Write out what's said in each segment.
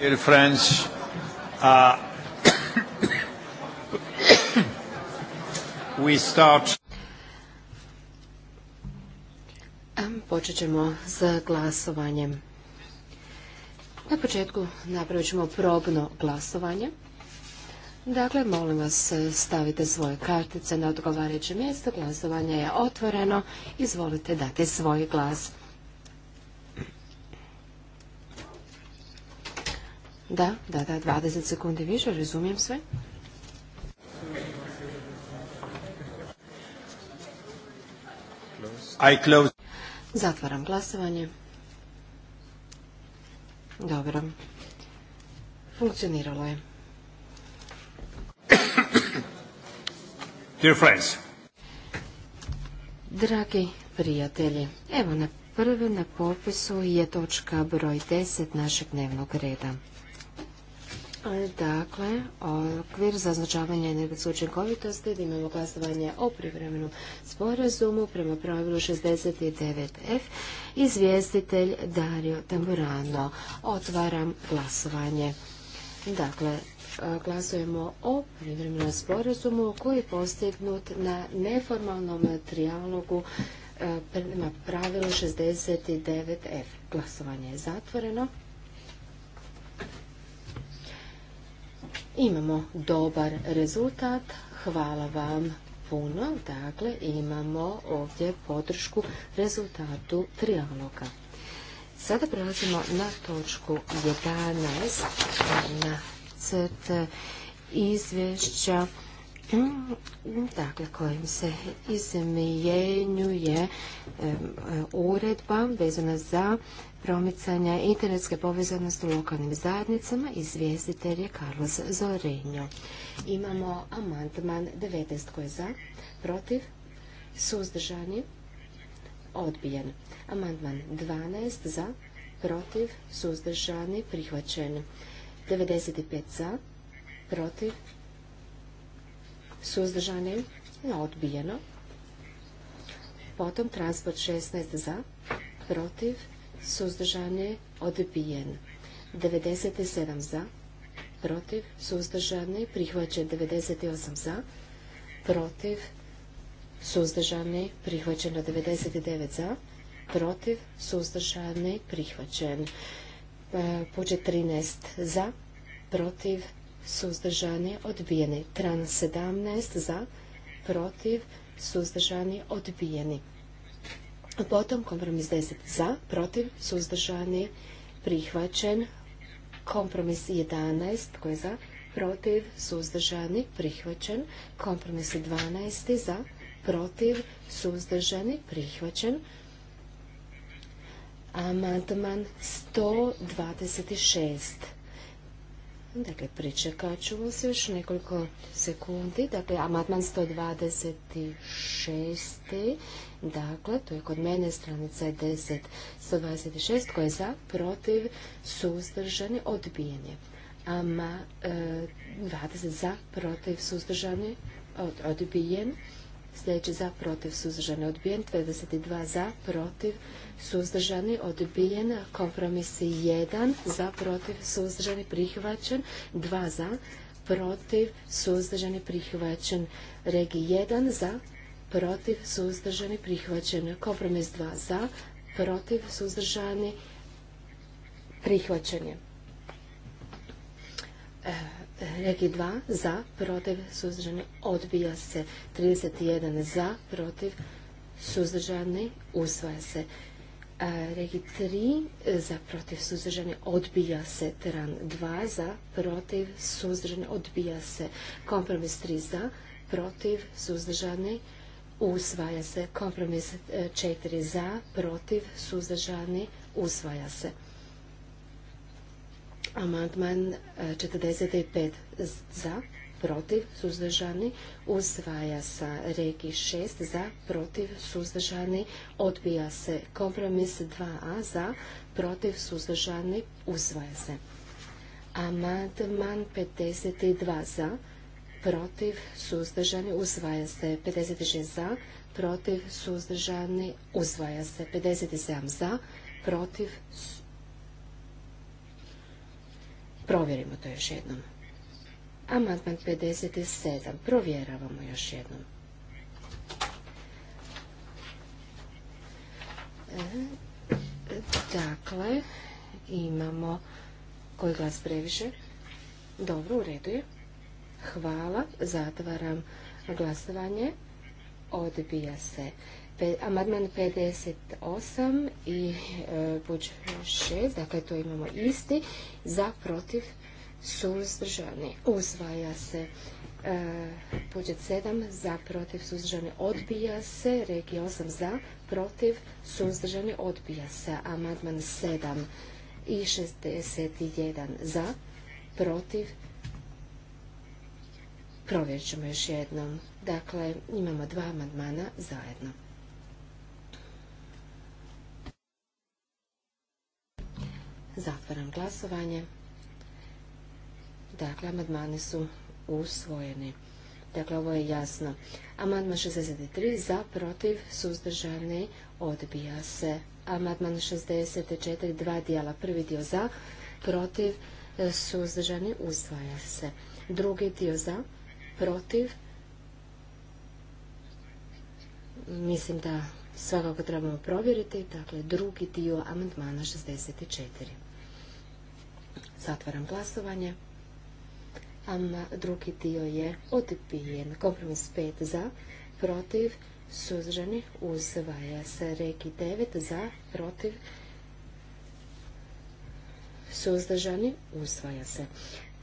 Dear friends, uh, we start. Počet ćemo s glasovanjem. Na početku napravit ćemo probno glasovanje. Dakle, molim vas stavite svoje kartice na odgovarajuće mjesto. Glasovanje je otvoreno. Izvolite dati svoj glas. Da, da, da, 20 sekundi više, razumijem sve. Zatvaram glasovanje. Dobro. Funkcioniralo je. Dear friends. Dragi prijatelji, evo na prvi na popisu je točka broj 10 našeg dnevnog reda. Dakle, okvir za označavanje energetske učinkovitosti, imamo glasovanje o privremenom sporazumu prema pravilu 69F, izvjestitelj Dario Tamburano. Otvaram glasovanje. Dakle, glasujemo o privremenom sporazumu koji je postignut na neformalnom trijalogu e, prema pravilu 69F. Glasovanje je zatvoreno. imamo dobar rezultat. Hvala vam puno. Dakle, imamo ovdje podršku rezultatu trijaloga. Sada prelazimo na točku 11, na crt izvješća mm, dakle kojim se izmjenjuje uredba vezana za promicanja internetske povezanosti u lokalnim zajednicama, izvjestitelj je Carlos Zorinjo. Imamo amantman 19 koji je za, protiv, suzdržani, odbijen. Amandman 12 za, protiv, suzdržani, prihvaćen. 95 za, protiv, suzdržani, odbijeno. Potom transport 16 za, protiv, suzdržane, odbijen. 97 za, protiv, suzdržani, prihvaćen 98 za, protiv, suzdržani, prihvaćeno 99 za, protiv, suzdržani, prihvaćen. Puđe 13 za, protiv, suzdržani, odbijeni. Tran 17 za, protiv, suzdržani, odbijeni. Potom kompromis 10 za, protiv, suzdržani, prihvaćen. Kompromis 11 koji je za, protiv, suzdržani, prihvaćen. Kompromis 12 za, protiv, suzdržani, prihvaćen. Amandman 126 Dakle, pričekat ću se još nekoliko sekundi. Dakle, amatman 126. Dakle, to je kod mene stranica 10. 126 koje je za, protiv, suzdržani, odbijanje. Ama 20 e, za, protiv, suzdržani, odbijenje. odbijen sljedeći za, protiv, suzdržani, odbijen, 22 za, protiv, suzdržani, odbijen, kompromis 1 za, protiv, suzdržani, prihvaćen, 2 za, protiv, suzdržani, prihvaćen, regi 1 za, protiv, suzdržani, prihvaćen, kompromis 2 za, protiv, suzdržani, prihvaćen je. E, Regi 2 za, protiv, suzdržani, odbija se. 31 za, protiv, suzdržani, usvaja se. E, regi 3 za, protiv, suzdržani, odbija se. Teran 2 za, protiv, suzdržani, odbija se. Kompromis 3 za, protiv, suzdržani, usvaja se. Kompromis 4 e, za, protiv, suzdržani, usvaja se. Amandman 45 e, za, protiv, suzdržani, usvaja sa regi 6 za, protiv, suzdržani, odbija se kompromis 2a za, protiv, suzdržani, usvaja se. Amandman 52 za, protiv, suzdržani, usvaja se 56 za, protiv, suzdržani, usvaja se 57 za, protiv, Provjerimo to još jednom. Amandman 57. Provjeravamo još jednom. E, dakle, imamo koji glas previše? Dobro, u redu je. Hvala, zatvaram glasovanje. Odbija se. Amadman 58 i Buđ e, 6, dakle to imamo isti, za protiv suzdržani. uzvaja se e, 7 za protiv suzdržani odbija se, regija 8 za protiv suzdržani odbija se, amadman 7 i 61 za protiv Provjerit ćemo još jednom. Dakle, imamo dva amandmana zajedno. Zatvaram glasovanje. Dakle, amandmani su usvojeni. Dakle, ovo je jasno. Amandman 63 za, protiv, suzdržani, odbija se. Amandman 64, dva dijela. Prvi dio za, protiv, e, suzdržani, usvaja se. Drugi dio za, protiv, mislim da svakako trebamo provjeriti, dakle drugi dio amandmana 64. Zatvaram glasovanje. Ama drugi dio je odbijen. Kompromis 5 za, protiv, suzdržani, uzvaja se. Reki 9 za, protiv, suzdržani, usvaja se.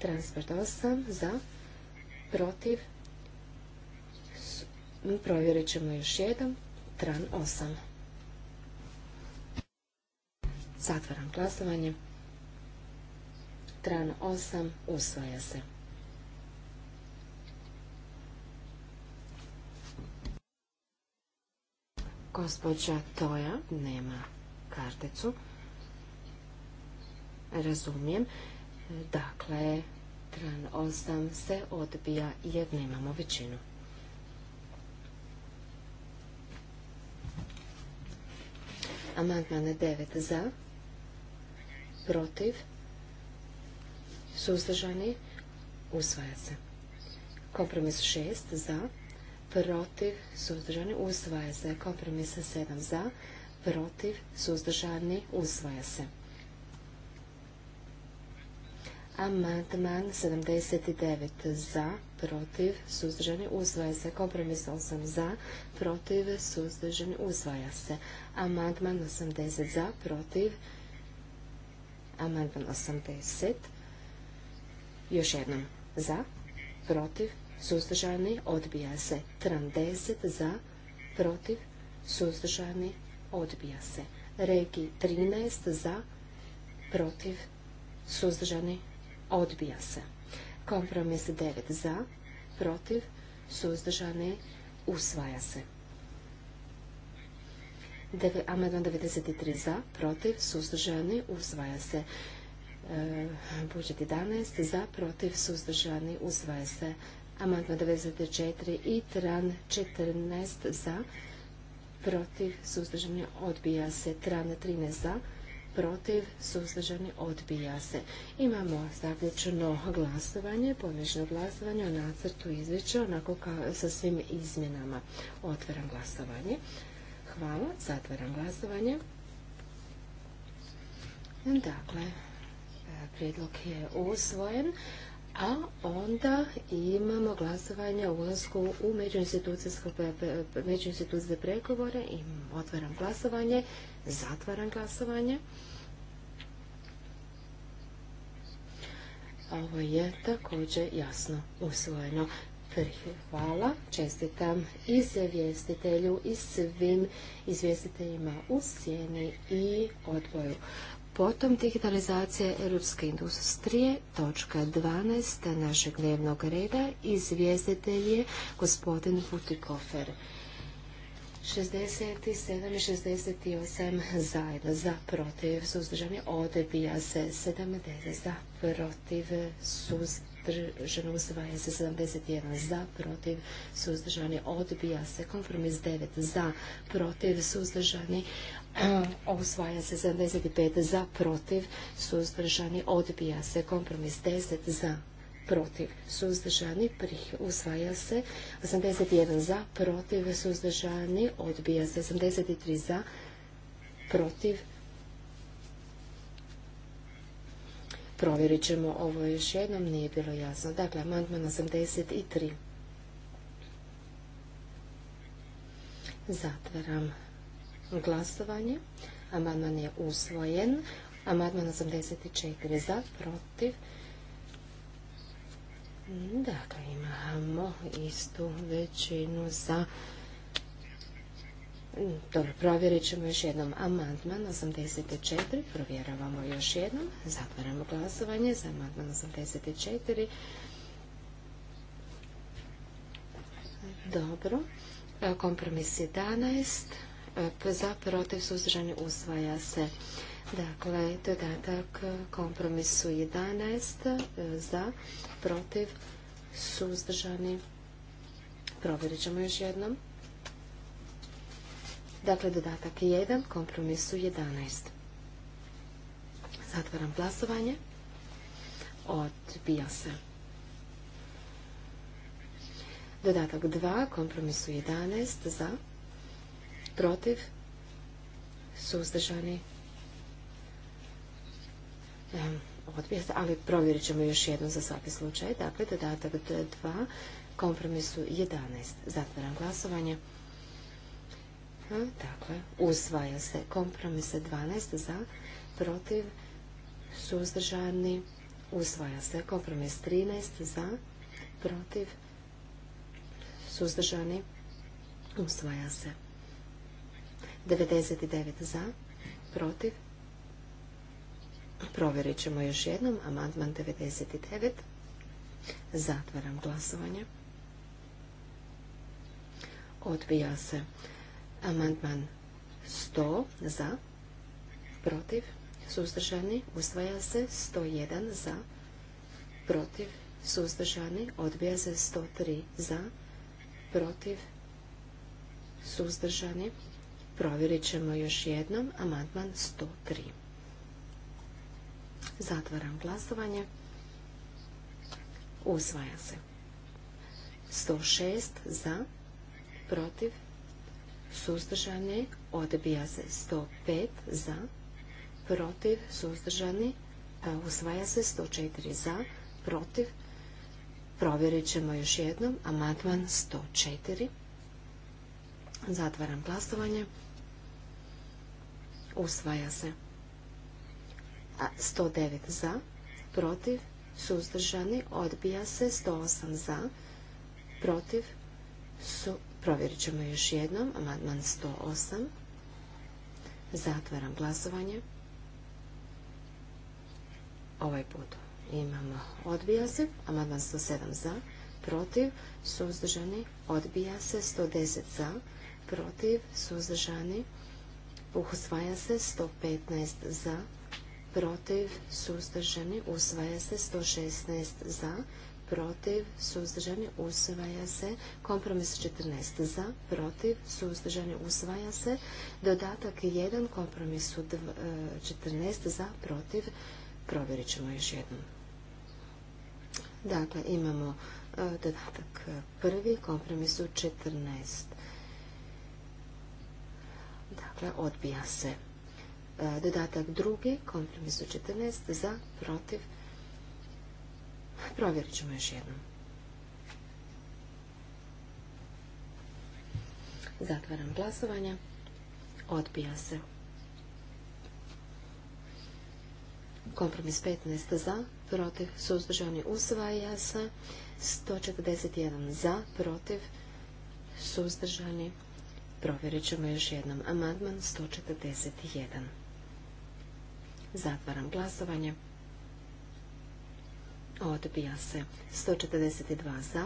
Transport 8 za, protiv, provjerit ćemo još jedan, tran 8. Zatvaram glasovanje tran osam usvaja se. Gospođa Toja nema karticu. Razumijem. Dakle, tran osam se odbija jer nemamo većinu. Amantmane 9 za, protiv, suzdržani, usvaja se. Kompromis 6 za, protiv, suzdržani, usvaja se. Kompromis 7 za, protiv, suzdržani, usvaja se. Amandman 79 za, protiv, suzdržani, usvaja se. Kompromis 8 za, protiv, suzdržani, usvaja se. Amandman 80 za, protiv, amandman 80 još jednom. Za, protiv, suzdržani, odbija se. Tram 10 za, protiv, suzdržani, odbija se. Regi 13 za, protiv, suzdržani, odbija se. Kompromis 9 za, protiv, suzdržani, usvaja se. Amandman 93 za, protiv, suzdržani, usvaja se. E, budžet 11, za, protiv, suzdržani, usvaja se. Amandman 94 i tran 14 za, protiv, suzdržani, odbija se. Tran 13 za, protiv, suzdržani, odbija se. Imamo zaključeno glasovanje, povijesno glasovanje o nacrtu izveća, onako kao sa svim izmjenama. Otvaram glasovanje. Hvala, zatvaram glasovanje. Dakle, Prijedlog je usvojen. A onda imamo glasovanje u ulasku u međuinstitucijske pregovore i otvaram glasovanje, zatvaram glasovanje. Ovo je također jasno usvojeno. Hvala, čestitam izvjestitelju i svim izvjestiteljima u sjeni i odboju. Potom digitalizacija europske industrije, točka 12. našeg dnevnog reda, izvjestitelj je gospodin Putikofer. 67 i 68 zajedno za protiv suzdržanje, odbija se 70 za protiv suzdržanje, usvaja se 71 za protiv suzdržanje, odbija se kompromis 9 za protiv suzdržanje. Osvaja se 75 za, protiv, suzdržani, odbija se. Kompromis 10 za, protiv, suzdržani, usvaja se. 81 za, protiv, suzdržani, odbija se. 83 za, protiv, Provjerit ćemo ovo još jednom, nije bilo jasno. Dakle, amandman 83. Zatvaram Glasovanje. Amandman je usvojen. Amandman 84 za, protiv. Dakle, imamo istu većinu za... Dobro, provjerit ćemo još jednom amandman 84, provjeravamo još jednom, zatvaramo glasovanje za amandman 84. Dobro, kompromis 11, za protiv suzdržani usvaja se. Dakle, dodatak kompromisu 11 za protiv suzdržani. Provjerit ćemo još jednom. Dakle, dodatak 1 kompromisu 11. Zatvaram glasovanje. Odbija se. Dodatak 2, kompromisu 11, za, protiv, suzdržani, ehm, odbija ali provjerit ćemo još jednu za svaki slučaj. Dakle, dodatak 2, kompromisu 11. Zatvaram glasovanje. Ehm, dakle, usvaja se kompromis 12 za, protiv, suzdržani, usvaja se kompromis 13 za, protiv, suzdržani, usvaja se. 99 za, protiv. Provjerit ćemo još jednom. Amandman 99. Zatvaram glasovanje. Odbija se amandman 100 za, protiv, suzdržani, usvaja se 101 za, protiv, suzdržani, odbija se 103 za, protiv, suzdržani, Provjerit ćemo još jednom amandman 103. Zatvaram glasovanje. Usvaja se. 106 za, protiv, suzdržani, odbija se. 105 za, protiv, suzdržani, pa usvaja se. 104 za, protiv, provjerit ćemo još jednom. Amandman 104. Zatvaram glasovanje. Usvaja se. A 109 za, protiv, suzdržani, odbija se. 108 za, protiv, su, provjerit ćemo još jednom, amandman 108. Zatvaram glasovanje. Ovaj put imamo odbija se, Amadman 107 za, protiv, suzdržani, odbija se, 110 za, protiv, suzdržani, odbija Usvaja se 115 za, protiv, suzdržani, usvaja se 116 za, protiv, suzdržani, usvaja se, kompromis 14 za, protiv, suzdržani, usvaja se, dodatak 1, kompromisu 14 za, protiv, provjerit ćemo još jednom. Dakle, imamo e, dodatak prvi, kompromisu 14. Dakle, odbija se. E, dodatak drugi, kompromis 14, za, protiv. Provjerit ćemo još jednom. Zatvaram glasovanje. Odbija se. Kompromis 15 za, protiv, suzdržani usvaja se. 141 za, protiv, suzdržani Provjerit ćemo još jednom. Amandman 141. Zatvaram glasovanje. Odbija se. 142 za.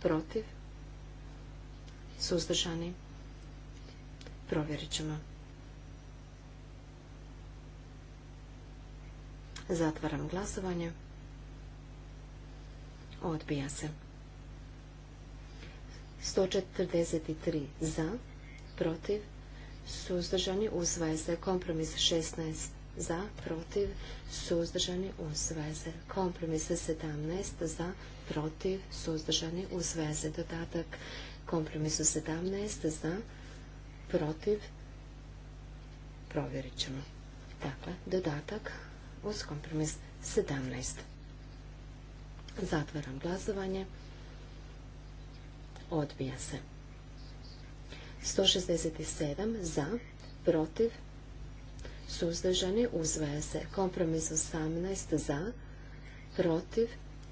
Protiv. Suzdržani. Provjerit ćemo. Zatvaram glasovanje. Odbija se. 143 za, protiv, suzdržani, usvaja se. Kompromis 16 za, protiv, suzdržani, usvaja se. Kompromis 17 za, protiv, suzdržani, usvaja se. Dodatak kompromisu 17 za, protiv, provjerit ćemo. Dakle, dodatak uz kompromis 17. Zatvaram glasovanje odbija se. 167 za, protiv, suzdržani, uzvaja se. Kompromis 18 za, protiv,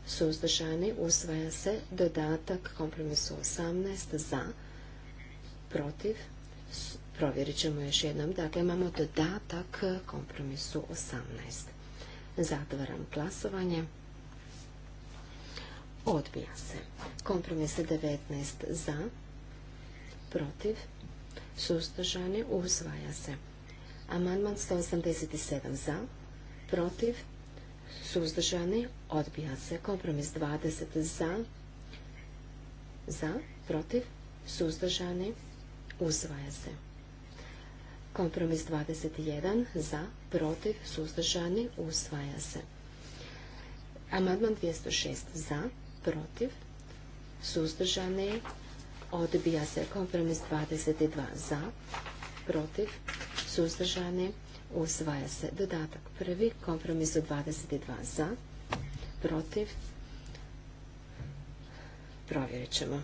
suzdržani, uzvaja se. Dodatak kompromisu 18 za, protiv, provjerit ćemo još jednom. Dakle, imamo dodatak kompromisu 18. Zatvaram glasovanje. Odbija se. Kompromis 19 za, protiv, suzdržani, usvaja se. Amandman 187 za, protiv, suzdržani, odbija se. Kompromis 20 za, za, protiv, suzdržani, usvaja se. Kompromis 21 za, protiv, suzdržani, usvaja se. Amandman 206 za, protiv, suzdržani, odbija se kompromis 22 za, protiv, suzdržani, usvaja se dodatak prvi, kompromis 22 za, protiv, provjerit ćemo.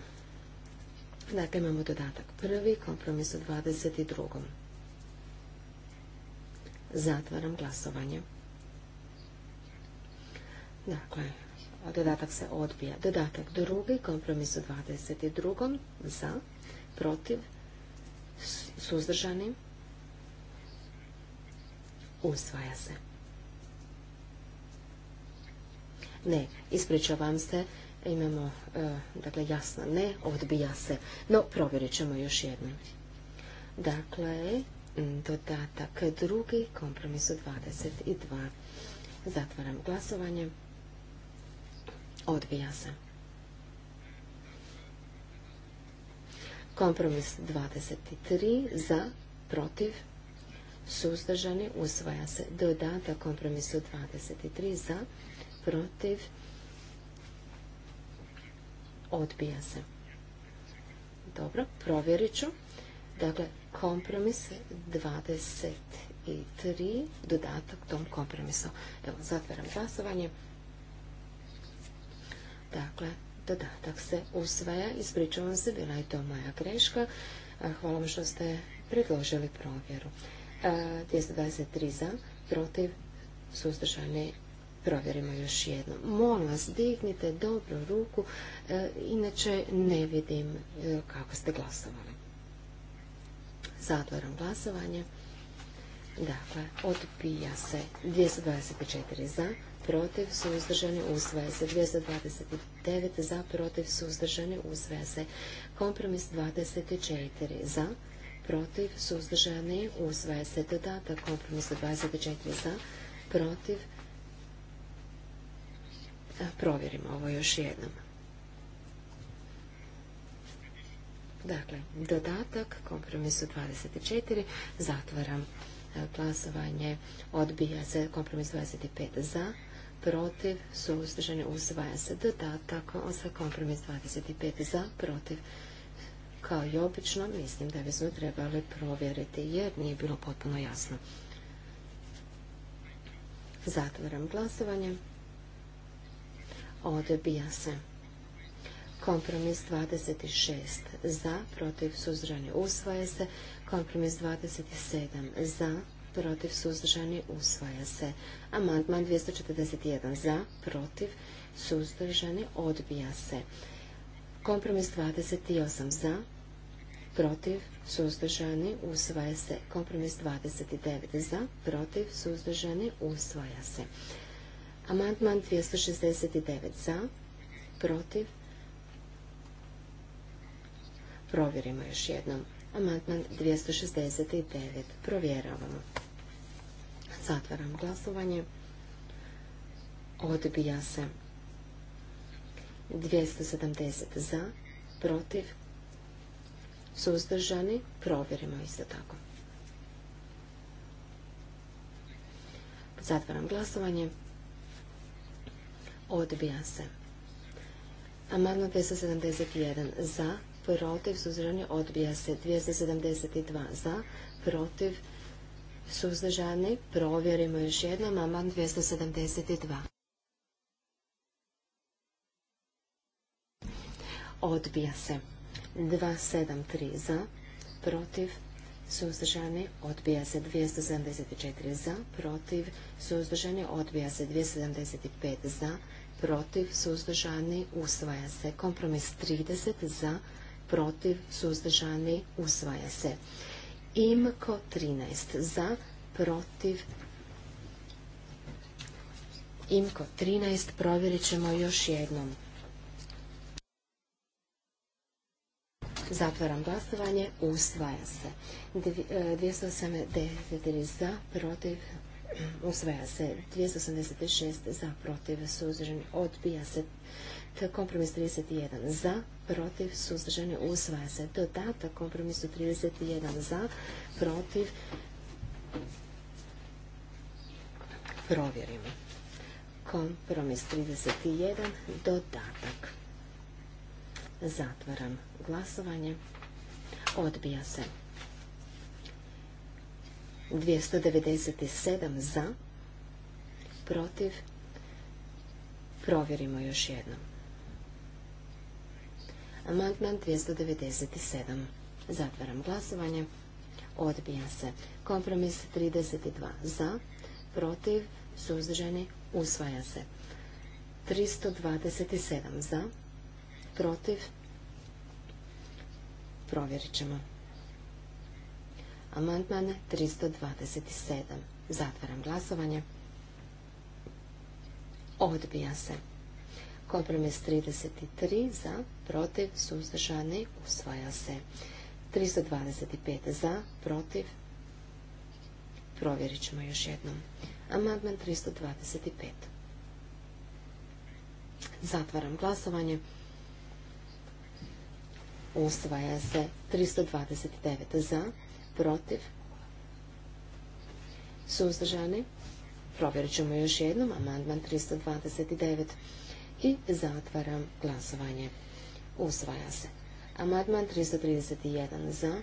Dakle, imamo dodatak prvi, kompromis u 22. Zatvaram glasovanje. Dakle, dodatak se odbija. Dodatak drugi, kompromis u 22. za, protiv, suzdržani, usvaja se. Ne, ispričavam se, imamo, e, dakle, jasno ne, odbija se. No, provjerit ćemo još jednom. Dakle, dodatak drugi, kompromis u 22. Zatvaram glasovanje. Odbija se. Kompromis 23 za, protiv, suzdržani, usvaja se. Dodatak kompromisu 23 za, protiv, odbija se. Dobro, provjerit ću. Dakle, kompromis 23, dodatak tom kompromisu. Evo, zatvaram glasovanje. Dakle, dodatak se usvaja. Ispričavam se, bila je to moja greška. Hvala vam što ste predložili provjeru. 223 za, protiv, suzdržani, provjerimo još jedno. Molim vas, dignite dobro ruku, inače ne vidim e, kako ste glasovali. Zatvaram glasovanje. Dakle, odbija se 224 za, protiv, suzdržani, usvaja se. 229 za, protiv, suzdržani, usvaja se. Kompromis 24 za, protiv, suzdržani, usvaja se. Dodatak kompromisa 24 za, protiv, e, provjerimo ovo još jednom. Dakle, dodatak kompromisu 24 zatvaram e, glasovanje odbija se kompromis 25 za, protiv, suzdržani, usvaja se. tako, za kompromis 25 za, protiv. Kao i obično, mislim da bismo trebali provjeriti jer nije bilo potpuno jasno. Zatvaram glasovanje. Odbija se. Kompromis 26 za, protiv, suzdržani, usvaja se. Kompromis 27 za, protiv, suzdržani, usvaja se. Amandman 241 za, protiv, suzdržani, odbija se. Kompromis 28 za, protiv, suzdržani, usvaja se. Kompromis 29 za, protiv, suzdržani, usvaja se. Amandman 269 za, protiv, provjerimo još jednom. Amandman 269. Provjeravamo. Zatvaram glasovanje. Odbija se. 270 za, protiv, suzdržani. Provjerimo isto tako. Zatvaram glasovanje. Odbija se. Amandman 271 za, protiv, suzdržani. Odbija se. 272 za, protiv, suzdržani, provjerimo još jednom, amandman 272. Odbija se. 273 za, protiv, suzdržani, odbija se 274 za, protiv, suzdržani, odbija se 275 za, protiv, suzdržani, usvaja se. Kompromis 30 za, protiv, suzdržani, usvaja se. Imko 13 za, protiv. Imko 13 provjerit ćemo još jednom. Zatvaram glasovanje, usvaja se. 289, e, za, protiv, usvaja se 286 za, protiv, suzdržani, odbija se kompromis 31 za, protiv, suzdržani, usvaja se dodatak kompromisu 31 za, protiv, provjerimo. Kompromis 31, dodatak. Zatvaram glasovanje. Odbija se. 297 za, protiv, provjerimo još jednom. Amandman 297. Zatvaram glasovanje. Odbija se. Kompromis 32 za, protiv, suzdržani, usvaja se. 327 za, protiv, provjerit ćemo. Amandman 327. Zatvaram glasovanje. Odbija se. Kompromis 33 za, protiv, suzdržani, usvaja se. 325 za, protiv, provjerit ćemo još jednom. Amandman 325. Zatvaram glasovanje. Usvaja se 329 za, protiv, suzdržani, provjerit ćemo još jednom, amandman 329 i zatvaram glasovanje. Usvaja se. Amandman 331 za,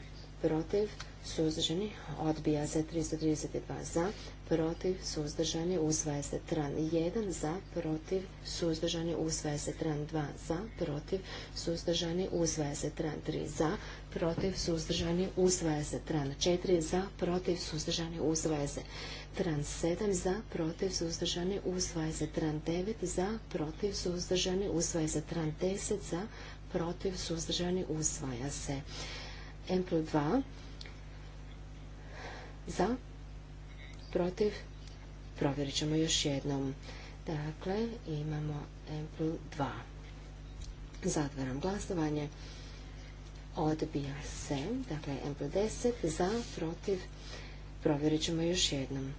protiv, suzdržani, odbija se 332 za, protiv, suzdržani, usvaja se tran 1, za, protiv, suzdržani, usvaja se tran 2, za, protiv, suzdržani, usvaja se tran 3, za, protiv, suzdržani, usvaja se tran 4, za, protiv, suzdržani, usvaja se tran 7, za, protiv, suzdržani, usvaja se tran 9, za, protiv, suzdržani, usvaja se tran 10, za, protiv, suzdržani, usvaja se. M 2, za, protiv, provjerit ćemo još jednom. Dakle, imamo plus 2. Zatvaram glasovanje. Odbija se. Dakle, plus 10. Za, protiv. Provjerit ćemo još jednom.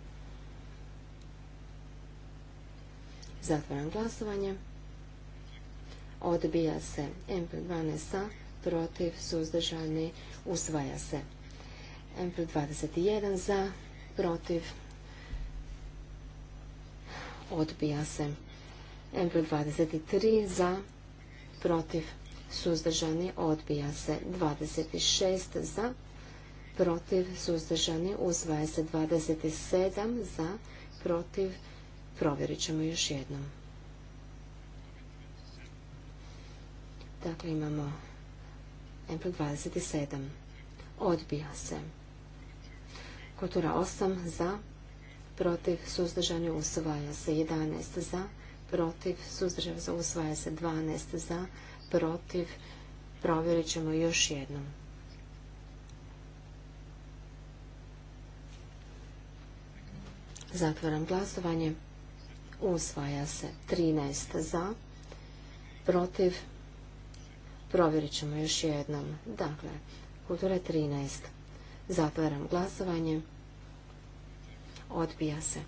Zatvaram glasovanje. Odbija se. plus 12. Za, protiv, suzdržani. Usvaja se. plus 21. Za, protiv, odbija se. mp 23 za, protiv, suzdržani, odbija se. 26 za, protiv, suzdržani, uzvaje se. 27 za, protiv, provjerit ćemo još jednom. Dakle, imamo mp 27. Odbija se. Kultura 8 za, protiv, suzdržanja usvaja se 11 za, protiv, za usvaja se 12 za, protiv, provjerit ćemo još jednom. Zatvaram glasovanje. Usvaja se 13 za, protiv, provjerit ćemo još jednom. Dakle, kultura 13. Zatvaram glasovanje. Odbija se.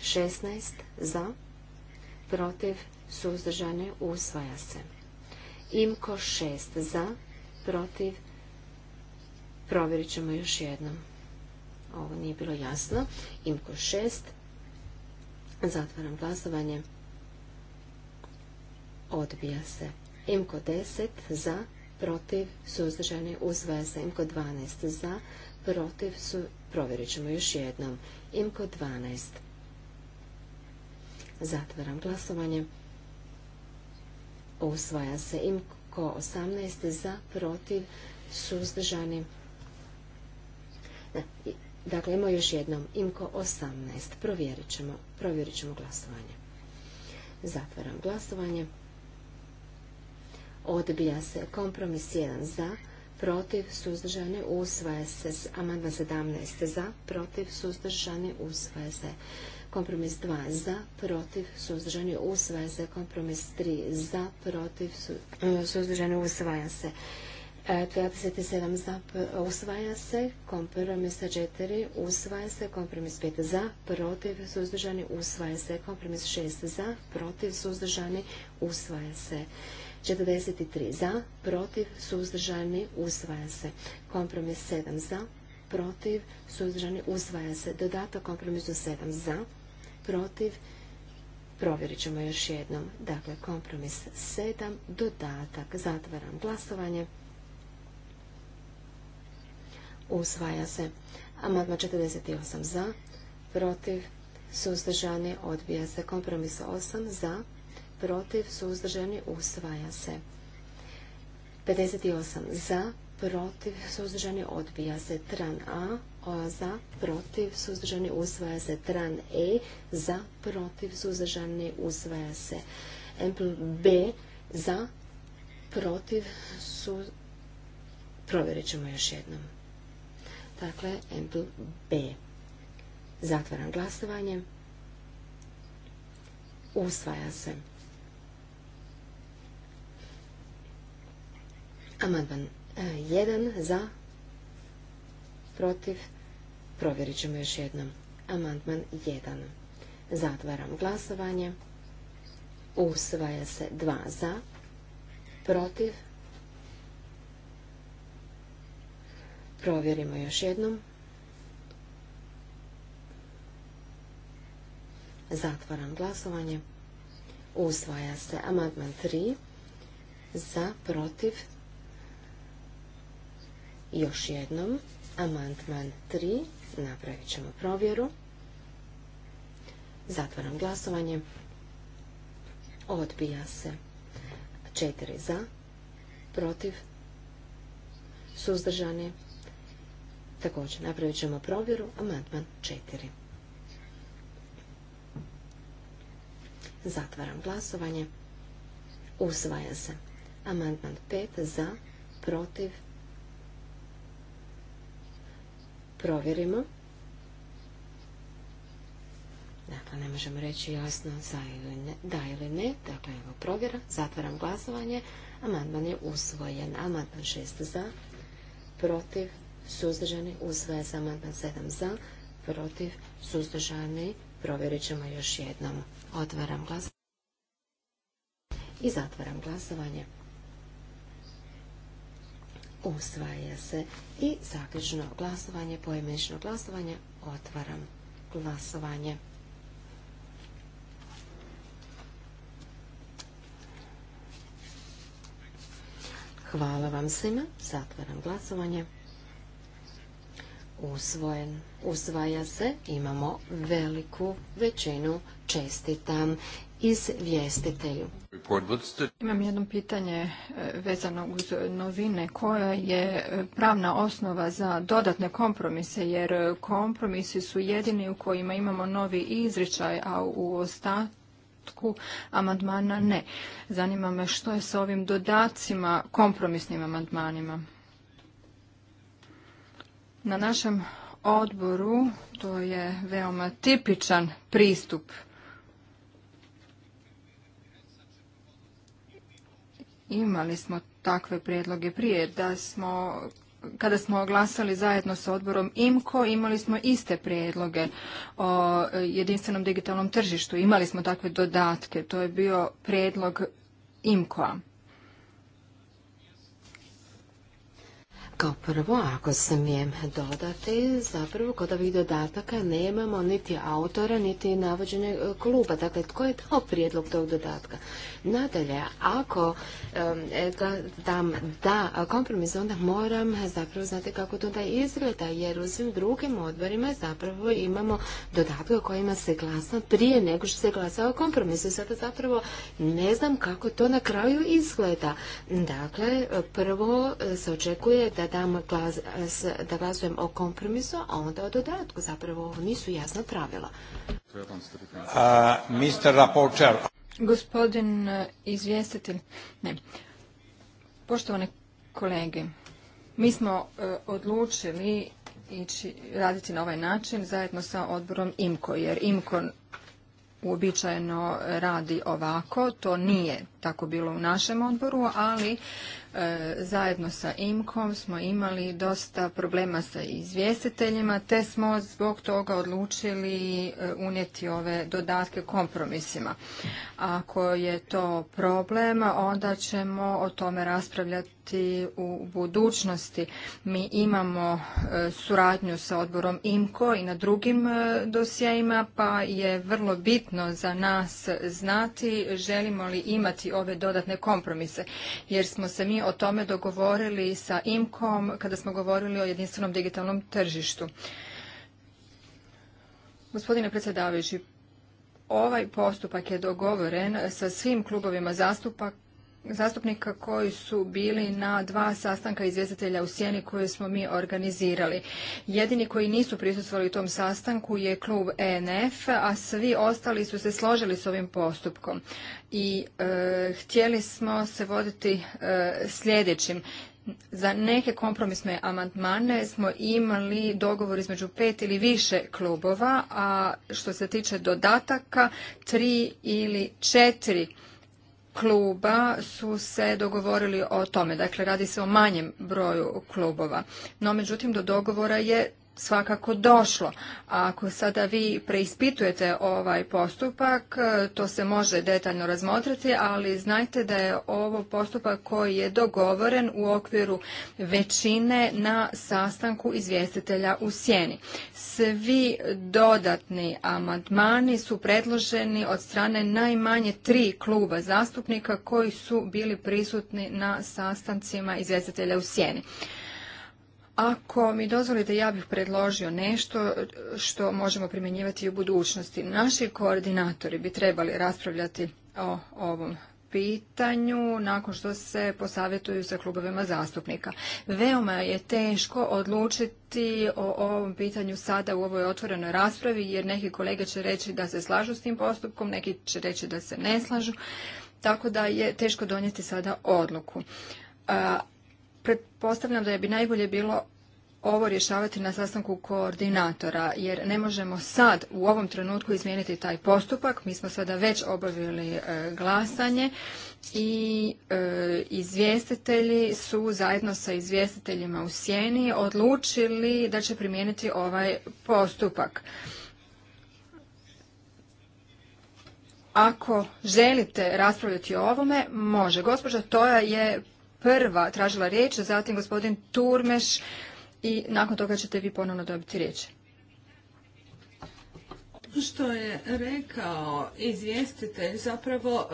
16 za, protiv, Suzdržane. usvaja se. Imko 6 za, protiv, provjerit ćemo još jednom. Ovo nije bilo jasno. Imko 6, zatvaram glasovanje, odbija se. Imko 10 za, protiv, suzdržani, usvaja se. Imko 12 za, protiv, su, provjerit ćemo još jednom. Imko 12. Zatvaram glasovanje. Usvaja se. Imko 18 za, protiv, suzdržani. dakle, imamo još jednom. Imko 18. Provjerit ćemo. Provjerit ćemo glasovanje. Zatvaram glasovanje odbija se. Kompromis 1 za, protiv, suzdržani, usvaja se. Amandman 17 za, protiv, suzdržani, usvaja se. Kompromis 2 za, protiv, suzdržani, usvaja se. Kompromis 3 za, protiv, e, suzdržani, usvaja se. 27 e, za, usvaja se, kompromis 4 usvaja se, kompromis 5 za, protiv, suzdržani, usvaja se, kompromis 6 za, protiv, suzdržani, usvaja se. 43 za, protiv, suzdržani, usvaja se. Kompromis 7 za, protiv, suzdržani, usvaja se. Dodatak kompromisu 7 za, protiv, provjerit ćemo još jednom. Dakle, kompromis 7, dodatak, zatvaram glasovanje. Usvaja se. Amadma 48 za, protiv, suzdržani, odbija se. Kompromis 8 za, protiv, suzdržani, usvaja se. 58 za, protiv, suzdržani, odbija se. Tran A, za, protiv, suzdržani, usvaja se. Tran E, za, protiv, suzdržani, usvaja se. Empl B, za, protiv, su... Provjerit ćemo još jednom. Dakle, Empl B. Zatvaram glasovanje. Usvaja se. Amandman 1 e, za, protiv, provjerit ćemo još jednom. Amandman 1. Zatvaram glasovanje. Usvaja se 2 za, protiv. Provjerimo još jednom. Zatvaram glasovanje. Usvaja se amandman 3 za, protiv, još jednom, amantman 3, napravit ćemo provjeru. Zatvaram glasovanje. Odbija se. 4 za, protiv, suzdržani. Također, napravit ćemo provjeru, amantman 4. Zatvaram glasovanje. Usvaja se. Amandman 5 za, protiv, provjerimo. Dakle, ne možemo reći jasno da ili ne. Dakle, evo provjera. Zatvaram glasovanje. Amandman je usvojen. Amandman 6 za, protiv, suzdržani, usvoje se amandman 7 za, protiv, suzdržani. Provjerit ćemo još jednom. Otvaram glasovanje i zatvaram glasovanje usvaja se. I zaključno glasovanje, poimenično glasovanje, otvaram glasovanje. Hvala vam svima, zatvaram glasovanje. Usvojen, usvaja se, imamo veliku većinu, čestitam izvjestitelju. Imam jedno pitanje e, vezano uz novine. Koja je e, pravna osnova za dodatne kompromise? Jer e, kompromisi su jedini u kojima imamo novi izričaj, a u ostatku amandmana ne. Zanima me što je sa ovim dodacima, kompromisnim amandmanima. Na našem odboru to je veoma tipičan pristup Imali smo takve prijedloge prije da smo kada smo glasali zajedno sa odborom IMKO, imali smo iste prijedloge o jedinstvenom digitalnom tržištu. Imali smo takve dodatke. To je bio prijedlog IMKO-a. Kao prvo, ako smijem dodati, zapravo kod ovih dodataka nemamo niti autora, niti navođenje e, kluba. Dakle, tko je dao prijedlog tog dodatka? Nadalje, ako da, e, dam da kompromis, onda moram zapravo znati kako to da izgleda, jer u svim drugim odborima zapravo imamo dodatke o kojima se glasa prije nego što se glasa o kompromisu. Sada zapravo ne znam kako to na kraju izgleda. Dakle, prvo se očekuje da dam glas, da glasujem o kompromisu, a onda o dodatku. Zapravo ovo nisu jasna pravila. Mr. Gospodin e, izvjestitelj, ne. Poštovane kolege, mi smo e, odlučili ići raditi na ovaj način zajedno sa odborom IMCO jer IMCO uobičajeno radi ovako. To nije tako bilo u našem odboru, ali E, zajedno sa IMKOM smo imali dosta problema sa izvjestiteljima, te smo zbog toga odlučili e, unijeti ove dodatke kompromisima. Ako je to problem, onda ćemo o tome raspravljati u budućnosti. Mi imamo e, suradnju sa odborom IMKO i na drugim e, dosjejima, pa je vrlo bitno za nas znati želimo li imati ove dodatne kompromise, jer smo se mi o tome dogovorili sa IMKOM kada smo govorili o jedinstvenom digitalnom tržištu. Gospodine predsjedavajući, ovaj postupak je dogovoren sa svim klubovima zastupak, zastupnika koji su bili na dva sastanka izvjestitelja u Sjeni koje smo mi organizirali. Jedini koji nisu u tom sastanku je klub ENF, a svi ostali su se složili s ovim postupkom. I e, htjeli smo se voditi e, sljedećim. Za neke kompromisne amandmane smo imali dogovor između pet ili više klubova, a što se tiče dodataka, tri ili četiri kluba su se dogovorili o tome. Dakle, radi se o manjem broju klubova. No, međutim, do dogovora je svakako došlo. ako sada vi preispitujete ovaj postupak, e, to se može detaljno razmotriti, ali znajte da je ovo postupak koji je dogovoren u okviru većine na sastanku izvjestitelja u sjeni. Svi dodatni amandmani su predloženi od strane najmanje tri kluba zastupnika koji su bili prisutni na sastancima izvjestitelja u sjeni. Ako mi dozvolite, ja bih predložio nešto što možemo primjenjivati u budućnosti. Naši koordinatori bi trebali raspravljati o ovom pitanju nakon što se posavjetuju sa klubovima zastupnika. Veoma je teško odlučiti o ovom pitanju sada u ovoj otvorenoj raspravi jer neki kolege će reći da se slažu s tim postupkom, neki će reći da se ne slažu, tako da je teško donijeti sada odluku pretpostavljam da bi najbolje bilo ovo rješavati na sastanku koordinatora, jer ne možemo sad u ovom trenutku izmijeniti taj postupak. Mi smo sada već obavili e, glasanje i e, izvjestitelji su zajedno sa izvjestiteljima u sjeni odlučili da će primijeniti ovaj postupak. Ako želite raspravljati o ovome, može. Gospođa Toja je prva tražila riječ, zatim gospodin Turmeš i nakon toga ćete vi ponovno dobiti riječ. Ono što je rekao izvjestitelj zapravo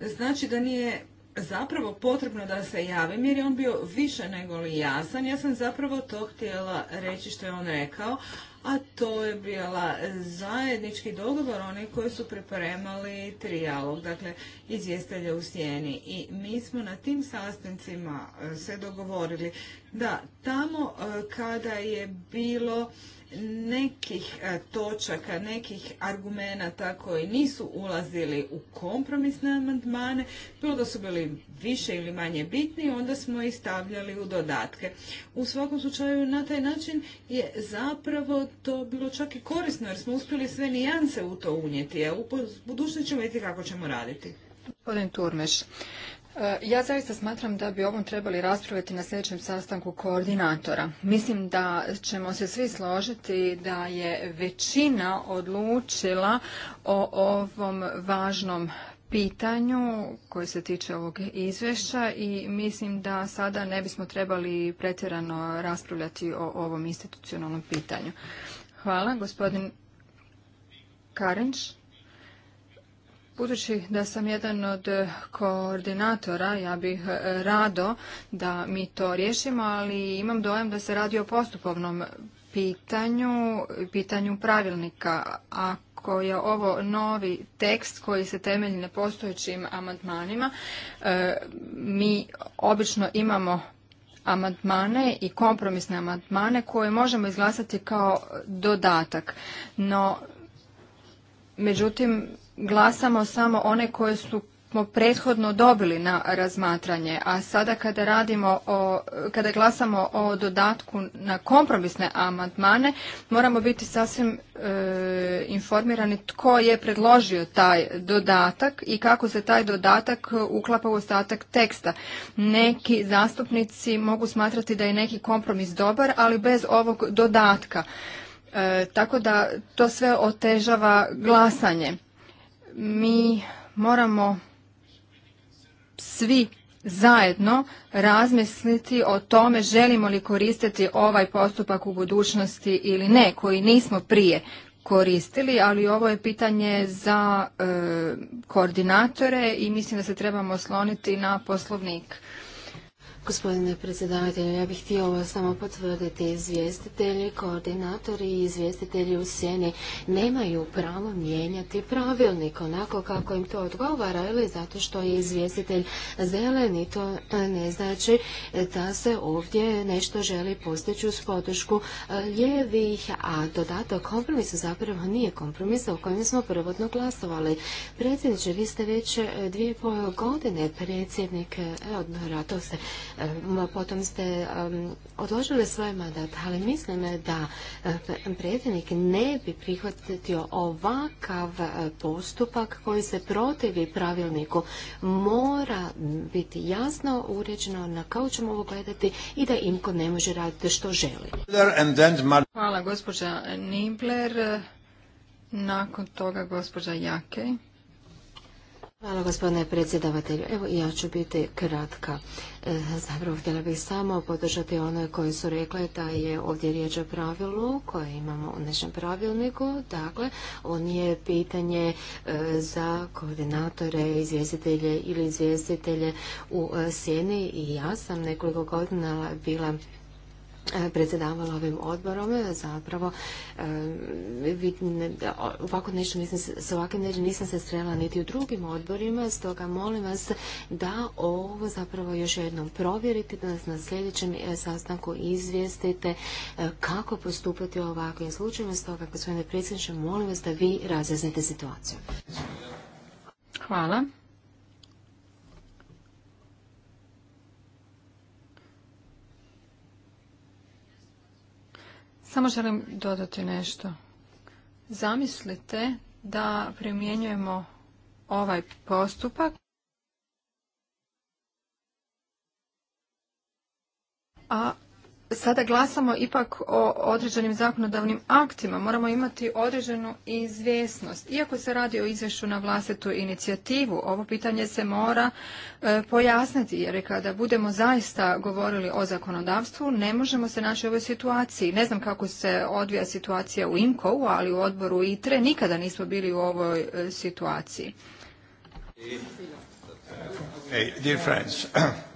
e, znači da nije zapravo potrebno da se javim jer je on bio više nego li jasan. Ja sam zapravo to htjela reći što je on rekao, a to je bila zajednički dogovor onih koji su pripremali trijalog, dakle izvjestelje u sjeni. I mi smo na tim sastancima e, se dogovorili da tamo e, kada je bilo nekih e, točaka, nekih argumenata koji nisu ulazili u kompromisne amandmane, bilo da su bili više ili manje bitni, onda smo ih stavljali u dodatke. U svakom slučaju na taj način je zapravo to bilo čak i korisno jer smo uspjeli sve nijanse u to unijeti, a u budućnosti ćemo vidjeti kako ćemo raditi. Gospodin Turmeš, E, ja zaista smatram da bi ovom trebali raspraviti na sljedećem sastanku koordinatora. Mislim da ćemo se svi složiti da je većina odlučila o ovom važnom pitanju koje se tiče ovog izvješća i mislim da sada ne bismo trebali pretjerano raspravljati o ovom institucionalnom pitanju. Hvala. Gospodin Karinč. Budući da sam jedan od koordinatora, ja bih rado da mi to riješimo, ali imam dojam da se radi o postupovnom pitanju, pitanju pravilnika. Ako je ovo novi tekst koji se temelji na postojećim amandmanima, e, mi obično imamo amandmane i kompromisne amandmane koje možemo izglasati kao dodatak. No, međutim, glasamo samo one koje su smo prethodno dobili na razmatranje, a sada kada radimo o, kada glasamo o dodatku na kompromisne amandmane, moramo biti sasvim e, informirani tko je predložio taj dodatak i kako se taj dodatak uklapa u ostatak teksta. Neki zastupnici mogu smatrati da je neki kompromis dobar, ali bez ovog dodatka. E, tako da to sve otežava glasanje mi moramo svi zajedno razmisliti o tome želimo li koristiti ovaj postupak u budućnosti ili ne, koji nismo prije koristili, ali ovo je pitanje za e, koordinatore i mislim da se trebamo osloniti na poslovnik. Gospodine predsjedavatelju, ja bih htio samo potvrditi izvjestitelji, koordinatori i izvjestitelji u sjeni nemaju pravo mijenjati pravilnik onako kako im to odgovara ili zato što je izvjestitelj zeleni. To ne znači da se ovdje nešto želi postići uz podršku e, ljevih, a dodatak kompromisa zapravo nije kompromisa o kojem smo prvotno glasovali. Predsjedniče, vi ste već e, dvije pol godine predsjednik e, odbora, to se Ehm, potom ste ehm, odložili svoj mandat, ali mislim da ehm, predsjednik ne bi prihvatio ovakav e, postupak koji se protivi pravilniku. Mora biti jasno uređeno na kao ćemo ovo gledati i da imko ne može raditi što želi. Hvala gospođa Nibler. Nakon toga gospođa Jake. Hvala gospodine predsjedavatelju. Evo ja ću biti kratka. E, zapravo htjela bih samo podržati one koji su rekle da je ovdje riječ o pravilu koje imamo u našem pravilniku. Dakle, on je pitanje e, za koordinatore, izvjestitelje ili izvjestitelje u e, sjeni i ja sam nekoliko godina bila predsjedavala ovim odborom, e, zapravo e, ovako nešto nisam, s ovakvim nečim nisam se strela niti u drugim odborima, stoga molim vas da ovo zapravo još jednom provjerite, da nas na sljedećem e, sastanku izvijestite kako postupati u ovakvim slučajima, stoga gospodine predsjedniče, molim vas da vi razjasnite situaciju. Hvala. Samo želim dodati nešto. Zamislite da primjenjujemo ovaj postupak a sada glasamo ipak o određenim zakonodavnim aktima. Moramo imati određenu izvjesnost. Iako se radi o izvješću na vlastitu inicijativu, ovo pitanje se mora e, pojasniti, jer kada budemo zaista govorili o zakonodavstvu, ne možemo se naći u ovoj situaciji. Ne znam kako se odvija situacija u IMKO-u, ali u odboru ITRE nikada nismo bili u ovoj e, situaciji.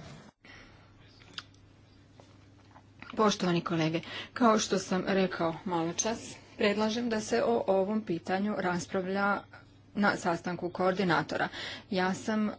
Poštovani kolege, kao što sam rekao malo čas, predlažem da se o ovom pitanju raspravlja na sastanku koordinatora. Ja sam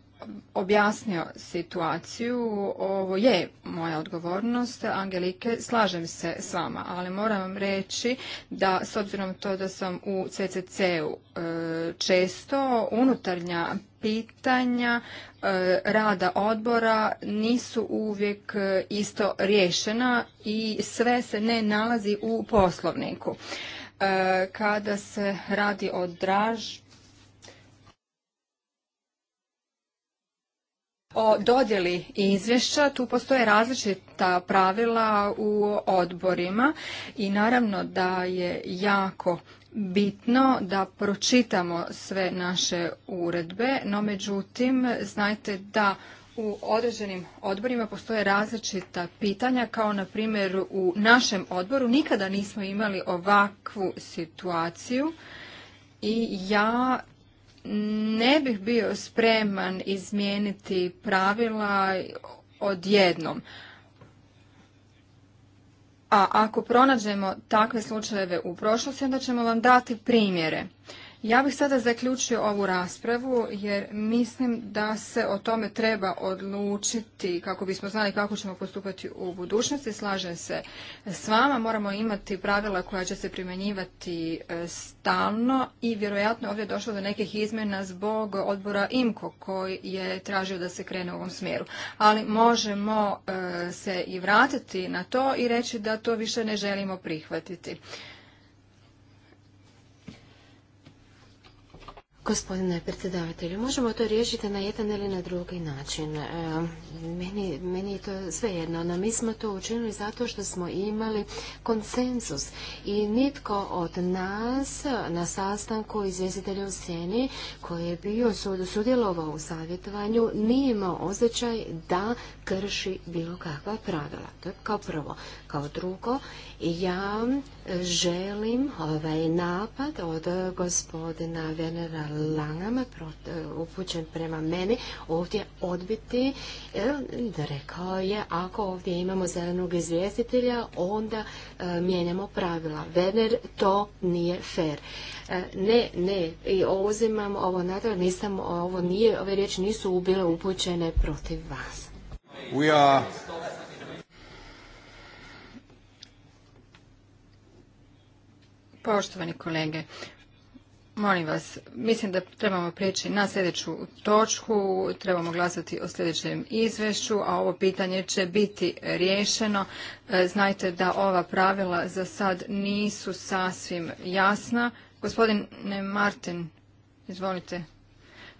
objasnio situaciju, ovo je moja odgovornost, Angelike, slažem se s vama, ali moram vam reći da s obzirom to da sam u CCC-u e, često, unutarnja pitanja e, rada odbora nisu uvijek e, isto riješena i sve se ne nalazi u poslovniku. E, kada se radi o draž O dodjeli izvješća tu postoje različita pravila u odborima i naravno da je jako bitno da pročitamo sve naše uredbe, no međutim znajte da u određenim odborima postoje različita pitanja, kao na primjer u našem odboru nikada nismo imali ovakvu situaciju i ja ne bih bio spreman izmijeniti pravila odjednom. A ako pronađemo takve slučajeve u prošlosti, onda ćemo vam dati primjere. Ja bih sada zaključio ovu raspravu jer mislim da se o tome treba odlučiti kako bismo znali kako ćemo postupati u budućnosti. Slažem se s vama, moramo imati pravila koja će se primjenjivati e, stalno i vjerojatno ovdje je došlo do nekih izmjena zbog odbora IMKO koji je tražio da se krene u ovom smjeru. Ali možemo e, se i vratiti na to i reći da to više ne želimo prihvatiti. Gospodine predsjedavatelju, možemo to riješiti na jedan ili na drugi način. E, meni, meni je to svejedno, no mi smo to učinili zato što smo imali konsenzus i nitko od nas na sastanku izvjestitelja u sjeni koji je bio sudjelovao u savjetovanju nije imao osjećaj da krši bilo kakva pravila. To je kao prvo. Kao drugo, ja e, želim ovaj napad od gospodina Venera Langama e, upućen prema meni ovdje odbiti. E, rekao je, ako ovdje imamo zelenog izvjestitelja, onda mijenjamo pravila. Vener, to nije fair. Ne, ne, i uzimam ovo natrag, nisam, ovo nije, ove riječi nisu bile upućene protiv vas. Poštovani kolege, molim vas, mislim da trebamo prijeći na sljedeću točku, trebamo glasati o sljedećem izvješću, a ovo pitanje će biti riješeno. E, znajte da ova pravila za sad nisu sasvim jasna. Gospodine Martin, izvolite.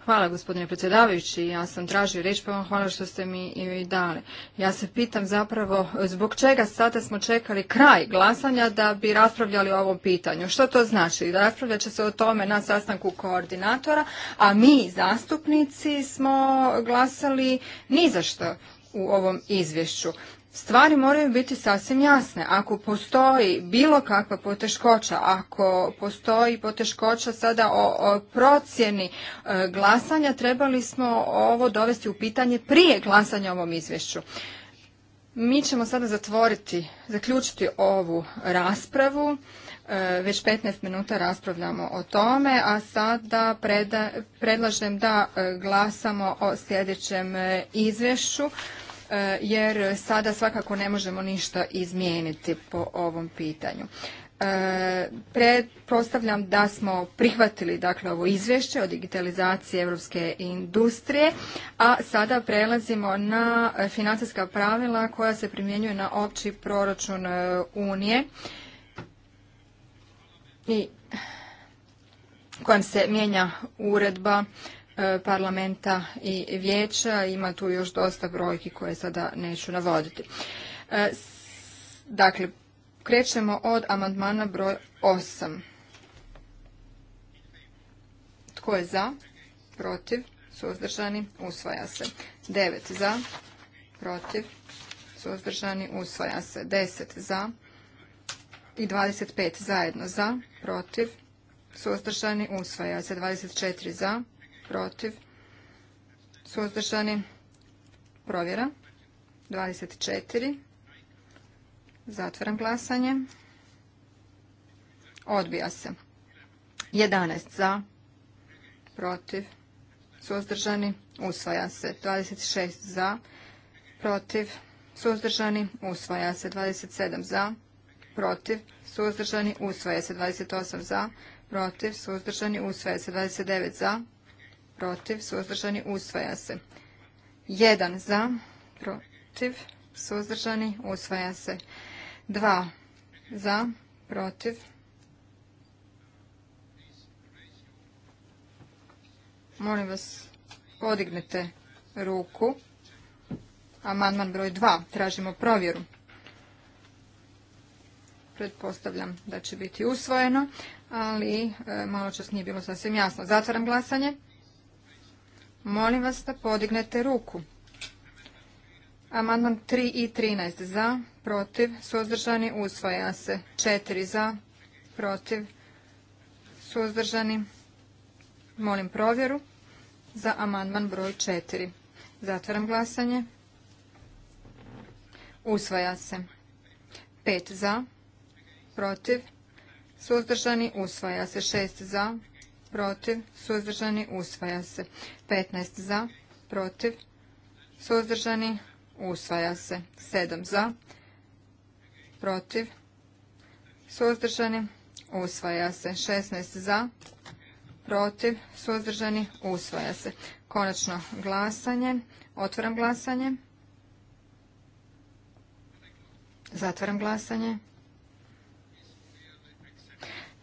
Hvala gospodine predsjedavajući, ja sam tražio riječ pa vam hvala što ste mi i dali. Ja se pitam zapravo zbog čega sada smo čekali kraj glasanja da bi raspravljali o ovom pitanju. Što to znači? Raspravljat će se o tome na sastanku koordinatora, a mi zastupnici smo glasali ni za što u ovom izvješću. Stvari moraju biti sasvim jasne. Ako postoji bilo kakva poteškoća, ako postoji poteškoća sada o, procjeni e, glasanja, trebali smo ovo dovesti u pitanje prije glasanja ovom izvješću. Mi ćemo sada zatvoriti, zaključiti ovu raspravu. E, već 15 minuta raspravljamo o tome, a sada predlažem da e, glasamo o sljedećem izvješću. E, jer sada svakako ne možemo ništa izmijeniti po ovom pitanju. E, Predpostavljam da smo prihvatili dakle ovo izvješće o digitalizaciji europske industrije, a sada prelazimo na financijska pravila koja se primjenjuju na opći proračun e, Unije i kojem se mijenja uredba E, parlamenta i vijeća. Ima tu još dosta brojki koje sada neću navoditi. E, dakle, krećemo od amandmana broj 8. Tko je za? Protiv? Suzdržani? Usvaja se. 9 za? Protiv? Suzdržani? Usvaja se. 10 za? I 25 zajedno za? Protiv? Suzdržani? Usvaja se. 24 za? protiv, suzdržani, provjera. 24. Zatvaram glasanje. Odbija se. 11 za, protiv, suzdržani, usvaja se. 26 za, protiv, suzdržani, usvaja se. 27 za, protiv, suzdržani, usvaja se. 28 za, protiv, suzdržani, usvaja se. 29 za, protiv, suzdržani, usvaja se. Jedan za, protiv, suzdržani, usvaja se. Dva za, protiv. Molim vas, podignete ruku. Amandman broj dva. Tražimo provjeru. Pretpostavljam da će biti usvojeno, ali e, malo čas nije bilo sasvim jasno. Zatvaram glasanje. Molim vas da podignete ruku. Amandman 3 i 13 za, protiv, suzdržani, usvaja se. 4 za, protiv, suzdržani. Molim provjeru za amandman broj 4. Zatvaram glasanje. Usvaja se. 5 za, protiv, suzdržani, usvaja se. 6 za, protiv, protiv, suzdržani, usvaja se. 15 za, protiv, suzdržani, usvaja se. 7 za, protiv, suzdržani, usvaja se. 16 za, protiv, suzdržani, usvaja se. Konačno glasanje. Otvaram glasanje. Zatvaram glasanje.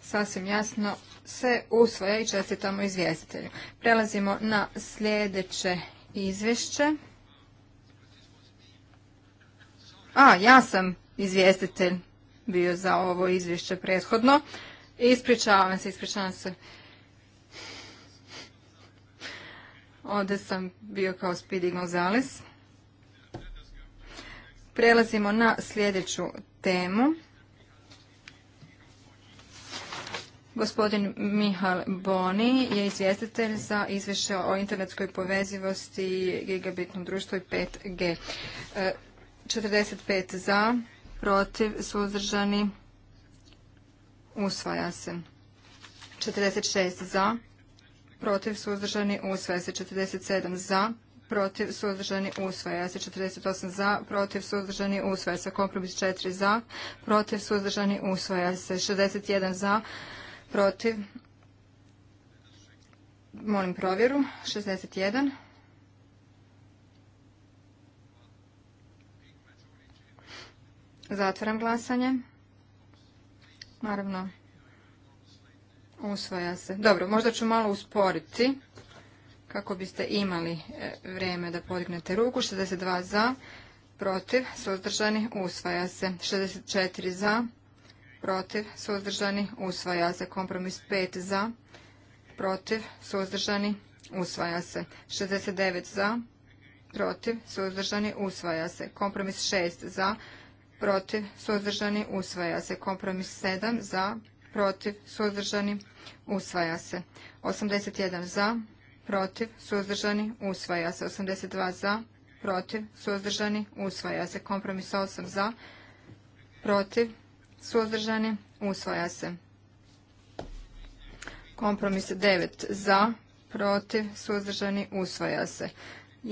Sasvim jasno se usvoje i čestitamo izvjestitelju. Prelazimo na sljedeće izvješće. A, ja sam izvjestitelj bio za ovo izvješće prethodno. Ispričavam se, ispričavam se. Ovdje sam bio kao Speedy Gonzales. Prelazimo na sljedeću temu. Gospodin Mihal Boni je izvjestitelj za izvješće o internetskoj povezivosti gigabitnom društvu i 5G. 45 e, za, protiv, suzdržani, usvaja se. 46 za, protiv, suzdržani, usvaja se. 47 za, protiv, suzdržani, usvaja se. 48 za, protiv, suzdržani, usvaja se. Kompromis 4 za, protiv, suzdržani, usvaja se. 61 za, protiv, molim provjeru, 61. Zatvaram glasanje. Naravno, usvaja se. Dobro, možda ću malo usporiti kako biste imali e, vrijeme da podignete ruku. 62 za, protiv, suzdržani, usvaja se. 64 za, protiv, suzdržani, usvaja se. Kompromis 5 za, protiv, suzdržani, usvaja se. 69 za, protiv, suzdržani, usvaja se. Kompromis 6 za, protiv, suzdržani, usvaja se. Kompromis 7 za, protiv, suzdržani, usvaja se. 81 za, protiv, suzdržani, usvaja se. 82 za, protiv, suzdržani, usvaja se. Kompromis 8 za, protiv, suzdržani, usvaja se. Kompromis 9 za, protiv, suzdržani, usvaja se. 103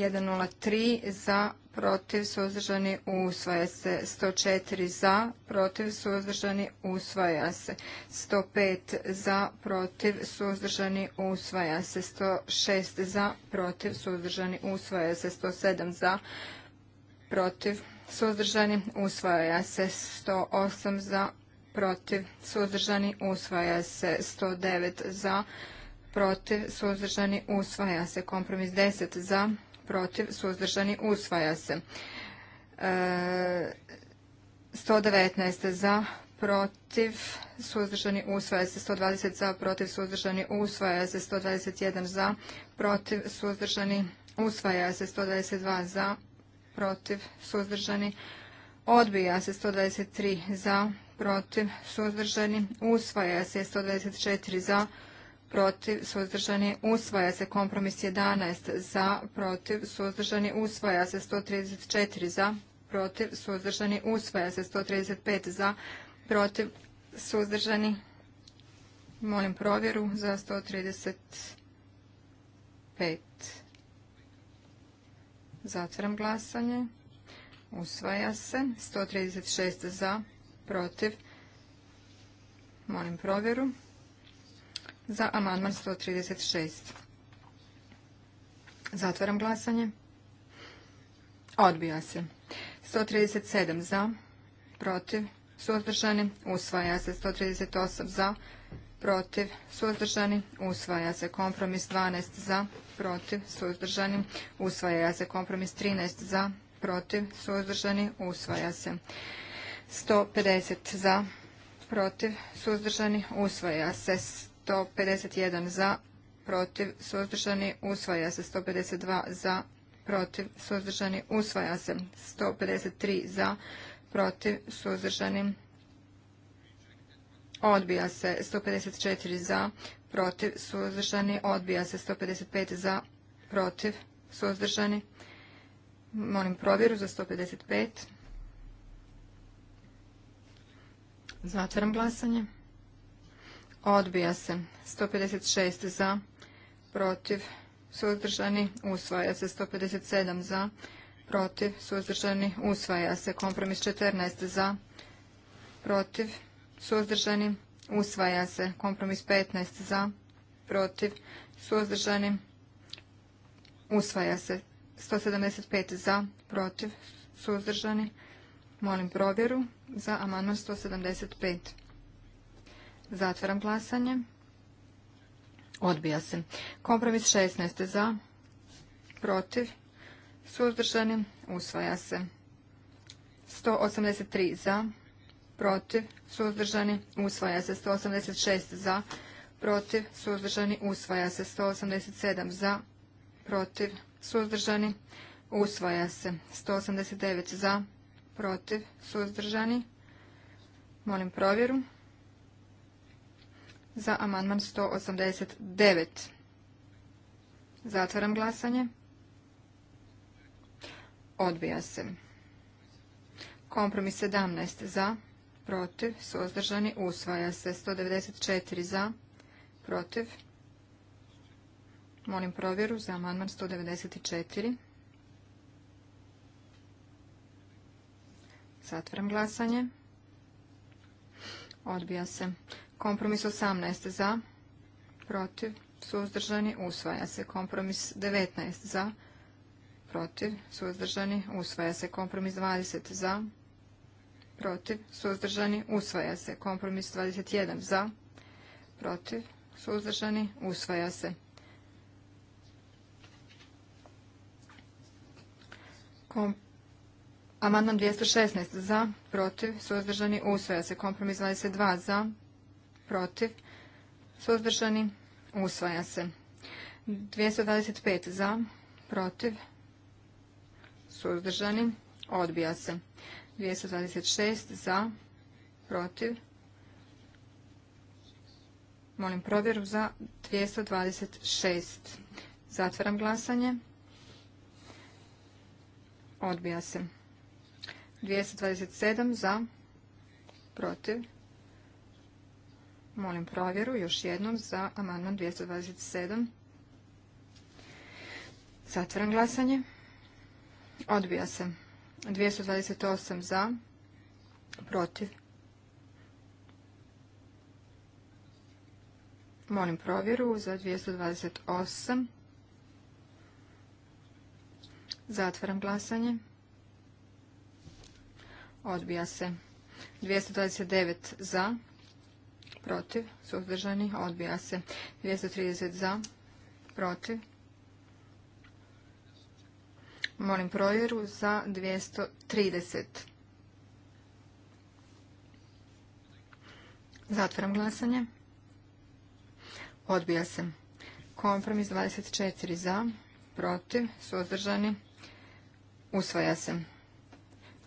za, protiv, suzdržani, usvaja se. 104 za, protiv, suzdržani, usvaja se. 105 za, protiv, suzdržani, usvaja se. 106 za, protiv, suzdržani, usvaja se. 107 za, protiv, suzdržani, usvaja se 108 za, protiv, suzdržani, usvaja se 109 za, protiv, suzdržani, usvaja se kompromis 10 za, protiv, suzdržani, usvaja se. 119 e, za, protiv, suzdržani, usvaja se 120 za, protiv, suzdržani, usvaja se 121 za, protiv, suzdržani, usvaja se 122 za, protiv, suzdržani, odbija se 123 za, protiv, suzdržani, usvaja se 124 za, protiv, suzdržani, usvaja se kompromis 11 za, protiv, suzdržani, usvaja se 134 za, protiv, suzdržani, usvaja se 135 za, protiv, suzdržani, molim provjeru za 135. Zatvaram glasanje. Usvaja se. 136 za, protiv. Molim provjeru. Za amandman 136. Zatvaram glasanje. Odbija se. 137 za, protiv, suzdržani. Usvaja se. 138 za, protiv protiv, suzdržani, usvaja se. Kompromis 12 za, protiv, suzdržani, usvaja se. Kompromis 13 za, protiv, suzdržani, usvaja se. 150 za, protiv, suzdržani, usvaja se. 151 za, protiv, suzdržani, usvaja se. 152 za, protiv, suzdržani, usvaja se. 153 za, protiv, suzdržani, odbija se 154 za, protiv, suzdržani, odbija se 155 za, protiv, suzdržani. Molim provjeru za 155. Zatvaram glasanje. Odbija se 156 za, protiv, suzdržani, usvaja se 157 za, protiv, suzdržani, usvaja se kompromis 14 za, protiv, suzdržani, usvaja se. Kompromis 15 za, protiv, suzdržani, usvaja se. 175 za, protiv, suzdržani. Molim provjeru za amandman 175. Zatvaram glasanje. Odbija se. Kompromis 16 za, protiv, suzdržani, usvaja se. 183 za, protiv, suzdržani, usvaja se 186 za, protiv, suzdržani, usvaja se 187 za, protiv, suzdržani, usvaja se 189 za, protiv, suzdržani. Molim provjeru. Za amandman 189. Zatvaram glasanje. Odbija se. Kompromis 17 za, protiv, suzdržani, usvaja se. 194 za, protiv. Molim provjeru za amandman 194. Zatvaram glasanje. Odbija se. Kompromis 18 za, protiv, suzdržani, usvaja se. Kompromis 19 za, protiv, suzdržani, usvaja se. Kompromis 20 za, protiv protiv, suzdržani, usvaja se. Kompromis 21 za, protiv, suzdržani, usvaja se. Amandman 216 za, protiv, suzdržani, usvaja se. Kompromis 22 za, protiv, suzdržani, usvaja se. 225 za, protiv, suzdržani, odbija se. 226 za, protiv. Molim provjeru za 226. Zatvaram glasanje. Odbija se. 227 za, protiv. Molim provjeru još jednom za amandman 227. Zatvaram glasanje. Odbija se. 228 za, protiv. Molim provjeru za 228. Zatvaram glasanje. Odbija se. 229 za, protiv, suzdržani, odbija se. 230 za, protiv, Molim provjeru za 230. Zatvaram glasanje. Odbija se. Kompromis 24 za, protiv, suzdržani, usvaja se.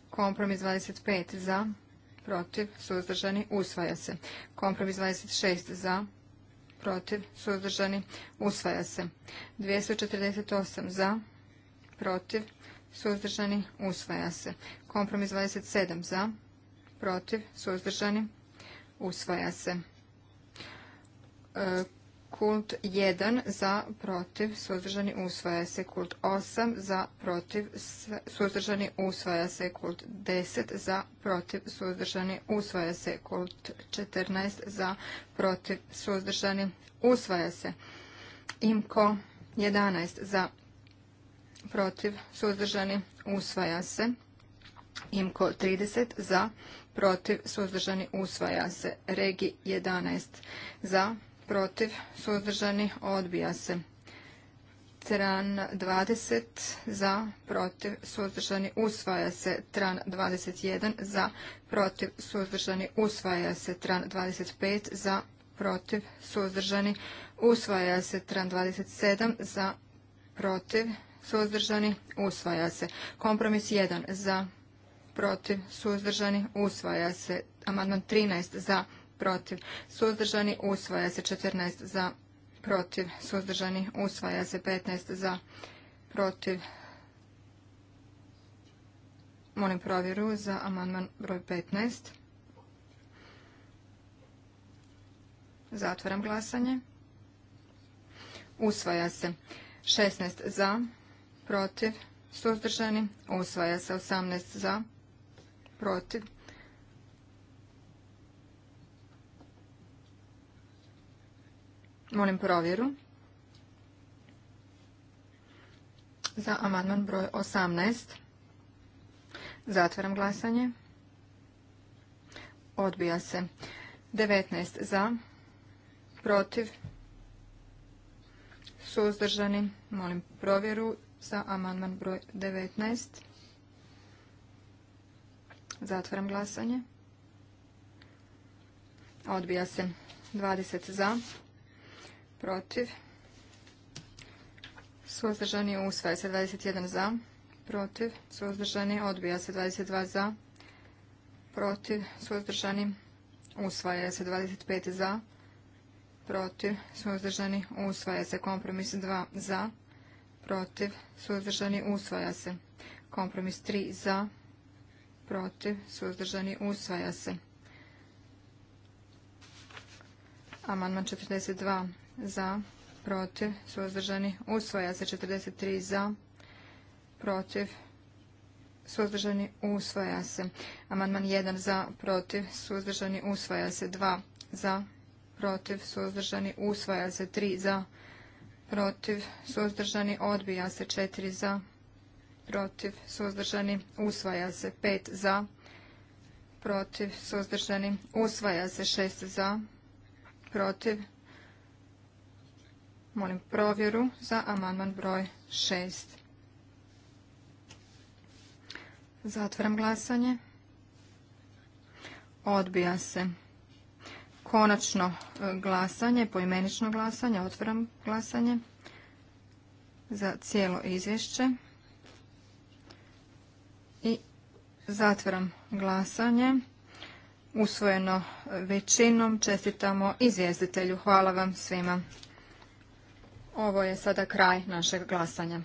Kompromis 25 za, protiv, suzdržani, usvaja se. Kompromis 26 za, protiv, suzdržani, usvaja se. 248 za, protiv, suzdržani, usvaja se. Kompromis 27 e, za, protiv, suzdržani, usvaja se. Kult 1 za, protiv, suzdržani, usvaja se. Kult 8 za, protiv, suzdržani, usvaja se. Kult 10 za, protiv, suzdržani, usvaja se. Kult 14 za, protiv, suzdržani, usvaja se. Imko 11 za, protiv, suzdržani, usvaja se. Imko 30 za, protiv, suzdržani, usvaja se. Regi 11 za, protiv, suzdržani, odbija se. Tran 20 za, protiv, suzdržani, usvaja se. Tran 21 za, protiv, suzdržani, usvaja se. Tran 25 za, protiv, suzdržani, usvaja se. Tran 27 za, protiv, suzdržani, usvaja se. Kompromis 1 za, protiv, suzdržani, usvaja se. Amandman 13 za, protiv, suzdržani, usvaja se. 14 za, protiv, suzdržani, usvaja se. 15 za, protiv, molim provjeru za amandman broj 15. Zatvaram glasanje. Usvaja se. 16 za, protiv, suzdržani, usvaja se 18 za, protiv. Molim provjeru. Za amandman broj 18. Zatvaram glasanje. Odbija se. 19 za, protiv, suzdržani. Molim provjeru za amandman broj 19. Zatvaram glasanje. Odbija se 20 za, protiv, suzdržani usvaja se 21 za, protiv, suzdržani odbija se 22 za, protiv, suzdržani usvaja se 25 za, protiv, suzdržani usvaja se kompromis 2 za, protiv, suzdržani, usvaja se. Kompromis 3 za, protiv, suzdržani, usvaja se. Amandman 42 za, protiv, suzdržani, usvaja se. 43 za, protiv, suzdržani, usvaja se. Amandman 1 za, protiv, suzdržani, usvaja se. 2 za, protiv, suzdržani, usvaja se. 3 za, protiv, suzdržani, odbija se četiri za, protiv, suzdržani, usvaja se pet za, protiv, suzdržani, usvaja se šest za, protiv, molim provjeru za amandman broj šest. Zatvaram glasanje. Odbija se. Konačno e, glasanje, poimenično glasanje, otvaram glasanje za cijelo izvješće. I zatvaram glasanje. Usvojeno većinom čestitamo izvjestitelju. Hvala vam svima. Ovo je sada kraj našeg glasanja.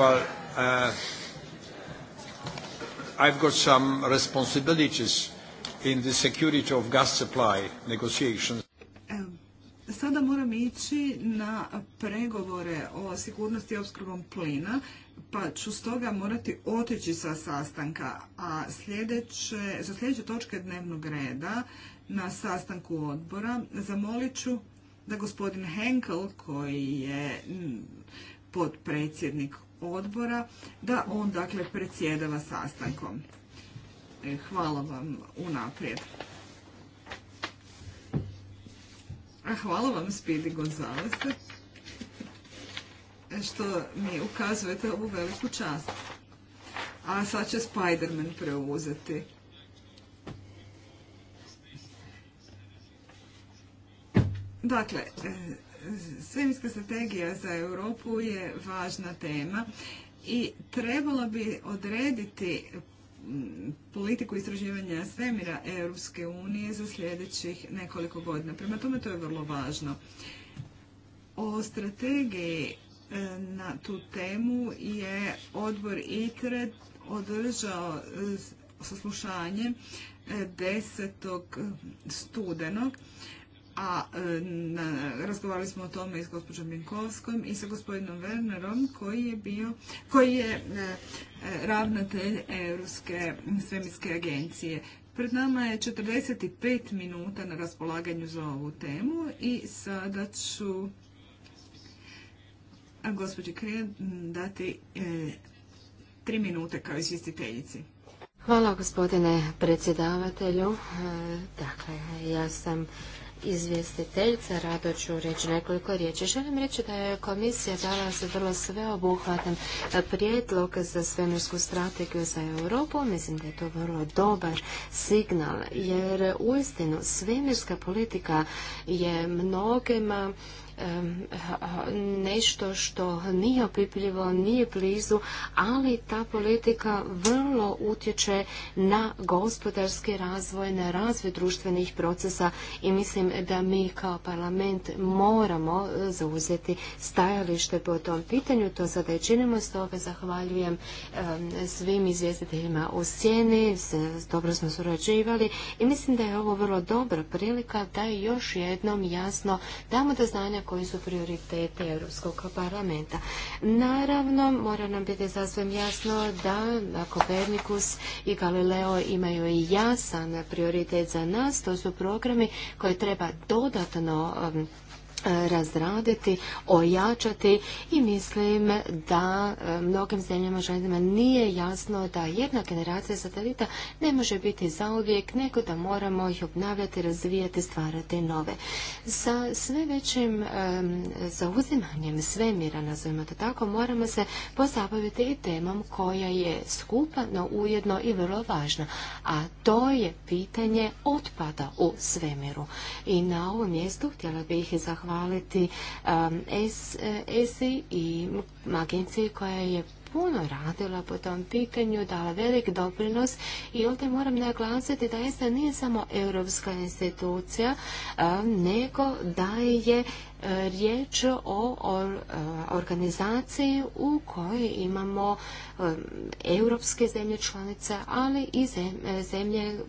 well, uh, I've got some responsibilities in the security of gas supply negotiations. Um, sada moram ići na pregovore o sigurnosti opskrbom plina, pa ću stoga morati otići sa sastanka. A sljedeće, za sljedeće točke dnevnog reda na sastanku odbora zamolit ću da gospodin Henkel, koji je potpredsjednik odbora da on dakle predsjedava sastankom. E, hvala vam unaprijed. Hvala vam Spidi Gonzales e, što mi ukazujete ovu veliku čast. A sad će Spiderman preuzeti. Dakle, e, svemirska strategija za Europu je važna tema i trebalo bi odrediti mm, politiku istraživanja svemira Europske unije za sljedećih nekoliko godina. Prema tome to je vrlo važno. O strategiji e, na tu temu je odbor ITRE održao e, saslušanje 10. E, studenog a e, razgovarali smo o tome i s gospođom Minkovskom i sa gospodinom Wernerom koji je bio, koji je e, e, ravnatelj Europske svemirske agencije. Pred nama je 45 minuta na raspolaganju za ovu temu i sada ću gospođi Krijan dati tri minute kao izvjestiteljici. Hvala gospodine predsjedavatelju. dakle, ja sam izvjestiteljica, rado ću reći nekoliko riječi. Želim reći da je komisija dala se vrlo sveobuhvatan prijedlog za svemirsku strategiju za Europu. Mislim da je to vrlo dobar signal, jer uistinu svemirska politika je mnogima nešto što nije opipljivo, nije blizu, ali ta politika vrlo utječe na gospodarski razvoj, na razvoj društvenih procesa i mislim da mi kao parlament moramo e, zauzeti stajalište po tom pitanju. To sada i činimo, stoga zahvaljujem svim izvjestiteljima u sjeni, dobro smo surađivali i mislim da je ovo vrlo dobra prilika da još jednom jasno damo do znanja koji su prioriteti Europskog parlamenta. Naravno, mora nam biti sasvim jasno da Kopernikus i Galileo imaju i jasan prioritet za nas. To su programi koje treba dodatno um, E, razraditi, ojačati i mislim da e, mnogim zemljama ženima nije jasno da jedna generacija satelita ne može biti zauvijek, nego da moramo ih obnavljati, razvijati, stvarati nove. Sa sve većim zauzimanjem svemira, nazovimo to tako, moramo se pozabaviti i temom koja je skupa, no ujedno i vrlo važna, a to je pitanje otpada u svemiru. I na ovom mjestu htjela bih zahvaliti zahvaliti um, ESI eh, i agenciji koja je puno radila po tom pitanju, dala velik doprinos i ovdje moram naglasiti da ESA nije samo europska institucija, um, nego da je eh, riječ o eh, organizaciji u kojoj imamo europske zemlje članice, ali i zemlje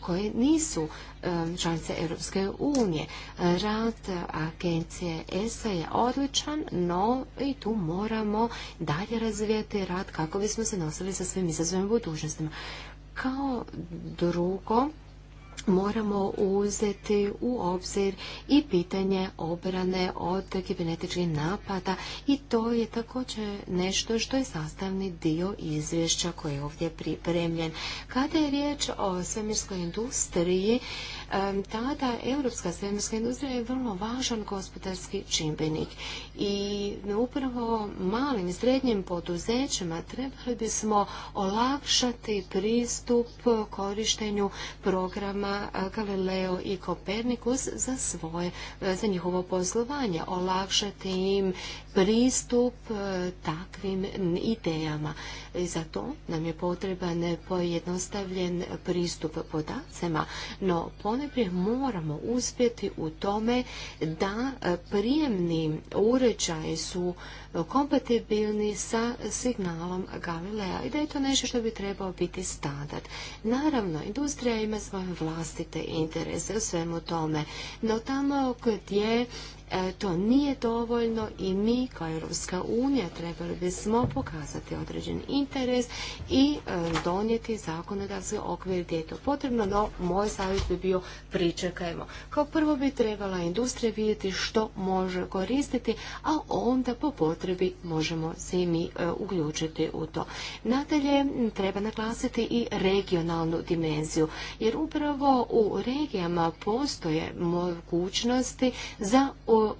koje nisu Um, članice Europske unije. Rad agencije ESA je odličan, no i tu moramo dalje razvijati rad kako bismo se nosili sa svim izazovima budućnostima. Kao drugo, moramo uzeti u obzir i pitanje obrane od kibernetičkih napada i to je također nešto što je sastavni dio izvješća koji je ovdje pripremljen. Kada je riječ o svemirskoj industriji, tada europska svemirska industrija je vrlo važan gospodarski čimbenik i upravo malim i srednjim poduzećima trebali bismo olakšati pristup korištenju programa Galileo i Kopernikus za svoje, e, za njihovo poslovanje, olakšati im pristup e, takvim idejama. I za to nam je potreban pojednostavljen pristup podacima, no najprije moramo uspjeti u tome da e, prijemni uređaji su e, kompatibilni sa signalom Galilea i da je to nešto što bi trebao biti standard. Naravno, industrija ima svoje vlastite interese u svemu tome, no tamo gdje to nije dovoljno i mi kao Europska unija trebali bismo pokazati određen interes i e, donijeti zakonodavski okvir gdje je to potrebno, no moj savjet bi bio pričekajmo. Kao prvo bi trebala industrija vidjeti što može koristiti, a onda po potrebi možemo se i mi e, uključiti u to. Nadalje treba naglasiti i regionalnu dimenziju, jer upravo u regijama postoje mogućnosti za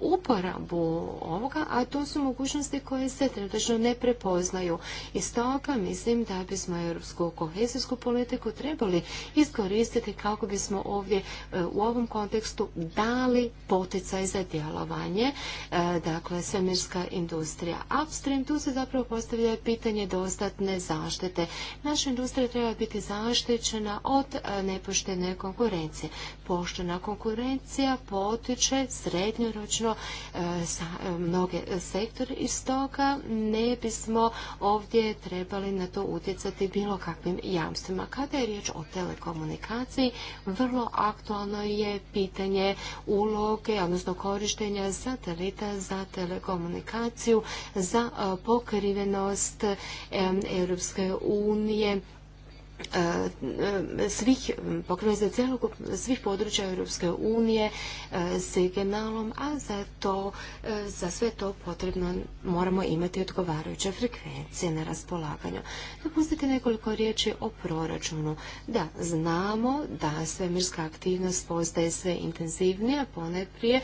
uporabu ovoga, a to su mogućnosti koje se trenutno ne prepoznaju. I toga mislim da bismo europsku kohezijsku politiku trebali iskoristiti kako bismo ovdje e, u ovom kontekstu dali poticaj za djelovanje, e, dakle svemirska industrija. Upstream tu se zapravo postavlja pitanje dostatne zaštite. Naša industrija treba biti zaštićena od e, nepoštene konkurencije. Poštena konkurencija potiče srednjoročno E, e, mnoge sektore i stoga ne bismo ovdje trebali na to utjecati bilo kakvim jamstvima. Kada je riječ o telekomunikaciji, vrlo aktualno je pitanje uloge, odnosno korištenja satelita za telekomunikaciju, za e, pokrivenost Europske unije E, svih svih područja Europske unije e, s regionalom, a za to e, za sve to potrebno moramo imati odgovarajuće frekvencije na raspolaganju. Dopustite nekoliko riječi o proračunu. Da, znamo da svemirska aktivnost postaje sve intenzivnija, poneprije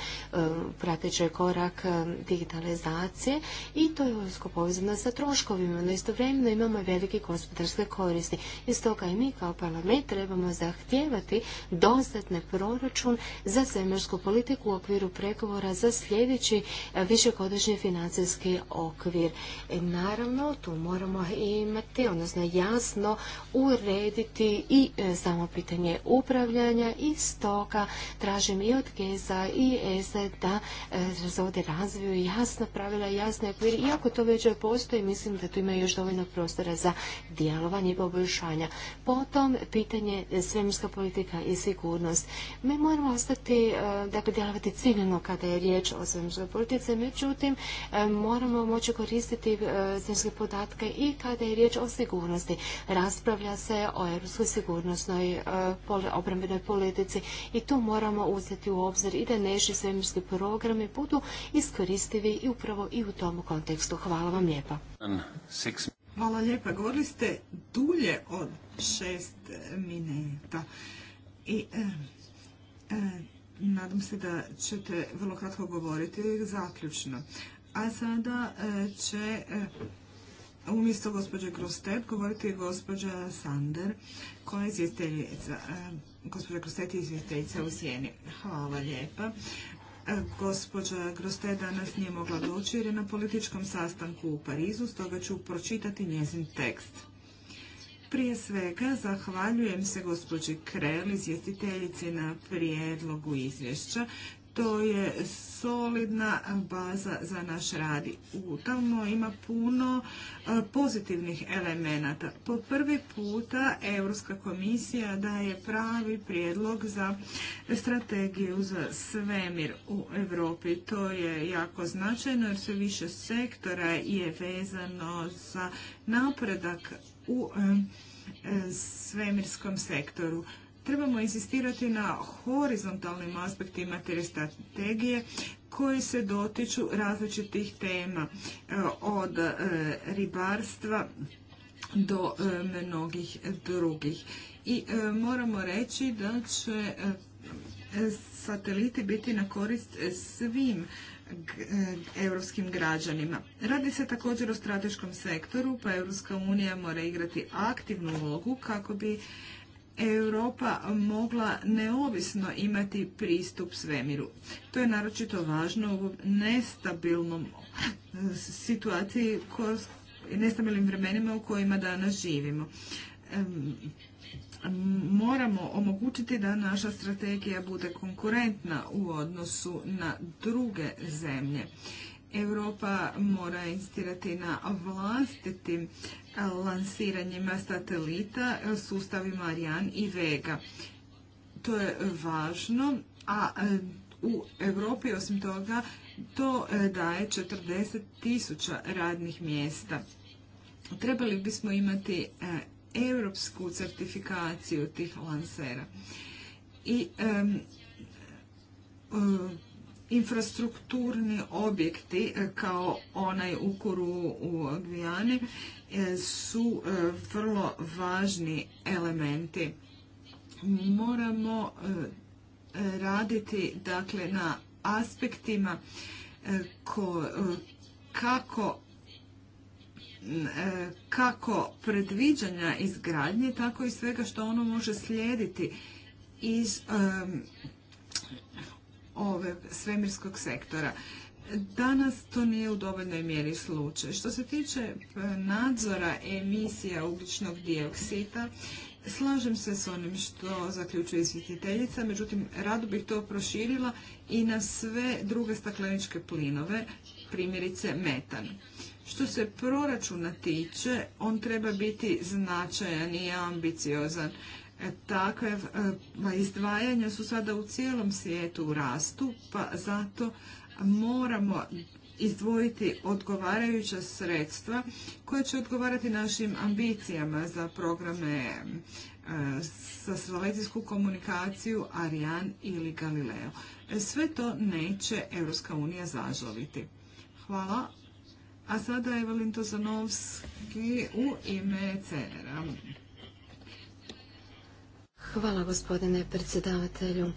prateće korak digitalizacije i to je usko povezano sa troškovima, no istovremeno imamo velike gospodarske koristi. Isto Stoga i mi kao parlament trebamo zahtijevati dostatne proračun za zemljarsku politiku u okviru pregovora za sljedeći e, višegodišnji financijski okvir. E, naravno, tu moramo imati, odnosno jasno urediti i e, samo pitanje upravljanja i stoga tražim i od GES-a i ESA da se ovdje razviju jasna pravila, jasne okvir. Iako to već postoji, mislim da tu ima još dovoljno prostora za djelovanje i poboljšanja. Potom pitanje svemirska politika i sigurnost. Mi moramo ostati, e, dakle, djelovati ciljeno kada je riječ o svemirskoj politici, međutim, e, moramo moći koristiti e, svemirske podatke i kada je riječ o sigurnosti. Raspravlja se o europskoj sigurnosnoj obrambenoj politici i tu moramo uzeti u obzir i da neši svemirski programi budu iskoristivi i upravo i u tom kontekstu. Hvala vam lijepa. Hvala lijepa. Govorili ste dulje od šest e, minuta. I e, e, nadam se da ćete vrlo kratko govoriti zaključno. A sada će umjesto gospođe Grostet govoriti gospođa Sander koja je izvjestiteljica. Gospođa Grostet je izvjestiteljica u Sjeni. Hvala lijepa. Gospođa Groste danas nije mogla doći jer je na političkom sastanku u Parizu, stoga ću pročitati njezin tekst. Prije svega zahvaljujem se gospođi Krel, izvjestiteljici na prijedlogu izvješća. To je solidna baza za naš rad. Utavno ima puno e, pozitivnih elemenata. Po prvi puta Europska komisija daje pravi prijedlog za strategiju za svemir u Europi. To je jako značajno jer sve više sektora je vezano za napredak u svemirskom sektoru. Trebamo insistirati na horizontalnim aspektima te strategije koji se dotiču različitih tema e, od e, ribarstva do e, mnogih drugih. I moramo reći da će sateliti biti na korist svim europskim građanima. Radi se također o strateškom sektoru, pa Europska unija mora igrati aktivnu ulogu kako bi Europa mogla neovisno imati pristup svemiru. To je naročito važno u nestabilnom situaciji, nestabilnim vremenima u kojima danas živimo moramo omogućiti da naša strategija bude konkurentna u odnosu na druge zemlje. Europa mora instirati na vlastitim lansiranjima satelita sustavima Ariane i Vega. To je važno, a e, u Europi osim toga to e, daje 40 radnih mjesta. Trebali bismo imati e, europsku certifikaciju tih lansera. I infrastrukturni objekti e, kao onaj u u Gvijane su e, vrlo važni elementi. Moramo e, raditi dakle na aspektima kako kako predviđanja izgradnje, tako i svega što ono može slijediti iz um, ove svemirskog sektora. Danas to nije u dovoljnoj mjeri slučaj. Što se tiče eh, nadzora emisija ugljičnog dioksida, slažem se s onim što zaključuje izvjetiteljica, međutim rado bih to proširila i na sve druge stakleničke plinove, primjerice metan. Što se proračuna tiče, on treba biti značajan i ambiciozan. E, Takve izdvajanja su sada u cijelom svijetu u rastu, pa zato moramo izdvojiti odgovarajuća sredstva koja će odgovarati našim ambicijama za programe e, za satelitsku komunikaciju Arijan ili Galileo. E, sve to neće Europska unija zažaliti. Hvala. A sada je Valin Tozanovski u ime CR-a. Hvala gospodine predsjedavatelju.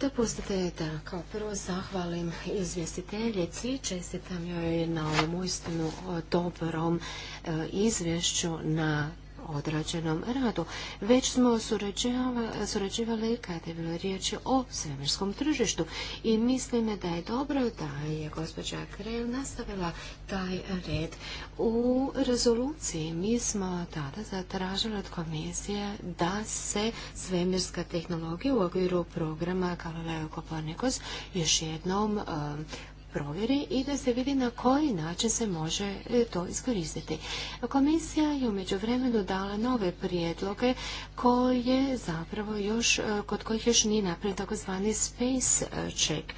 Dopustite da kao prvo zahvalim izvjestiteljici, čestitam joj na ovom uistinu dobrom e, izvješću na odrađenom radu. Već smo surađivali kada je bilo riječ o svemirskom tržištu i mislim da je dobro da je gospođa Krel nastavila taj red. U rezoluciji mi smo tada zatražili od komisije da se svemirska tehnologija u okviru programa Galileo Copernicus još jednom provjeri i da se vidi na koji način se može e, to iskoristiti. Komisija je umeđu vremenu dala nove prijedloge koje zapravo još, e, kod kojih još nije napravljen takozvani space e, check.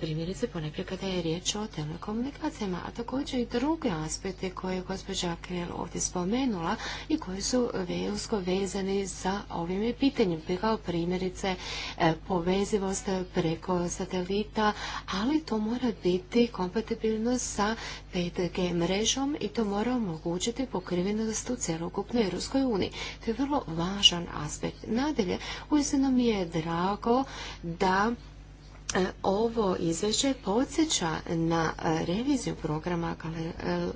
Primjerice ponekad kada je riječ o telekomunikacijama, a također i druge aspekte koje je gospođa Krel ovdje spomenula i koji su veusko vezani sa ovim pitanjem, kao primjerice povezivost preko satelita, ali to mora biti biti kompatibilno sa 5G mrežom i to mora omogućiti pokrivenost u celokupnoj Ruskoj uniji. To je vrlo važan aspekt. Nadalje, uistinu mi je drago da E, ovo izvješće podsjeća na e, reviziju programa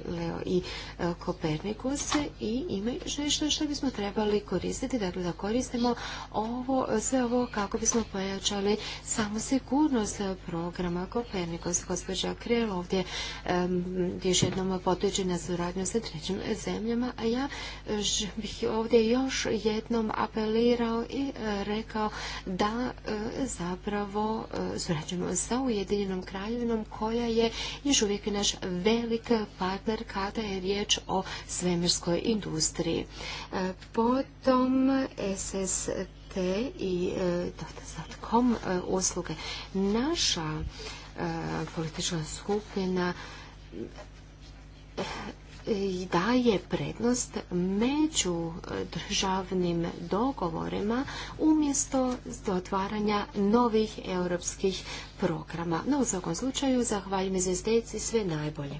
Leo i e, Kopernikus i ima nešto što bismo trebali koristiti, dakle da koristimo ovo, sve ovo kako bismo pojačali samu sigurnost programa Kopernikus. Gospođa Krel ovdje još jednom potiče na suradnju sa trećim zemljama, a ja bih ovdje još jednom apelirao i rekao da zapravo surađujemo sa Ujedinjenom kraljevinom koja je još uvijek naš velik partner kada je riječ o svemirskoj industriji. E, potom SST i zatkom e, e, usluge. Naša politička skupina i daje prednost među državnim dogovorima umjesto otvaranja novih europskih programa. No, u svakom slučaju, zahvaljujem izvjestiteljici sve najbolje.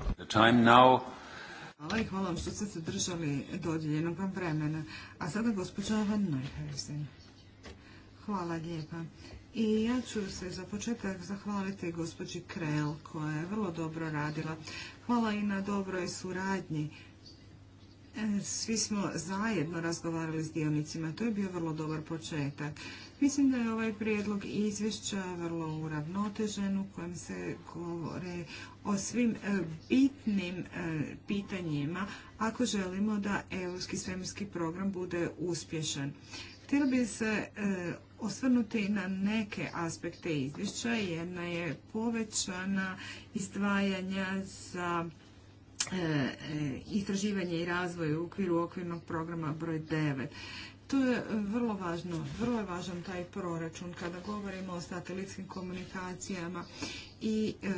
Hvala i hvala vam što ste se držali dodijeljenog vam vremena. A sada gospođa Van Neuhausen. Hvala lijepa. I ja ću se za početak zahvaliti gospođi Krel koja je vrlo dobro radila. Hvala i na dobroj suradnji. E, svi smo zajedno razgovarali s dionicima, to je bio vrlo dobar početak. Mislim da je ovaj prijedlog izvješća vrlo uravnotežen u kojem se govore o svim e, bitnim e, pitanjima ako želimo da Europski svemirski program bude uspješan. Htjela bi se osvrnuti na neke aspekte izvješća. Jedna je povećana izdvajanja za e, e, istraživanje i razvoj u okviru okvirnog programa broj 9. To je vrlo važno, vrlo je važan taj proračun kada govorimo o satelitskim komunikacijama i e,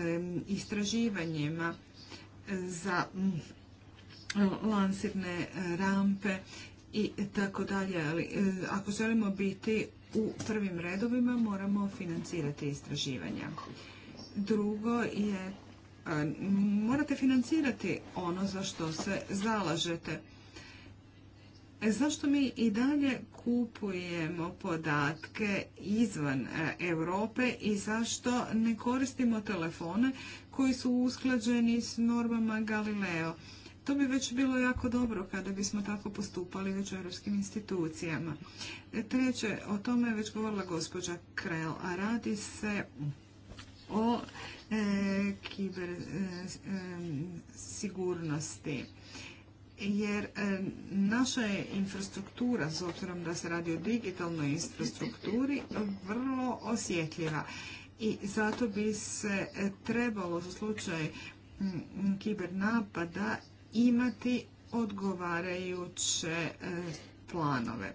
istraživanjima za lansirne rampe i tako dalje. Ali, ako želimo biti u prvim redovima moramo financirati istraživanja. Drugo je morate financirati ono za što se zalažete. E, zašto mi i dalje kupujemo podatke izvan e, Europe i zašto ne koristimo telefone koji su usklađeni s normama Galileo? To bi već bilo jako dobro kada bismo tako postupali već u europskim institucijama. E, treće, o tome je već govorila gospođa Krel, a radi se o e, kiber e, e, sigurnosti jer naša je infrastruktura, s obzirom da se radi o digitalnoj infrastrukturi, vrlo osjetljiva. I zato bi se trebalo za slučaj kibernapada imati odgovarajuće e, planove.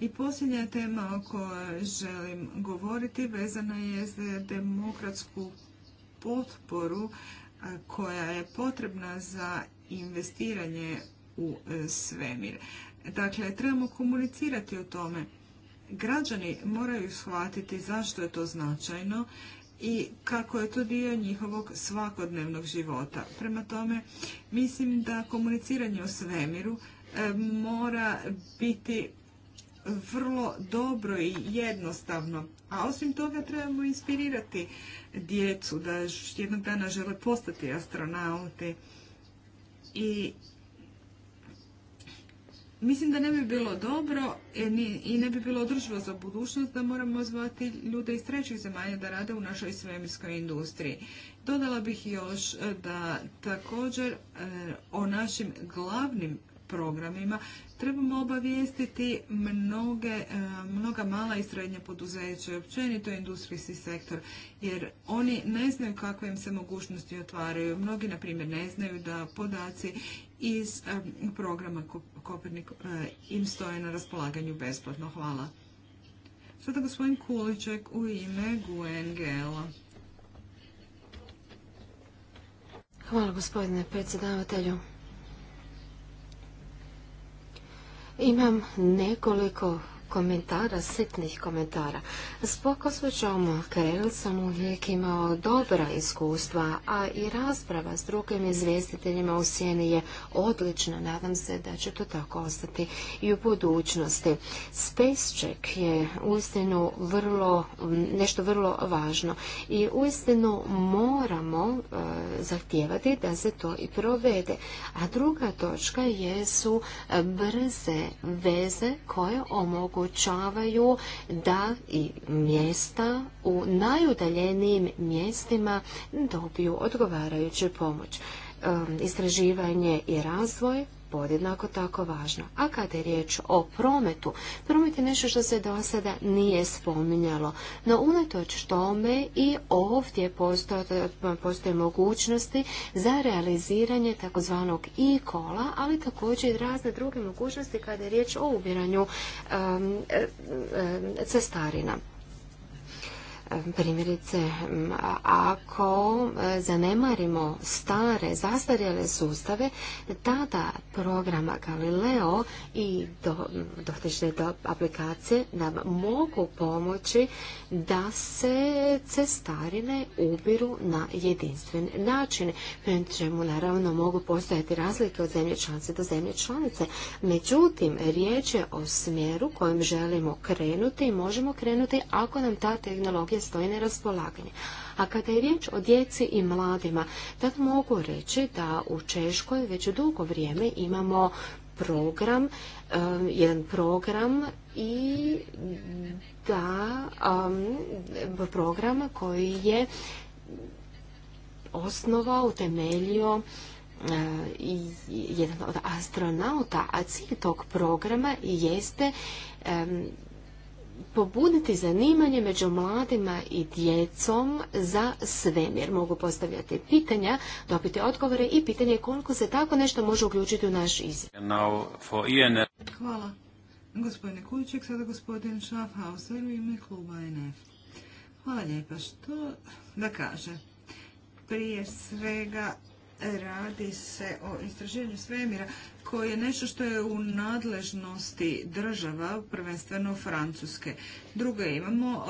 I posljednja tema o kojoj želim govoriti vezana je za demokratsku potporu koja je potrebna za investiranje u e, svemir. Dakle, trebamo komunicirati o tome. Građani moraju shvatiti zašto je to značajno i kako je to dio njihovog svakodnevnog života. Prema tome, mislim da komuniciranje o svemiru e, mora biti vrlo dobro i jednostavno. A osim toga trebamo inspirirati djecu da jednog dana žele postati astronauti. I Mislim da ne bi bilo dobro i ne bi bilo održivo za budućnost da moramo zvati ljude iz trećih zemalja da rade u našoj svemirskoj industriji. Dodala bih još e, da također e, o našim glavnim programima trebamo obavijestiti mnoge, e, mnoga mala i srednja poduzeća i općenito industrijski sektor, jer oni ne znaju kakve im se mogućnosti otvaraju. Mnogi, na primjer, ne znaju da podaci iz programa Kopernik e, im stoje na raspolaganju besplatno. Hvala. Sada gospodin Kuliček u ime gungl Hvala gospodine predsjedavatelju. Imam nekoliko komentara, sitnih komentara. S pokosvećom Karel sam uvijek imao dobra iskustva, a i rasprava s drugim izvjestiteljima u sjeni je odlična. Nadam se da će to tako ostati i u budućnosti. Space je uistinu vrlo, nešto vrlo važno i uistinu moramo e, zahtijevati da se to i provede. A druga točka jesu e, brze veze koje omogućuju omogućavaju da i mjesta u najudaljenijim mjestima dobiju odgovarajuću pomoć. Ehm, istraživanje i razvoj podjednako tako važno. A kada je riječ o prometu, promet je nešto što se do sada nije spominjalo. No unatoč tome i ovdje postoje, mogućnosti za realiziranje takozvanog e kola, ali također i razne druge mogućnosti kada je riječ o ubiranju cestarina. Primjerice, ako e, zanemarimo stare, zastarjele sustave, tada programa Galileo i dotične aplikacije nam mogu pomoći da se cestarine ubiru na jedinstven način. Čemu naravno mogu postojati razlike od zemlje članice do zemlje članice. Međutim, riječ je o smjeru kojim želimo krenuti i možemo krenuti ako nam ta tehnologija ovdje na raspolaganje. A kada je riječ o djeci i mladima, tad mogu reći da u Češkoj već dugo vrijeme imamo program, jedan program i da program koji je osnovao, utemeljio i jedan od astronauta, a cilj tog programa jeste pobuditi zanimanje među mladima i djecom za svemir. Mogu postavljati pitanja, dobiti odgovore i pitanje koliko se tako nešto može uključiti u naš izvijek. Hvala. Gospodine Kuliček, sada gospodin Schaffhauser u ime kluba e NF. Hvala lijepa. Što da kaže? Prije svega radi se o istraživanju svemira koje je nešto što je u nadležnosti država, prvenstveno Francuske. Drugo imamo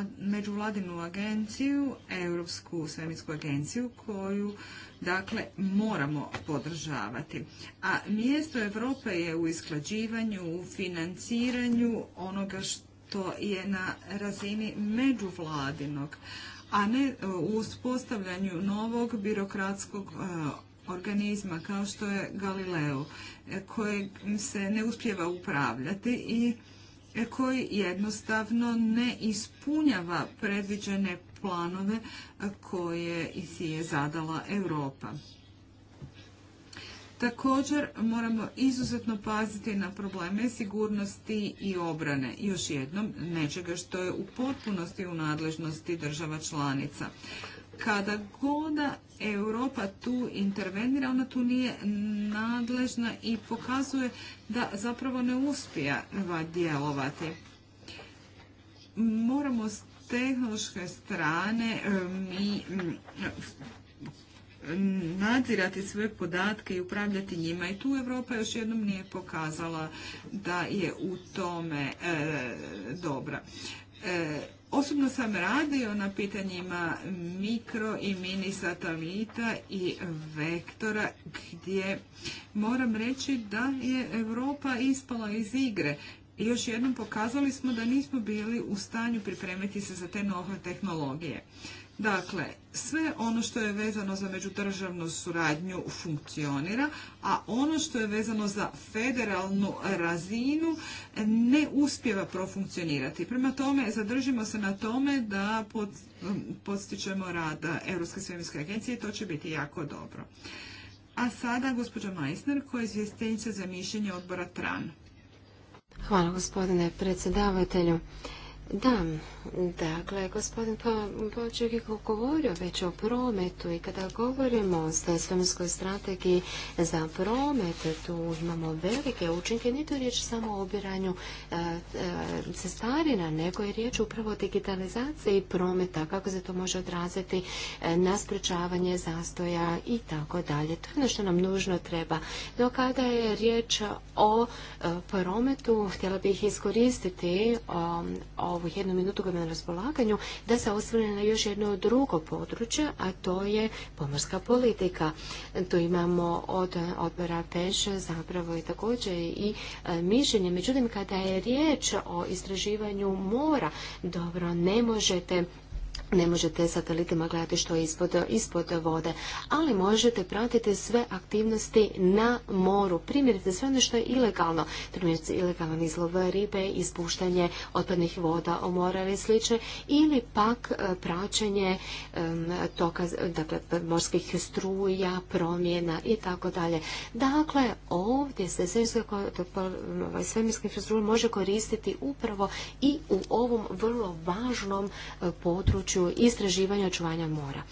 e, međuvladinu agenciju, Europsku svemirsku agenciju koju dakle moramo podržavati. A mjesto Europe je u isklađivanju, u financiranju onoga što je na razini međuvladinog a ne e, u uspostavljanju novog birokratskog e, organizma kao što je Galileo, e, koji se ne uspjeva upravljati i koji jednostavno ne ispunjava predviđene planove koje si je zadala Europa. Također moramo izuzetno paziti na probleme sigurnosti i obrane. Još jednom, nečega što je u potpunosti u nadležnosti država članica. Kada goda Europa tu intervenira, ona tu nije nadležna i pokazuje da zapravo ne uspije djelovati. Moramo s tehnološke strane e, mi nadzirati sve podatke i upravljati njima. I tu Europa još jednom nije pokazala da je u tome e, dobra. E, osobno sam radio na pitanjima mikro i mini satelita i vektora gdje moram reći da je Europa ispala iz igre. I još jednom pokazali smo da nismo bili u stanju pripremiti se za te nove tehnologije. Dakle, sve ono što je vezano za međudržavnu suradnju funkcionira, a ono što je vezano za federalnu razinu ne uspjeva profunkcionirati. Prema tome, zadržimo se na tome da um, podstičemo rad Europske svemirske agencije i to će biti jako dobro. A sada gospođa Majsner koja je izvjestiteljica za mišljenje odbora TRAN. Hvala gospodine predsjedavatelju. Da, dakle, gospodin Poček pa- je govorio već o prometu i kada govorimo o svemirskoj strategiji za promet, tu imamo velike učinke, nije to riječ samo o obiranju e, e, cestarina, nego je riječ upravo o digitalizaciji prometa, kako se to može odraziti e, na sprečavanje zastoja i tako dalje. To je ono što nam nužno treba. No kada je riječ o prometu, htjela bih iskoristiti o ovu jednu minutu koju na raspolaganju, da se osvrne na još jedno drugo područje, a to je pomorska politika. Tu imamo od odbora PEŠ zapravo i također i e, mišljenje. Međutim, kada je riječ o istraživanju mora, dobro, ne možete ne možete satelitima gledati što je ispod, ispod vode, ali možete pratiti sve aktivnosti na moru. Primjerice sve ono što je ilegalno, primjerice ilegalan izlov ribe, ispuštanje otpadnih voda o mora ili sliče, ili pak e, praćenje toka, dakle, morskih struja, promjena i tako dalje. Dakle, ovdje se ovaj, svemirska infrastruktura može koristiti upravo i u ovom vrlo važnom e, području području istraživanja očuvanja mora.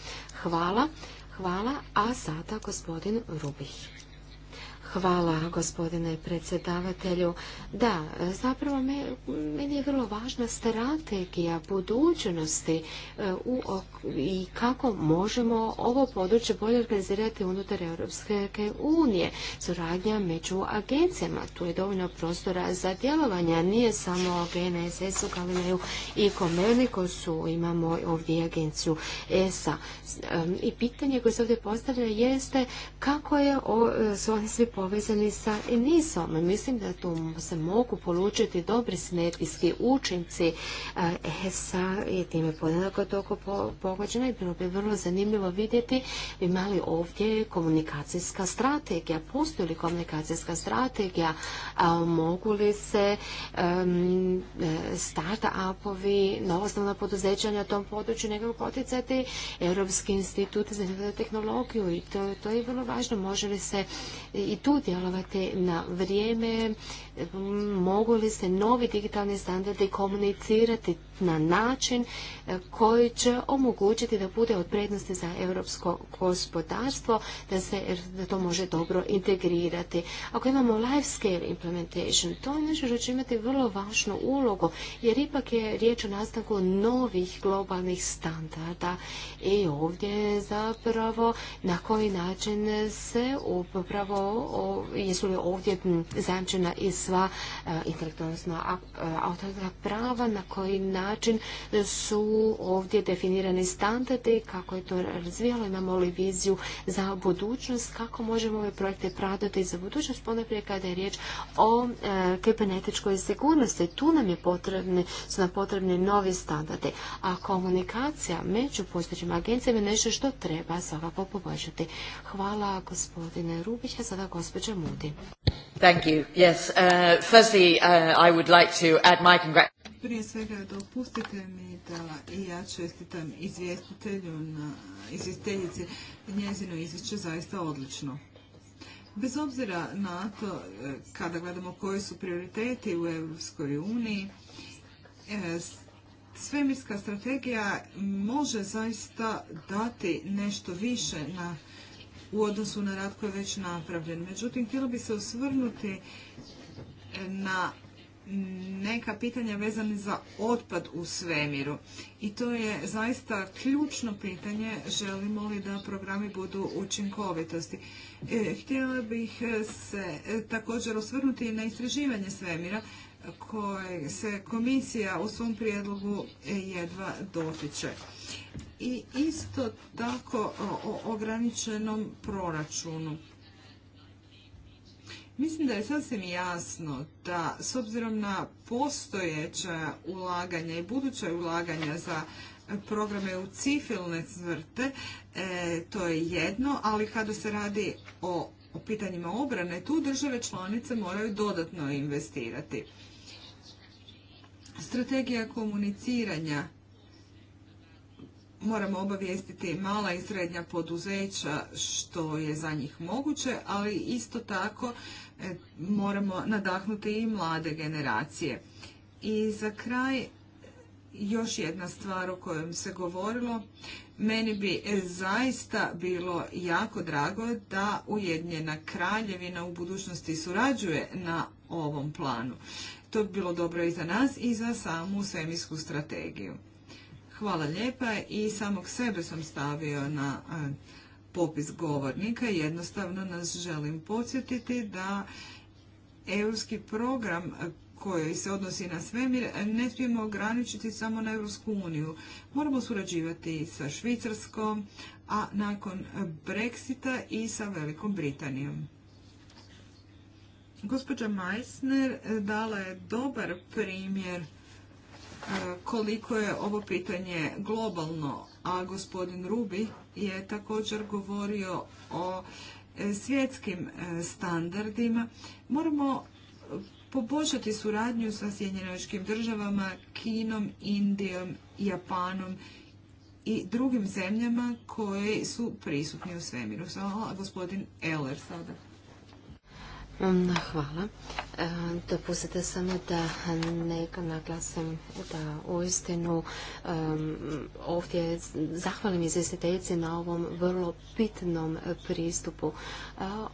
Hvala, hvala, a sada gospodin Rubih. Hvala gospodine predsjedavatelju. Da, zapravo me, meni je vrlo važna strategija budućnosti e, i kako možemo ovo područje bolje organizirati unutar Europske unije. Suradnja među agencijama, tu je dovoljno prostora za djelovanje, nije samo GNSS u Galileju i su imamo ovdje agenciju ESA. E, I pitanje koje se ovdje postavlja jeste kako je, e, su oni svi po povezani sa nisom. Mislim da tu se mogu polučiti dobri sinergijski učinci e, ESA i time podjednako toliko pogođena i bilo bi vrlo zanimljivo vidjeti imali ovdje komunikacijska strategija. Postoji li komunikacijska strategija? mogu li se start e, start-upovi, osnovna poduzeća na tom području nekako poticati? Europski institut za tehnologiju i to je vrlo važno. Može li se i tu djelovati na vrijeme, mogu li se novi digitalni standardi komunicirati na način e, koji će omogućiti da bude od prednosti za europsko gospodarstvo, da se da to može dobro integrirati. Ako imamo life scale implementation, to je nešto što će imati vrlo važnu ulogu, jer ipak je riječ o nastanku novih globalnih standarda i ovdje zapravo na koji način se upravo jesu li ovdje zajamčena i sva e, intelektualna e, prava na koji način način su ovdje definirani standardi, kako je to razvijalo, imamo li viziju za budućnost, kako možemo ove projekte pratiti za budućnost, ponaprije kada je riječ o e, kibernetičkoj sigurnosti. Tu nam je potrebne, su nam potrebne novi standardi, a komunikacija među postojećim agencijama je nešto što treba svakako poboljšati. Hvala gospodine Rubića, sada gospođa Mudi. Thank you. Yes, uh, firstly, uh, I would like to add my prije svega dopustite mi da i ja čestitam izvjestitelju na izvjestiteljici njezino izvješće zaista odlično. Bez obzira na to e, kada gledamo koji su prioriteti u Europskoj uniji, e, svemirska strategija može zaista dati nešto više na u odnosu na rad koji je već napravljen. Međutim, htjela bi se osvrnuti na neka pitanja vezane za otpad u svemiru. I to je zaista ključno pitanje, želimo li da programi budu učinkovitosti. E, htjela bih se e, također osvrnuti na istraživanje svemira koje se komisija u svom prijedlogu jedva dotiče. I isto tako o ograničenom proračunu. Mislim da je sasvim jasno da s obzirom na postojeća ulaganja i buduća ulaganja za programe u cifilne svrte, e, to je jedno, ali kada se radi o, o pitanjima obrane, tu države članice moraju dodatno investirati. Strategija komuniciranja moramo obavijestiti mala i srednja poduzeća što je za njih moguće, ali isto tako e, moramo nadahnuti i mlade generacije. I za kraj još jedna stvar o kojoj se govorilo. Meni bi e, zaista bilo jako drago da Ujedinjena kraljevina u budućnosti surađuje na ovom planu. To bi bilo dobro i za nas i za samu svemirsku strategiju. Hvala lijepa i samog sebe sam stavio na popis govornika. Jednostavno nas želim podsjetiti da europski program koji se odnosi na svemir ne smijemo ograničiti samo na Europsku uniju. Moramo surađivati sa Švicarskom, a nakon Brexita i sa Velikom Britanijom. Gospođa Meissner dala je dobar primjer koliko je ovo pitanje globalno, a gospodin Rubi je također govorio o e, svjetskim e, standardima. Moramo e, poboljšati suradnju sa Sjedinjenim državama, Kinom, Indijom, Japanom i drugim zemljama koje su prisutni u svemiru. Hvala, gospodin Eller sada. Mm, hvala. E, dopustite samo da neka naglasim da uistinu ovdje zahvalim izvjestiteljici na ovom vrlo bitnom pristupu. E,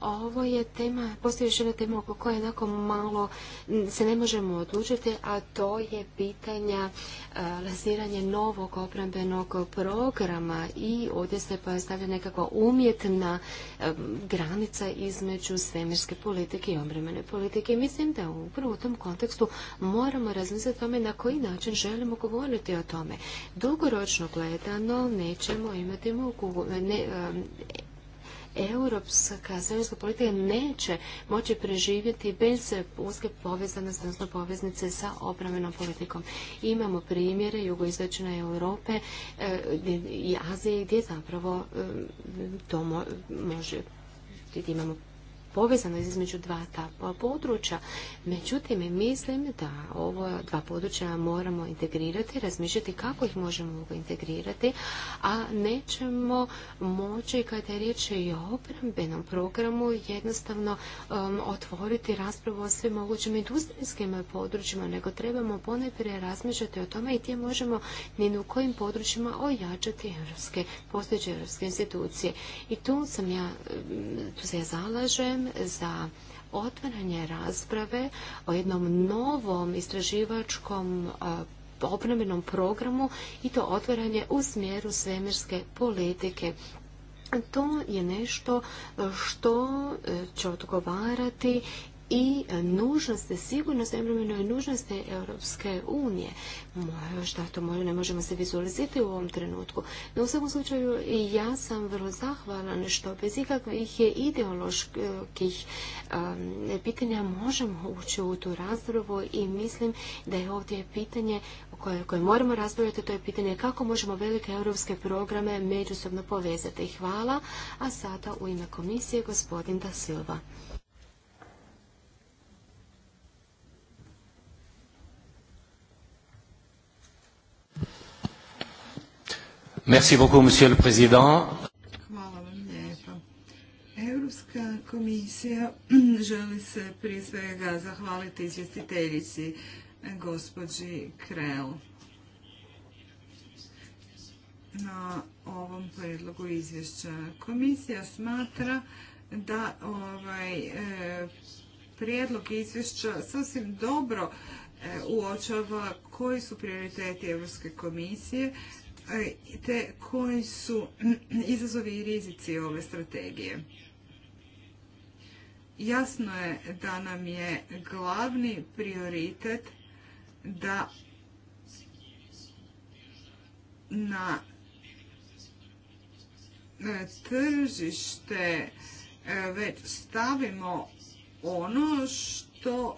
ovo je tema, postoji još jedna tema oko koje jednako malo se ne možemo odlučiti, a to je pitanja e, lasiranje novog obrambenog programa i ovdje se postavlja nekakva umjetna granica između svemirske politike politike i obremene politike. Mislim da upravo u tom kontekstu moramo razmisliti tome na koji način želimo govoriti o tome. Dugoročno gledano nećemo imati mogu, ne, um, europska zemljska politika neće moći preživjeti bez uske povezanosti, odnosno poveznice sa obramenom politikom. Imamo primjere jugoistočne Europe eh, i Azije gdje zapravo eh, to može imamo povezano između dva ta područja. Međutim, mislim da ovo dva područja moramo integrirati, razmišljati kako ih možemo integrirati, a nećemo moći kada je riječ i o obrambenom programu jednostavno um, otvoriti raspravu o svim mogućim industrijskim područjima, nego trebamo ponajprije razmišljati o tome i gdje možemo ni u kojim područjima ojačati europske, postojeće europske institucije. I tu sam ja, um, tu se zalažem za otvaranje rasprave o jednom novom istraživačkom obnovenom programu i to otvaranje u smjeru svemirske politike. To je nešto što e, će odgovarati i nužnosti, sigurnost i nužnosti Europske unije. Šta to možda ne možemo se vizualizirati u ovom trenutku. No u svakom slučaju ja sam vrlo zahvalan što bez ikakvih ideoloških pitanja možemo ući u tu raspravu i mislim da je ovdje pitanje koje, moramo raspravljati, to je pitanje kako možemo velike europske programe međusobno povezati. Hvala, a sada u ime komisije gospodin Da Silva. Merci beaucoup, monsieur le président. Europska komisija želi se prije svega zahvaliti izvjestiteljici gospođi Krell na ovom predlogu izvješća. Komisija smatra da ovaj e, prijedlog izvješća sasvim dobro e, uočava koji su prioriteti Europske komisije E, te koji su izazovi i rizici ove strategije. Jasno je da nam je glavni prioritet da na e, tržište e, već stavimo ono što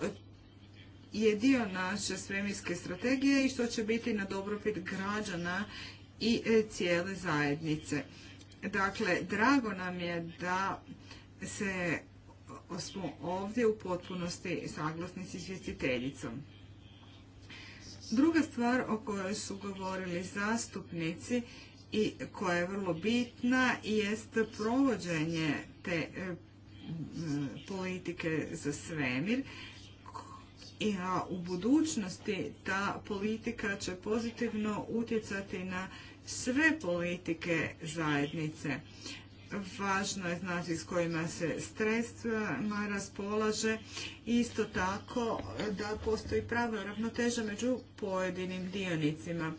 je dio naše svemirske strategije i što će biti na dobrobit građana i e, cijele zajednice. Dakle, drago nam je da se smo ovdje u potpunosti saglasni s izvjestiteljicom. Druga stvar o kojoj su govorili zastupnici i koja je vrlo bitna jest provođenje te e, politike za svemir a u budućnosti ta politika će pozitivno utjecati na sve politike zajednice. Važno je znati s kojima se sredstvima raspolaže. Isto tako da postoji prava ravnoteža među pojedinim dionicima.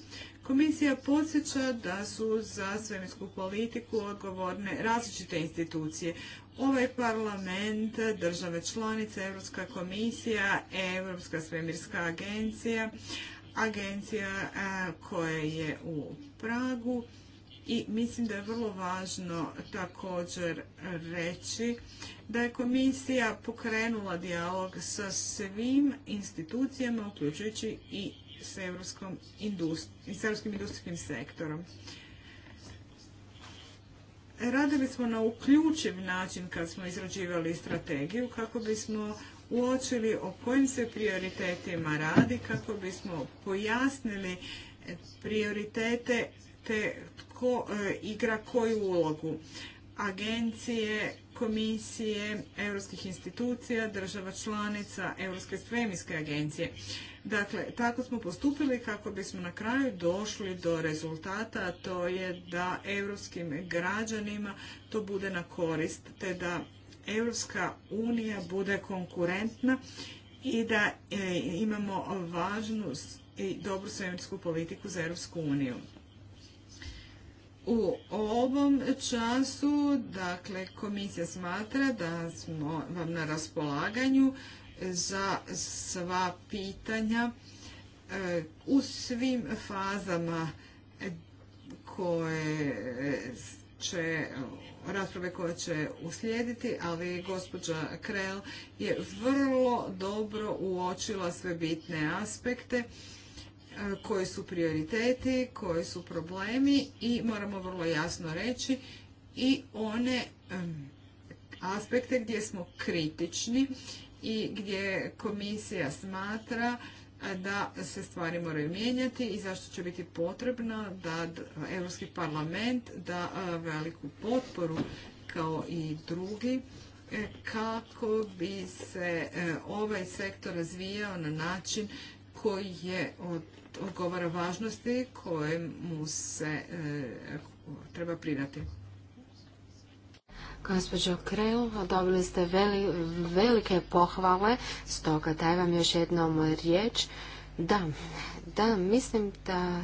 Komisija podsjeća da su za svemirsku politiku odgovorne različite institucije, ovaj parlament, države članice, Europska komisija, Europska svemirska agencija, agencija koja je u Pragu i mislim da je vrlo važno također reći da je komisija pokrenula dijalog sa svim institucijama, uključujući i s europskim industrijskim sektorom radili smo na uključiv način kad smo izrađivali strategiju kako bismo uočili o kojim se prioritetima radi, kako bismo pojasnili prioritete te tko e, igra koju ulogu. Agencije, komisije, europskih institucija, država članica, Europske svemirske agencije. Dakle, tako smo postupili kako bismo na kraju došli do rezultata, a to je da europskim građanima to bude na korist, te da Evropska unija bude konkurentna i da e, imamo važnu i dobru svemirsku politiku za Evropsku uniju. U ovom času, dakle, komisija smatra da smo vam na raspolaganju za sva pitanja e, u svim fazama koje će rasprave koje će uslijediti, ali gospođa Krell je vrlo dobro uočila sve bitne aspekte e, koji su prioriteti, koji su problemi i moramo vrlo jasno reći i one aspekte gdje smo kritični i gdje komisija smatra da se stvari moraju mijenjati i zašto će biti potrebno da Europski parlament da veliku potporu kao i drugi e, kako bi se e, ovaj sektor razvijao na način koji je odgovara važnosti kojemu se e, treba pridati. Gospođo Krel, dobili ste velike pohvale, stoga daj vam još jednom riječ. Da, da, mislim da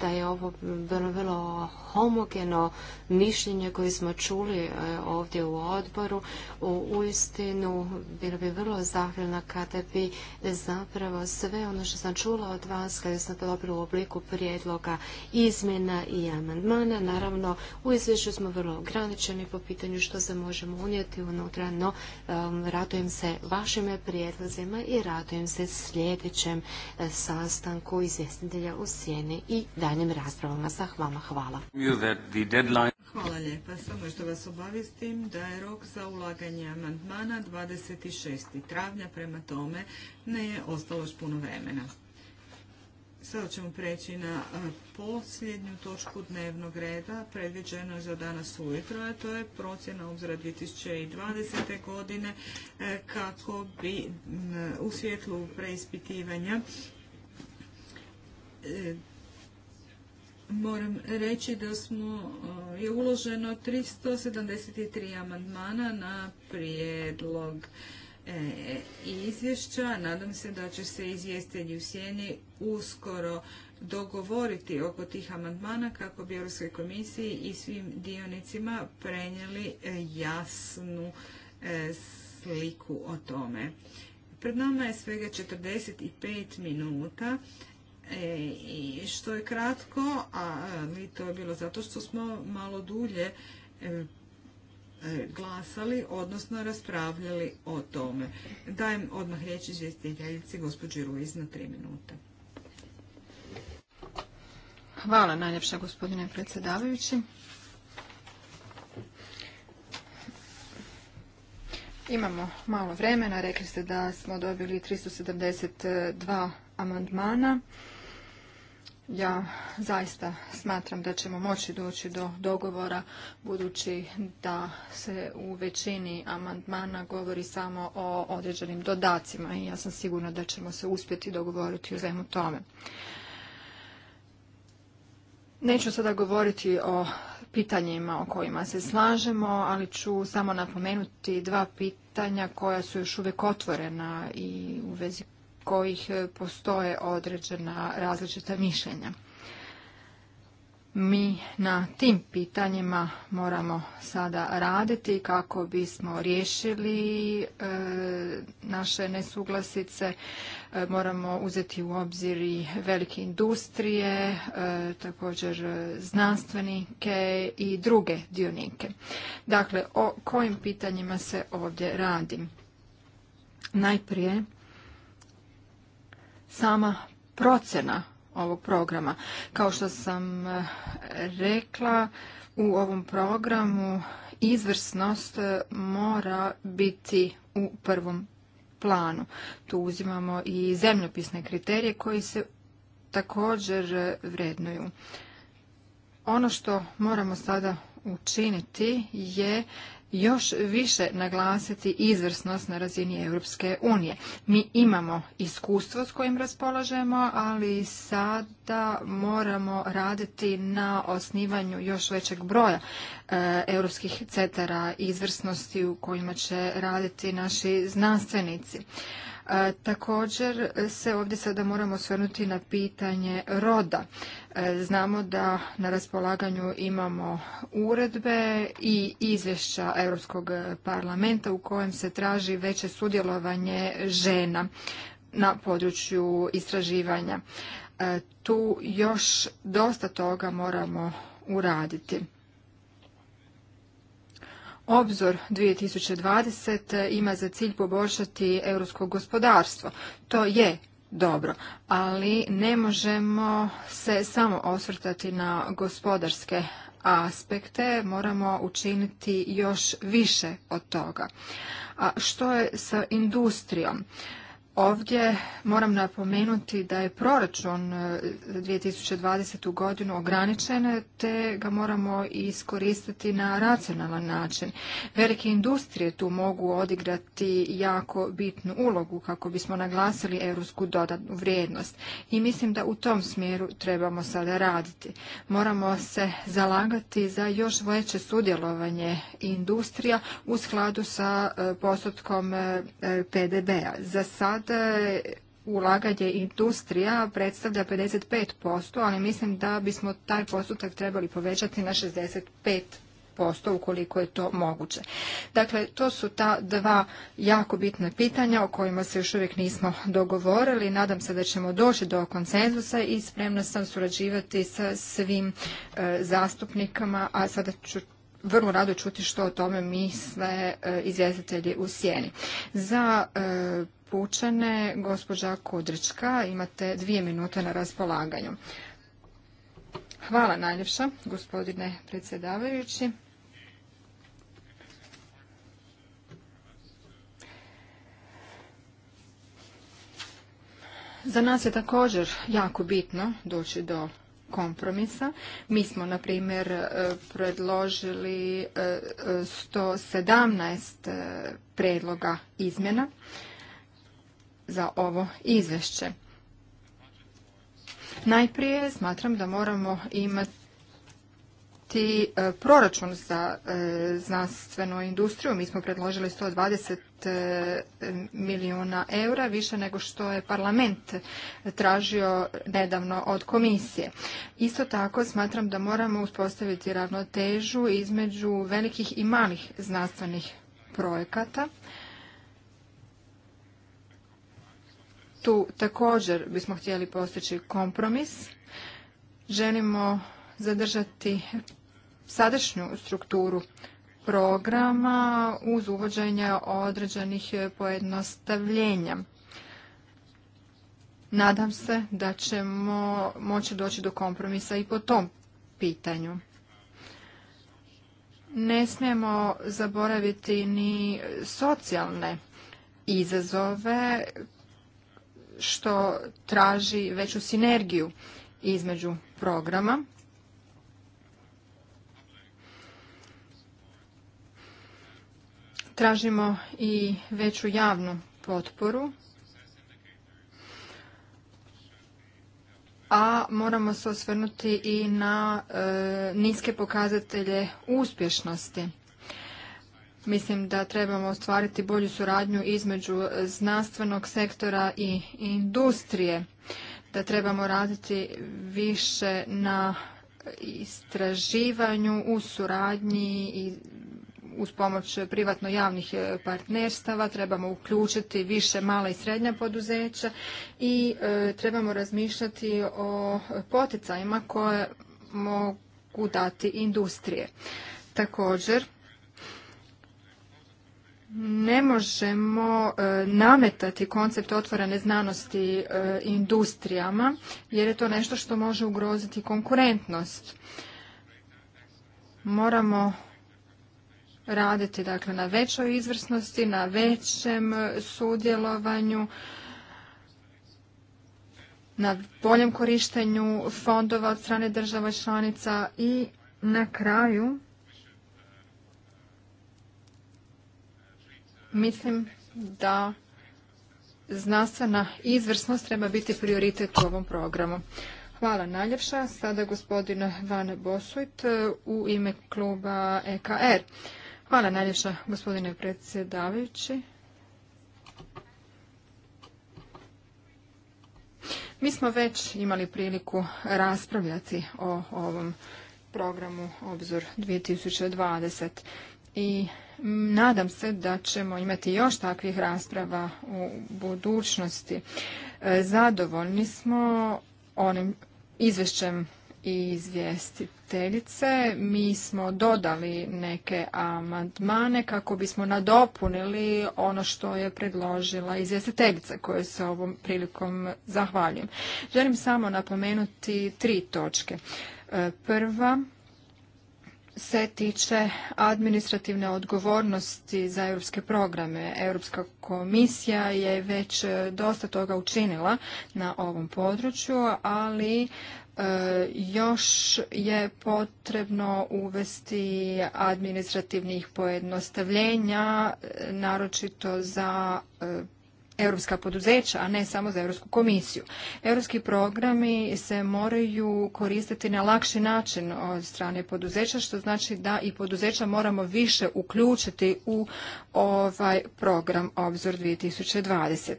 da je ovo bilo vrlo homogeno mišljenje koje smo čuli e, ovdje u odboru. U istinu bilo bi vrlo zahvalna kada bi zapravo sve ono što sam čula od vas, kada sam to dobila u obliku prijedloga izmjena i amandmana. Naravno, u izvješću smo vrlo ograničeni po pitanju što se možemo unijeti unutra, no um, radujem se vašim prijedlozima i radujem se sljedećem e, sastanku izvjestitelja u sjeni i raspravama sa Hvala. Hvala lijepa. Samo što vas obavistim da je rok za ulaganje amandmana 26. travnja, prema tome ne je ostalo još puno vremena. Sada ćemo preći na posljednju točku dnevnog reda, predviđeno je za danas ujutro, a to je procjena obzira 2020. godine e, kako bi u svjetlu preispitivanja e, moram reći da smo, e, je uloženo 373 amandmana na prijedlog e, izvješća. Nadam se da će se izvjestitelji u sjeni uskoro dogovoriti oko tih amandmana kako bi Europskoj komisiji i svim dionicima prenijeli e, jasnu sliku o tome. Pred nama je svega 45 minuta E, i što je kratko, a e, mi to je bilo zato što smo malo dulje e, glasali, odnosno raspravljali o tome. Dajem odmah riječ izvjestiteljici gospođi Ruiz na tri minute. Hvala najljepša gospodine predsjedavajući. Imamo malo vremena, rekli ste da smo dobili 372 amandmana ja zaista smatram da ćemo moći doći do dogovora budući da se u većini amandmana govori samo o određenim dodacima i ja sam sigurna da ćemo se uspjeti dogovoriti u zemu tome. Neću sada govoriti o pitanjima o kojima se slažemo, ali ću samo napomenuti dva pitanja koja su još uvijek otvorena i u vezi kojih e, postoje određena različita mišljenja. Mi na tim pitanjima moramo sada raditi kako bismo riješili e, naše nesuglasice. E, moramo uzeti u obzir i velike industrije, također znanstvenike i druge dionike. Dakle, o kojim pitanjima se ovdje radi? Najprije sama procjena ovog programa. Kao što sam eh, rekla, u ovom programu izvrsnost eh, mora biti u prvom planu. Tu uzimamo i zemljopisne kriterije koji se također eh, vrednuju. Ono što moramo sada učiniti je još više naglasiti izvrsnost na razini Europske unije. Mi imamo iskustvo s kojim raspolažemo, ali sada moramo raditi na osnivanju još većeg broja e, europskih centara izvrsnosti u kojima će raditi naši znanstvenici. E, također se ovdje sada moramo osvrnuti na pitanje roda. E, znamo da na raspolaganju imamo uredbe i izvješća Europskog parlamenta u kojem se traži veće sudjelovanje žena na području istraživanja. E, tu još dosta toga moramo uraditi. Obzor 2020 ima za cilj poboljšati europsko gospodarstvo. To je dobro, ali ne možemo se samo osvrtati na gospodarske aspekte, moramo učiniti još više od toga. A što je sa industrijom? Ovdje moram napomenuti da je proračun e, za 2020. godinu ograničen, te ga moramo iskoristiti na racionalan način. Velike industrije tu mogu odigrati jako bitnu ulogu kako bismo naglasili europsku dodatnu vrijednost i mislim da u tom smjeru trebamo sada raditi. Moramo se zalagati za još veće sudjelovanje industrija u skladu sa e, postotkom e, PDB-a. Za sad sad e, ulaganje industrija predstavlja 55%, ali mislim da bismo taj postotak trebali povećati na 65% posto ukoliko je to moguće. Dakle, to su ta dva jako bitna pitanja o kojima se još uvijek nismo dogovorili. Nadam se da ćemo doći do konsenzusa i spremna sam surađivati sa svim e, zastupnikama, a sada ću vrlo rado čuti što o tome misle e, izvjestitelji u sjeni. Za pučane, gospođa Kudrička. Imate dvije minute na raspolaganju. Hvala najljepša, gospodine predsjedavajući. Za nas je također jako bitno doći do kompromisa. Mi smo, na primjer, e, predložili 117 e, e, predloga izmjena za ovo izvješće. Najprije smatram da moramo imati e, proračun za e, znanstvenu industriju. Mi smo predložili 120 e, milijuna eura, više nego što je parlament tražio nedavno od komisije. Isto tako smatram da moramo uspostaviti ravnotežu između velikih i malih znanstvenih projekata tu također bismo htjeli postići kompromis. Želimo zadržati sadašnju strukturu programa uz uvođenje određenih pojednostavljenja. Nadam se da ćemo moći doći do kompromisa i po tom pitanju. Ne smijemo zaboraviti ni socijalne izazove što traži veću sinergiju između programa. Tražimo i veću javnu potporu, a moramo se osvrnuti i na e, niske pokazatelje uspješnosti. Mislim da trebamo ostvariti bolju suradnju između znanstvenog sektora i industrije, da trebamo raditi više na istraživanju u suradnji i uz pomoć privatno-javnih e, partnerstava, trebamo uključiti više mala i srednja poduzeća i e, trebamo razmišljati o poticajima koje mogu dati industrije. Također, ne možemo e, nametati koncept otvorene znanosti e, industrijama jer je to nešto što može ugroziti konkurentnost. Moramo raditi dakle na većoj izvrsnosti, na većem e, sudjelovanju, na boljem korištenju fondova od strane država članica i na kraju Mislim da znanstvena izvrsnost treba biti prioritet u ovom programu. Hvala najljepša. Sada gospodin Vane Bosuit e, u ime kluba EKR. Er. Hvala najljepša gospodine predsjedavajući. Mi smo već imali priliku raspravljati o ovom programu Obzor 2020 i Nadam se da ćemo imati još takvih rasprava u budućnosti. E, zadovoljni smo onim izvješćem i izvjestiteljice. Mi smo dodali neke amandmane kako bismo nadopunili ono što je predložila izvjestiteljica koje se ovom prilikom zahvaljujem. Želim samo napomenuti tri točke. E, prva se tiče administrativne odgovornosti za europske programe. Europska komisija je već e, dosta toga učinila na ovom području, ali e, još je potrebno uvesti administrativnih pojednostavljenja, e, naročito za europska poduzeća, a ne samo za Europsku komisiju. Europski programi se moraju koristiti na lakši način od strane poduzeća, što znači da i poduzeća moramo više uključiti u ovaj program Obzor 2020.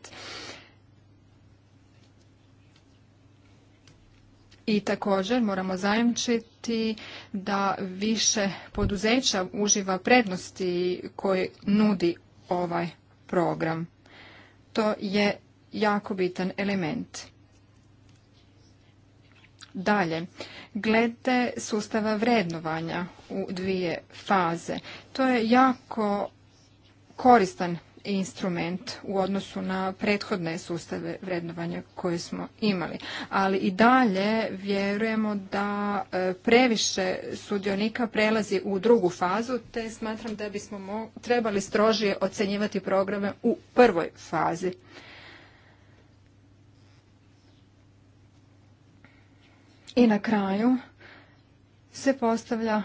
I također moramo zajamčiti da više poduzeća uživa prednosti koje nudi ovaj program to je jako bitan element. Dalje, glede sustava vrednovanja u dvije faze. To je jako koristan instrument u odnosu na prethodne sustave vrednovanja koje smo imali. Ali i dalje vjerujemo da e, previše sudionika prelazi u drugu fazu, te smatram da bismo trebali strožije ocjenjivati programe u prvoj fazi. I na kraju se postavlja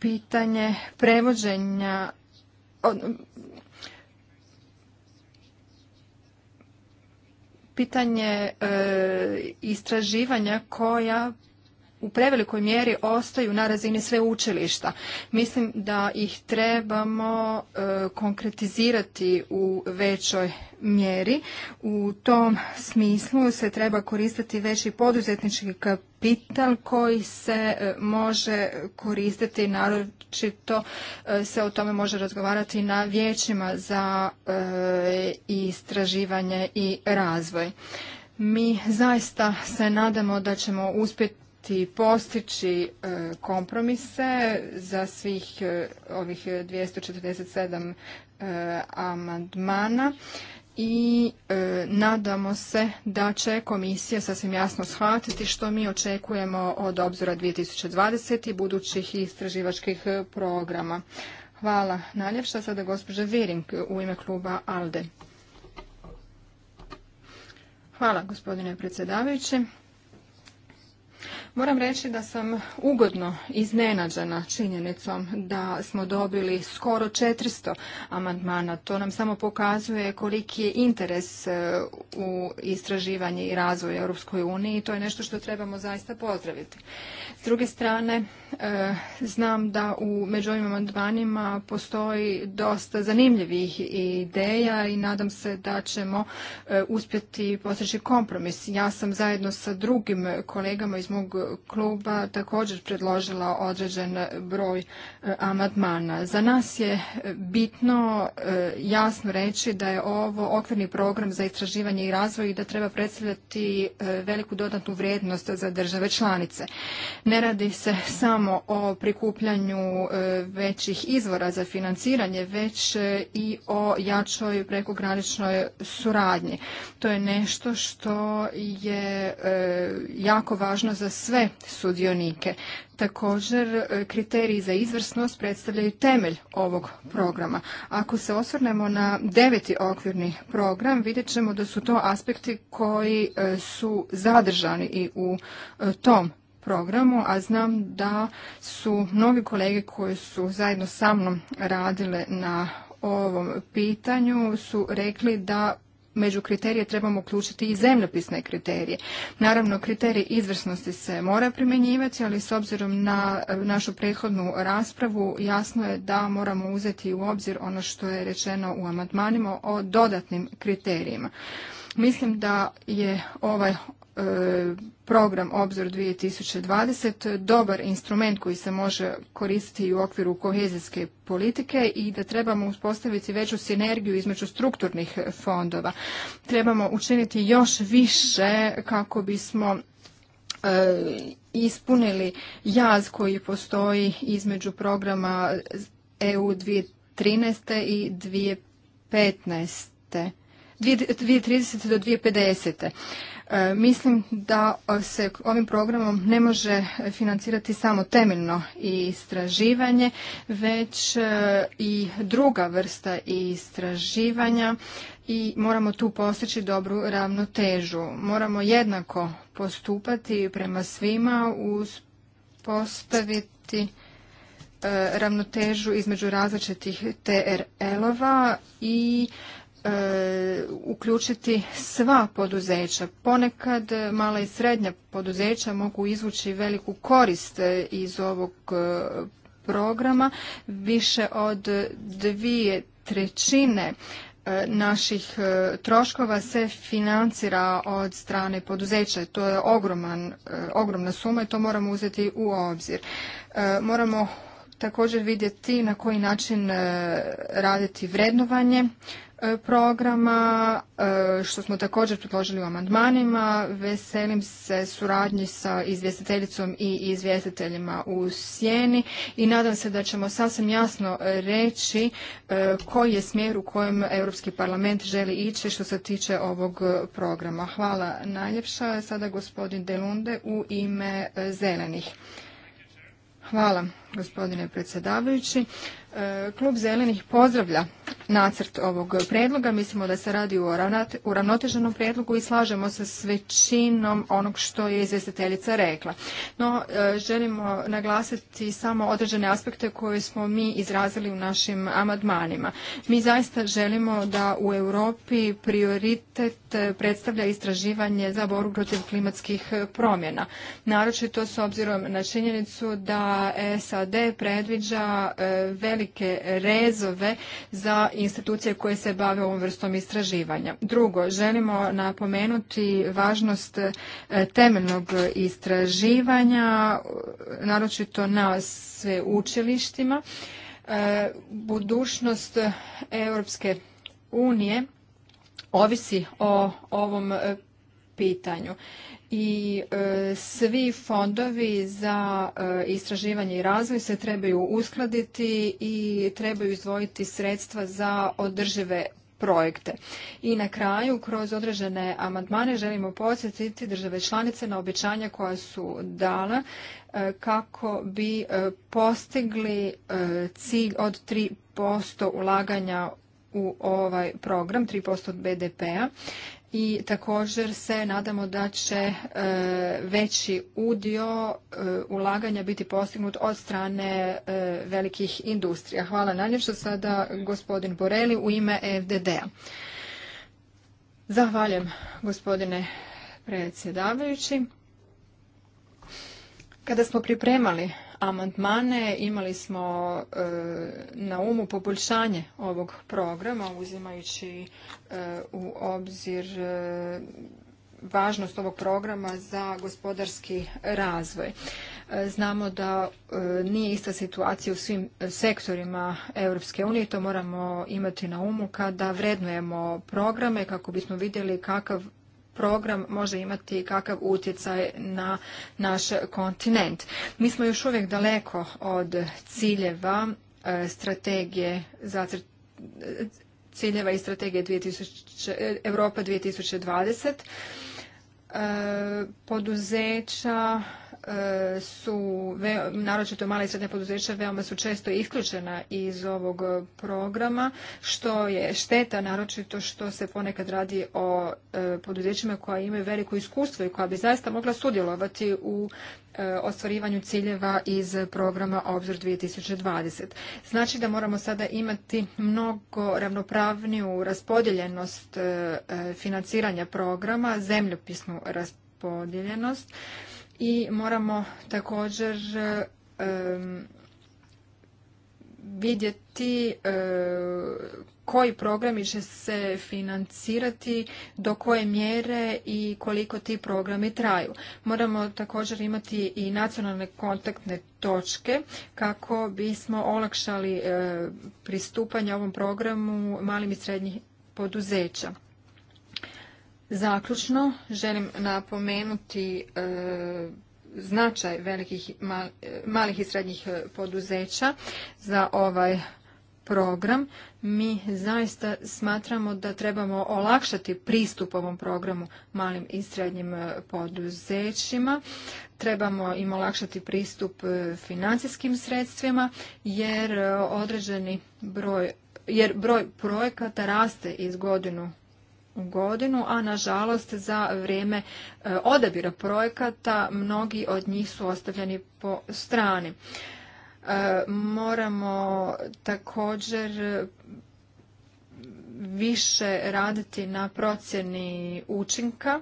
pitanje prevođenja pitanje e, istraživanja koja u prevelikoj mjeri ostaju na razini sveučilišta. Mislim da ih trebamo e, konkretizirati u većoj mjeri. U tom smislu se treba koristiti veći poduzetnički kapital koji se e, može koristiti naročito e, se o tome može razgovarati na vijećima za istraživanje i razvoj. Mi zaista se nadamo da ćemo uspjeti i postići e, kompromise za svih e, ovih 247 e, amandmana i nadamo se da će komisija sasvim jasno shvatiti što mi očekujemo od obzora 2020 i budućih istraživačkih programa. Hvala najljepša. Sada gospođa Viring u ime kluba ALDE. Hvala gospodine predsjedavajući. Moram reći da sam ugodno iznenađena činjenicom da smo dobili skoro 400 amandmana. To nam samo pokazuje koliki je interes e, u istraživanju i razvoju EU i to je nešto što trebamo zaista pozdraviti. S druge strane, E, znam da u među ovim amandmanima postoji dosta zanimljivih ideja i nadam se da ćemo e, uspjeti postići kompromis. Ja sam zajedno sa drugim kolegama iz mog kluba također predložila određen broj e, amandmana. Za nas je bitno jasno reći da je ovo okvirni program za istraživanje i razvoj i da treba predstavljati veliku dodatnu vrijednost za države članice. Ne radi se samo samo o prikupljanju e, većih izvora za financiranje, već e, i o jačoj prekograničnoj suradnji. To je nešto što je e, jako važno za sve sudionike. Također, kriteriji za izvrsnost predstavljaju temelj ovog programa. Ako se osvrnemo na deveti okvirni program, vidjet ćemo da su to aspekti koji su zadržani i u tom programu, a znam da su mnogi kolege koji su zajedno sa mnom radile na ovom pitanju su rekli da među kriterije trebamo uključiti i zemljopisne kriterije. Naravno, kriteriji izvrsnosti se mora primjenjivati, ali s obzirom na našu prethodnu raspravu, jasno je da moramo uzeti u obzir ono što je rečeno u amandmanima o dodatnim kriterijima. Mislim da je ovaj E, program Obzor 2020 dobar instrument koji se može koristiti u okviru kohezijske politike i da trebamo uspostaviti veću sinergiju između strukturnih fondova. Trebamo učiniti još više kako bismo e, ispunili jaz koji postoji između programa EU 2013. i 2015. 2030. do 2050. E, mislim da e, se ovim programom ne može financirati samo temeljno istraživanje, već e, i druga vrsta istraživanja i moramo tu postići dobru ravnotežu. Moramo jednako postupati prema svima uz postaviti ravnotežu između različitih TRL-ova i e, uključiti sva poduzeća. Ponekad mala i srednja poduzeća mogu izvući veliku korist e, iz ovog e, programa. Više od dvije trećine e, naših troškova se financira od strane poduzeća. To je ogroman, ogromna suma i to moramo uzeti u obzir. Moramo također vidjeti na koji način raditi vrednovanje E, programa, e, što smo također predložili u amandmanima. Veselim se suradnji sa izvjestiteljicom i izvjestiteljima u Sjeni i nadam se da ćemo sasvim jasno reći e, koji je smjer u kojem Europski parlament želi ići što se tiče ovog programa. Hvala najljepša. Sada gospodin Delunde u ime zelenih. Hvala gospodine predsjedavajući. Klub zelenih pozdravlja nacrt ovog predloga. Mislimo da se radi u ravnoteženom predlogu i slažemo se s većinom onog što je izvjestiteljica rekla. No, e, želimo naglasiti samo određene aspekte koje smo mi izrazili u našim amadmanima. Mi zaista želimo da u Europi prioritet predstavlja istraživanje za borbu protiv klimatskih promjena. Naročito s obzirom na činjenicu da e SAD predviđa e, velike rezove za institucije koje se bave ovom vrstom istraživanja. Drugo, želimo napomenuti važnost e, temeljnog istraživanja, naročito na sve učilištima. E, budućnost Europske unije ovisi o ovom pitanju i e, svi fondovi za e, istraživanje i razvoj se trebaju uskladiti i trebaju izdvojiti sredstva za održive projekte. I na kraju, kroz određene amandmane želimo podsjetiti države članice na obećanja koja su dala e, kako bi postigli cilj od 3% ulaganja u ovaj program, 3% BDP-a i također se nadamo da će e, veći udio e, ulaganja biti postignut od strane e, velikih industrija. Hvala najljepša sada gospodin Boreli u ime FDD-a. Zahvaljujem gospodine predsjedavajući. Kada smo pripremali amandmane. Imali smo e, na umu poboljšanje ovog programa uzimajući e, u obzir e, važnost ovog programa za gospodarski razvoj. Znamo da nije ista situacija u svim sektorima Europske unije, to moramo imati na umu kada vrednujemo programe kako bismo vidjeli kakav program može imati kakav utjecaj na naš kontinent. Mi smo još uvijek daleko od ciljeva e, strategije e, ciljeva i strategije 2000, Europa 2020 e, poduzeća E, su naročito mala i srednja poduzeća veoma su često isključena iz ovog programa što je šteta naročito što se ponekad radi o e, poduzećima koja imaju veliko iskustvo i koja bi zaista mogla sudjelovati u e, ostvarivanju ciljeva iz programa Obzor 2020. Znači da moramo sada imati mnogo ravnopravniju raspodjeljenost financiranja programa, zemljopisnu raspodjeljenost i moramo također vidjeti e, koji programi će se financirati, do koje mjere i koliko ti programi traju. Moramo također imati i nacionalne kontaktne točke kako bismo olakšali e, pristupanje ovom programu malim i srednjih poduzeća. Zaključno želim napomenuti e, značaj velikih, e, malih i srednjih e, poduzeća za ovaj program. Mi zaista smatramo da trebamo olakšati pristup ovom programu malim i srednjim poduzećima. Trebamo im olakšati pristup financijskim sredstvima jer određeni broj jer broj projekata raste iz godinu godinu, a nažalost za vrijeme e, odabira projekata mnogi od njih su ostavljeni po strani. E, moramo također više raditi na procjeni učinka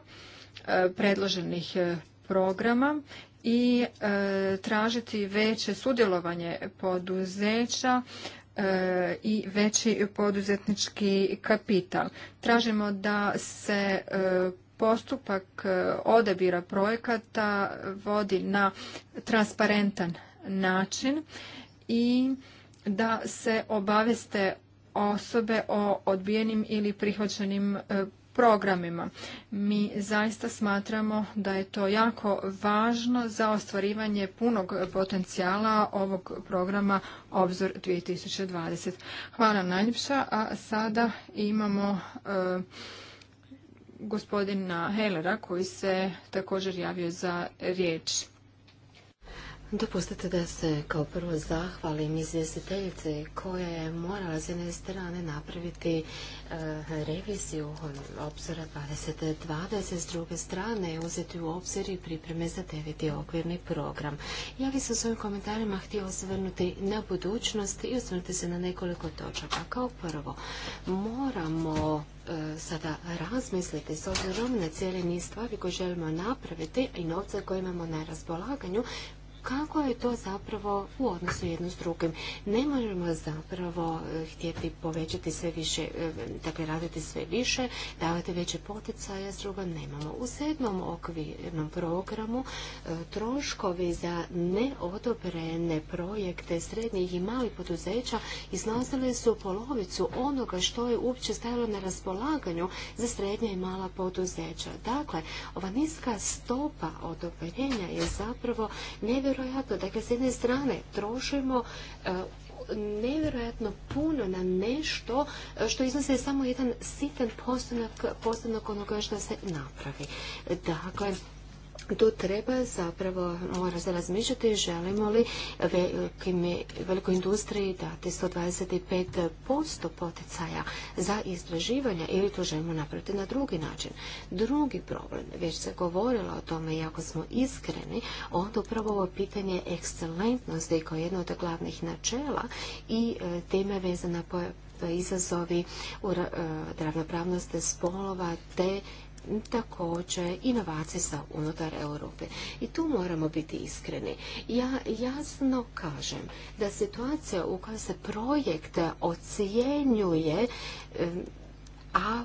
e, predloženih programa i tražiti veće sudjelovanje poduzeća E, i veći poduzetnički kapital. Tražimo da se e, postupak e, odabira projekata vodi na transparentan način i da se obaveste osobe o odbijenim ili prihvaćenim programima. Mi zaista smatramo da je to jako važno za ostvarivanje punog potencijala ovog programa Obzor 2020. Hvala najljepša, a sada imamo eh, gospodina Helera koji se također javio za riječ. Dopustite da se kao prvo zahvalim izvjestiteljice koja je morala s jedne strane napraviti e, reviziju obzora 2020, s druge strane uzeti u obzir i pripreme za deveti okvirni program. Ja bi se svojim komentarima htio osvrnuti na budućnost i osvrnuti se na nekoliko točaka. Kao prvo, moramo e, sada razmisliti s obzirom na cijeli niz stvari koje želimo napraviti i novce koje imamo na raspolaganju, kako je to zapravo u odnosu jedno s drugim. Ne možemo zapravo e, htjeti povećati sve više, e, dakle raditi sve više, davati veće poticaje, s drugom nemamo. U sedmom okvirnom programu e, troškovi za neodobrene projekte srednjih i malih poduzeća iznosili su polovicu onoga što je uopće stajalo na raspolaganju za srednja i mala poduzeća. Dakle, ova niska stopa odobrenja je zapravo nevjerojatno nevjerojatno. Dakle, s jedne strane trošimo e, nevjerojatno puno na nešto e, što iznose samo jedan sitan postanak, postanak onoga što se napravi. Dakle, tu treba zapravo razmišljati želimo li velikoj industriji dati 125% poticaja za istraživanja ili to želimo napraviti na drugi način. Drugi problem, već se govorilo o tome i ako smo iskreni, onda upravo ovo pitanje ekscelentnosti kao jedno od glavnih načela i e, teme vezana po izazovi u e, ravnopravnosti spolova te također inovacije sa unutar Europe. I tu moramo biti iskreni. Ja jasno kažem da situacija u kojoj se projekt ocjenjuje a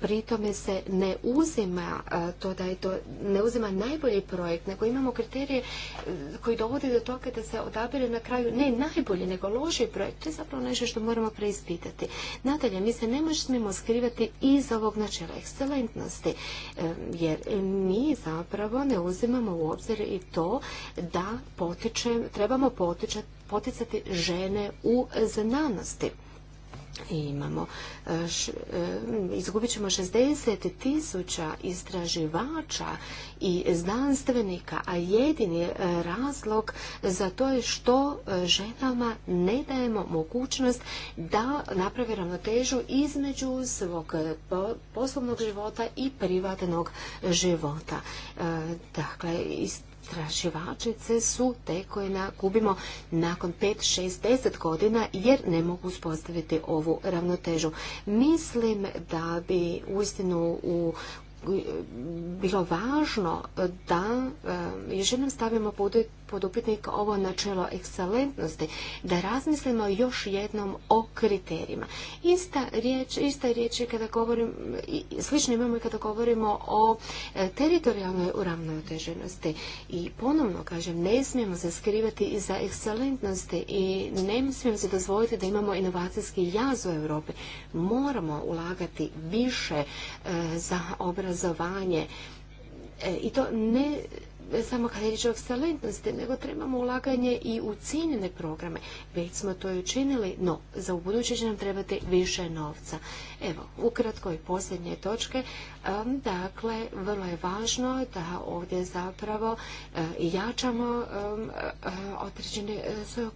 pri tome se ne uzima e, to da je to, ne uzima najbolji projekt, nego imamo kriterije e, koji dovode do toga da se odabire na kraju ne najbolji, nego loži projekt. To je zapravo nešto što moramo preispitati. Nadalje, mi se ne možemo skrivati iz ovog načela ekscelentnosti, e, jer mi zapravo ne uzimamo u obzir i to da potičem, trebamo poticati žene u znanosti imamo. E, e, izgubit ćemo 60 tisuća istraživača i znanstvenika, a jedini e, razlog za to je što ženama ne dajemo mogućnost da naprave ravnotežu između svog poslovnog života i privatnog života. Dakle, istraživačice su te koje na, gubimo nakon 5, 6, 10 godina jer ne mogu uspostaviti ovu ravnotežu. Mislim da bi uistinu u bilo važno da e, još jednom stavimo pod upitnik ovo načelo ekscelentnosti, da razmislimo još jednom o kriterijima. Ista riječ, ista riječ je kada govorim, slično imamo i kada govorimo o e, teritorijalnoj uravnoteženosti. I ponovno kažem, ne smijemo se skrivati iza ekscelentnosti i ne smijemo se dozvoliti da imamo inovacijski jaz u Europi. Moramo ulagati više e, za obrazovanje, e, i to ne samo kada je o ekscelentnosti, nego trebamo ulaganje i u cijenjene programe. Već smo to i učinili, no za u buduće će nam trebati više novca. Evo, ukratko i posljednje točke. Dakle, vrlo je važno da ovdje zapravo e, jačamo e, određene e, svoje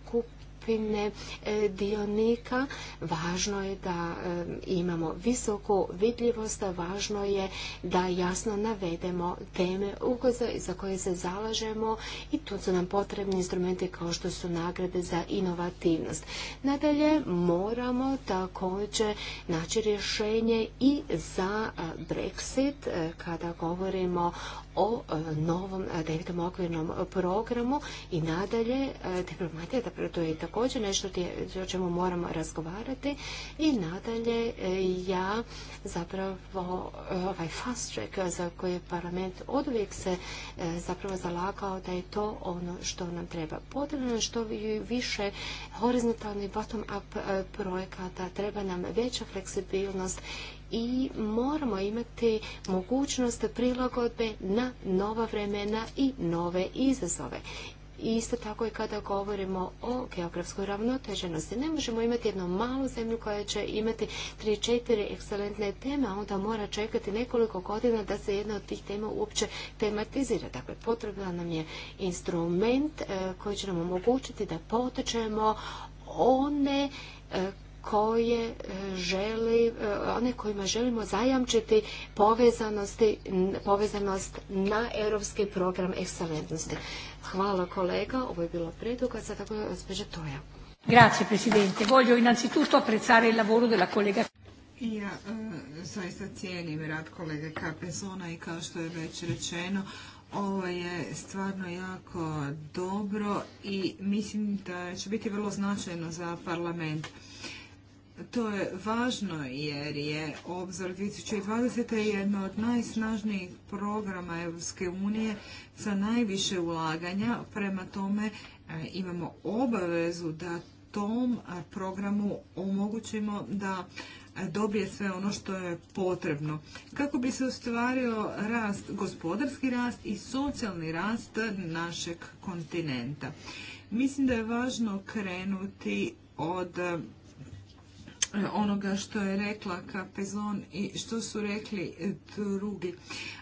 skupine e, dionika. Važno je da e, imamo visoku vidljivost, važno je da jasno navedemo teme ugoza za koje se zalažemo i tu su nam potrebni instrumenti kao što su nagrade za inovativnost. Nadalje, moramo također naći rješenje i za e, Brexit kada govorimo o e, novom e, devetom okvirnom programu i nadalje e, diplomatija, dakle, to je također nešto o čemu moramo razgovarati i nadalje ja zapravo ovaj fast track za koji je parlament od uvijek se zapravo zalagao da je to ono što nam treba. Potrebno je što više horizontalni bottom up projekata, treba nam veća fleksibilnost i moramo imati mogućnost prilagodbe na nova vremena i nove izazove. Isto tako i kada govorimo o geografskoj ravnoteženosti. Ne možemo imati jednu malu zemlju koja će imati tri četiri ekscelentne teme, a onda mora čekati nekoliko godina da se jedna od tih tema uopće tematizira. Dakle, potreban nam je instrument eh, koji će nam omogućiti da potičemo one eh, koje e, želi, e, one kojima želimo zajamčiti povezanost na europski program ekscelentnosti. Hvala kolega, ovo je bilo predugo, tako je, gospođa Toja. Grazie Presidente. Voglio innanzitutto apprezzare il lavoro della collega ja e, zaista cijenim rad kolege Kapezona i kao što je već rečeno, ovo je stvarno jako dobro i mislim da će biti vrlo značajno za parlament. To je važno jer je obzor 2020. jedno od najsnažnijih programa Europske unije sa najviše ulaganja. Prema tome e, imamo obavezu da tom programu omogućimo da dobije sve ono što je potrebno. Kako bi se ostvario rast, gospodarski rast i socijalni rast našeg kontinenta. Mislim da je važno krenuti od E, onoga što je rekla Kapezon i što su rekli e, drugi.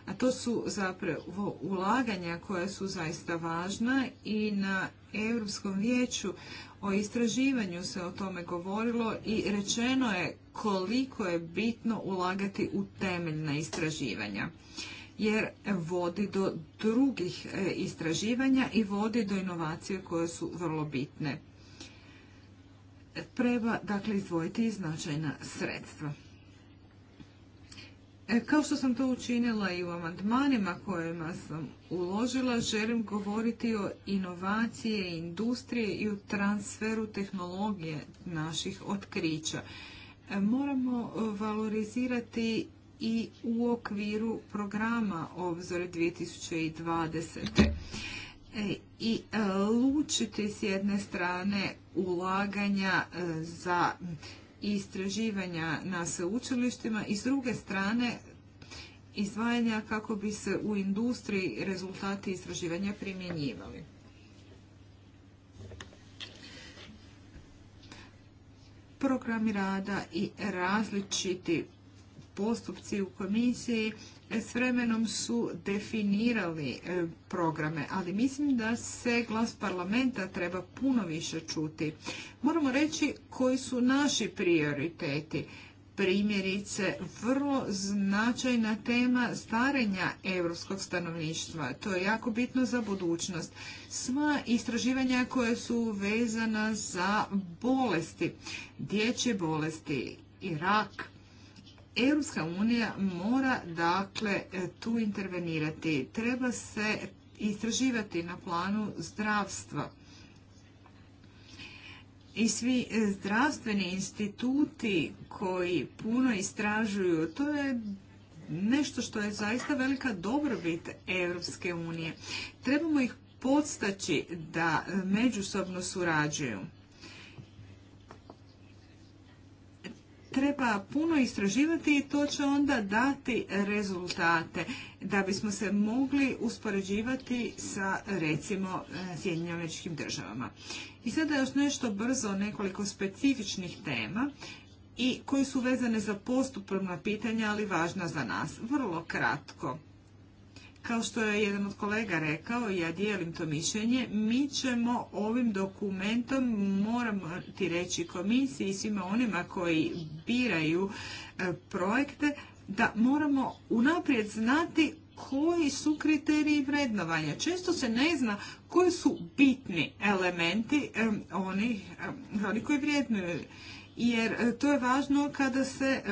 A to su zapravo ulaganja koja su zaista važna i na Europskom vijeću o istraživanju se o tome govorilo i rečeno je koliko je bitno ulagati u temeljna istraživanja jer vodi do drugih e, istraživanja i vodi do inovacija koje su vrlo bitne treba dakle izdvojiti značajna sredstva. E, kao što sam to učinila i u amandmanima kojima sam uložila, želim govoriti o inovacije, industrije i u transferu tehnologije naših otkrića. E, moramo e, valorizirati i u okviru programa Obzore 2020. I lučiti s jedne strane ulaganja e, za istraživanja na sveučilištima i s druge strane izdvajanja kako bi se u industriji rezultati istraživanja primjenjivali. Programi rada i različiti postupci u komisiji s vremenom su definirali e, programe, ali mislim da se glas parlamenta treba puno više čuti. Moramo reći koji su naši prioriteti. Primjerice, vrlo značajna tema starenja europskog stanovništva. To je jako bitno za budućnost. Sva istraživanja koja su vezana za bolesti, dječje bolesti i rak, Europska unija mora dakle e, tu intervenirati. Treba se istraživati na planu zdravstva. I svi e, zdravstveni instituti koji puno istražuju, to je nešto što je zaista velika dobrobit Europske unije. Trebamo ih podstaći da međusobno surađuju. treba puno istraživati i to će onda dati rezultate da bismo se mogli uspoređivati sa recimo e, Sjedinjenim državama. I sada još nešto brzo, nekoliko specifičnih tema i koji su vezane za postupna pitanja, ali važna za nas. Vrlo kratko. Kao što je jedan od kolega rekao, ja dijelim to mišljenje, mi ćemo ovim dokumentom, moramo ti reći komisiji i svima onima koji biraju e, projekte, da moramo unaprijed znati koji su kriteriji vrednovanja. Često se ne zna koji su bitni elementi e, onih e, oni koji vrednuju. Jer to je važno kada se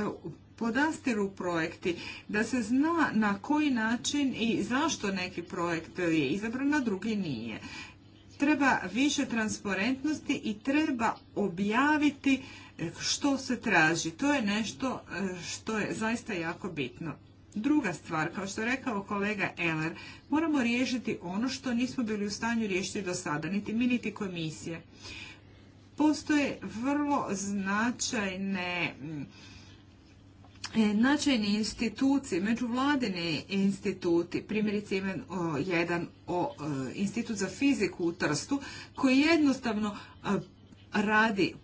podastiru projekti, da se zna na koji način i zašto neki projekt je izabran, a drugi nije. Treba više transparentnosti i treba objaviti e, što se traži. To je nešto e, što je zaista jako bitno. Druga stvar, kao što je rekao kolega Eller, moramo riješiti ono što nismo bili u stanju riješiti do sada, niti mi, niti komisije. Postoje vrlo značajne E, značajni instituci, međuvladini instituti, primjerice ima jedan o, e, institut za fiziku u Trstu, koji jednostavno e, radi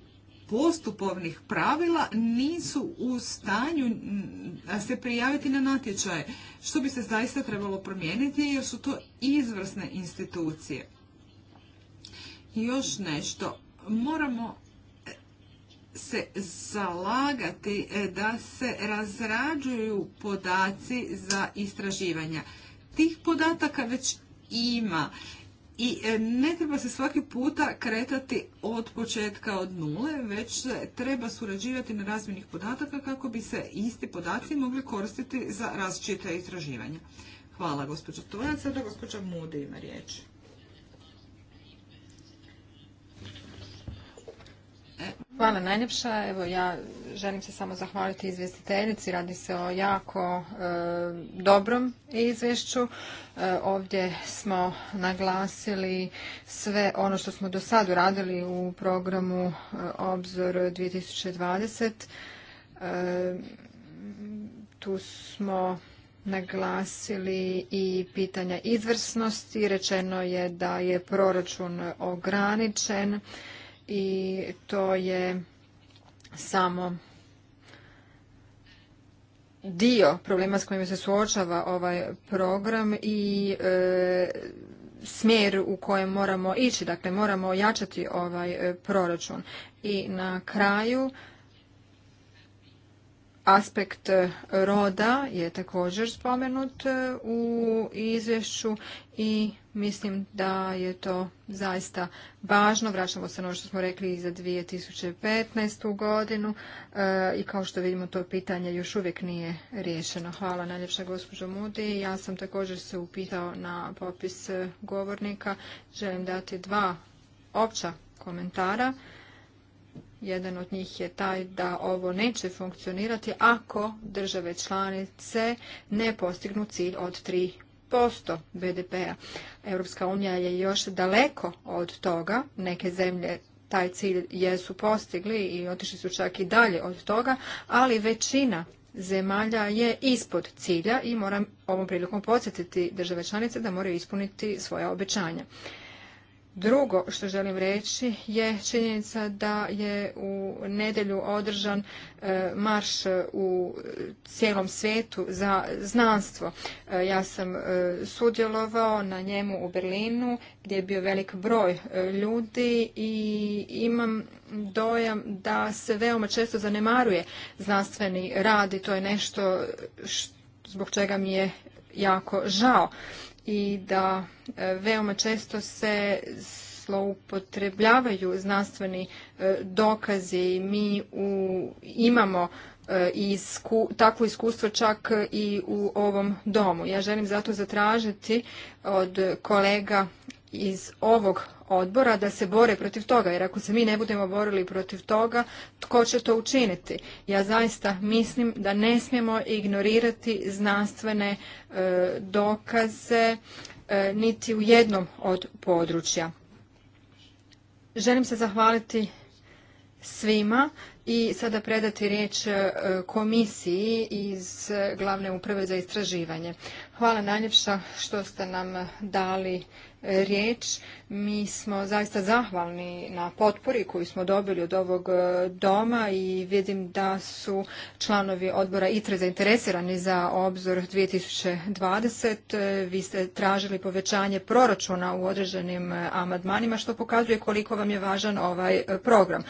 postupovnih pravila nisu u stanju se prijaviti na natječaje, što bi se zaista trebalo promijeniti jer su to izvrsne institucije. još nešto, moramo se zalagati e, da se razrađuju podaci za istraživanja. Tih podataka već ima i e, ne treba se svaki puta kretati od početka od nule, već treba surađivati na razmjenih podataka kako bi se isti podaci mogli koristiti za različite istraživanja. Hvala gospođo Tojac, sada gospođa Mude ima riječ. Hvala najljepša. Evo ja želim se samo zahvaliti izvjestiteljici. Radi se o jako e, dobrom izvješću. E, ovdje smo naglasili sve ono što smo do sad uradili u programu e, Obzor 2020. Tu smo naglasili i pitanja izvrsnosti. Rečeno je da je proračun ograničen i to je samo dio problema s kojima se suočava ovaj program i e, smjer u kojem moramo ići. Dakle, moramo ojačati ovaj e, proračun. I na kraju Aspekt e, roda je također spomenut e, u izvješću i mislim da je to zaista važno. Vraćamo se na ono što smo rekli i za 2015. godinu e, i kao što vidimo to pitanje još uvijek nije riješeno. Hvala najljepša gospođo Mudi. Ja sam također se upitao na popis govornika. Želim dati dva opća komentara. Jedan od njih je taj da ovo neće funkcionirati ako države članice ne postignu cilj od 3% BDP-a. Europska unija je još daleko od toga. Neke zemlje taj cilj jesu postigli i otišli su čak i dalje od toga, ali većina zemalja je ispod cilja i moram ovom prilikom podsjetiti države članice da moraju ispuniti svoja obećanja. Drugo što želim reći je činjenica da je u nedjelju održan e, marš u cijelom svijetu za znanstvo. E, ja sam e, sudjelovao na njemu u Berlinu gdje je bio velik broj ljudi i imam dojam da se veoma često zanemaruje znanstveni rad i to je nešto zbog čega mi je jako žao i da e, veoma često se zloupotrebljavaju znanstveni e, dokazi i mi imamo e, takvo iskustvo čak i u ovom domu. Ja želim zato zatražiti od kolega iz ovog odbora da se bore protiv toga, jer ako se mi ne budemo borili protiv toga, tko će to učiniti? Ja zaista mislim da ne smijemo ignorirati znanstvene e, dokaze e, niti u jednom od područja. Želim se zahvaliti svima i sada predati riječ e, komisiji iz glavne uprave za istraživanje. Hvala najljepša što ste nam eh, dali eh, riječ. Mi smo zaista zahvalni na potpori koju smo dobili od ovog eh, doma i vidim da su članovi odbora ITRE zainteresirani za obzor 2020. Vi ste tražili povećanje proračuna u određenim amadmanima što pokazuje koliko vam je važan ovaj program.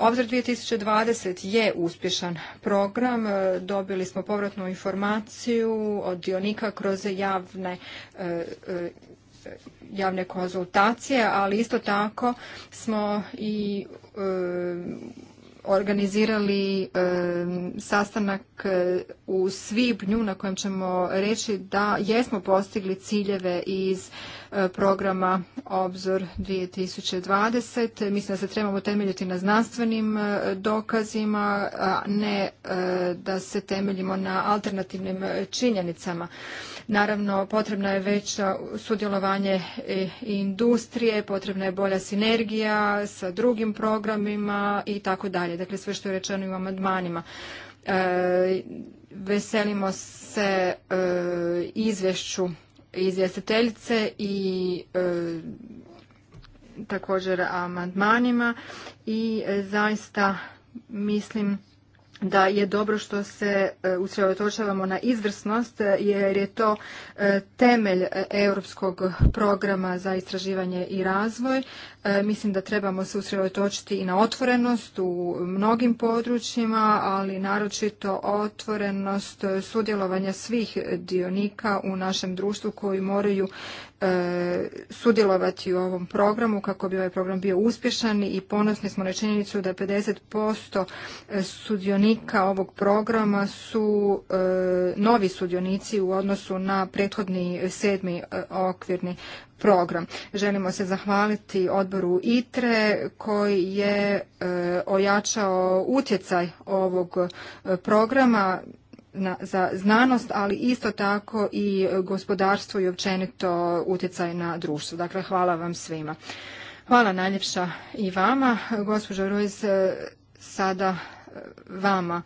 Obzor 2020 je uspješan program. Dobili smo povratnu informaciju od dionika kroz javne e, e, javne konzultacije, ali isto tako smo i e, organizirali sastanak u svibnju na kojem ćemo reći da jesmo postigli ciljeve iz E, programa Obzor 2020. Mislim da se trebamo temeljiti na znanstvenim e, dokazima, a ne e, da se temeljimo na alternativnim činjenicama. Naravno, potrebna je veća sudjelovanje industrije, potrebna je bolja sinergija sa drugim programima i tako dalje. Dakle, sve što je rečeno u amandmanima. veselimo se izvješću izvjestiteljice i e, također amandmanima i e, zaista mislim da je dobro što se e, usredotočavamo na izvrsnost jer je to temelj europskog programa za istraživanje i razvoj E, mislim da trebamo se usredotočiti i na otvorenost u mnogim područjima, ali naročito otvorenost sudjelovanja svih dionika u našem društvu koji moraju e, sudjelovati u ovom programu kako bi ovaj program bio uspješan i ponosni smo na činjenicu da 50% sudionika ovog programa su e, novi sudionici u odnosu na prethodni sedmi okvirni program. Želimo se zahvaliti odboru ITRE koji je e, ojačao utjecaj ovog e, programa za znanost, ali isto tako i gospodarstvo i općenito utjecaj na društvo. Dakle, hvala vam svima. Hvala najljepša i vama. Gospođo Ruiz, e, sada vama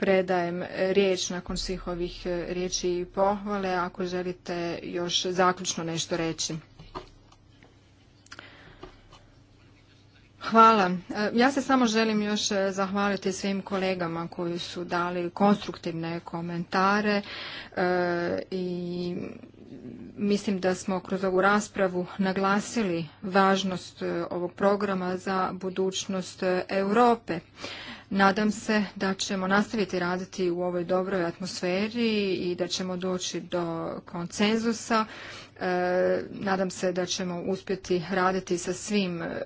predajem riječ nakon svih ovih e, riječi i pohvale ako želite još zaključno nešto reći. Hvala. E, ja se samo želim još e, zahvaliti svim kolegama koji su dali konstruktivne komentare i mislim da smo kroz ovu raspravu naglasili važnost ovog programa za budućnost Europe. Nadam se da ćemo nastaviti raditi u ovoj dobroj atmosferi i da ćemo doći do konsenzusa. E, nadam se da ćemo uspjeti raditi sa svim e,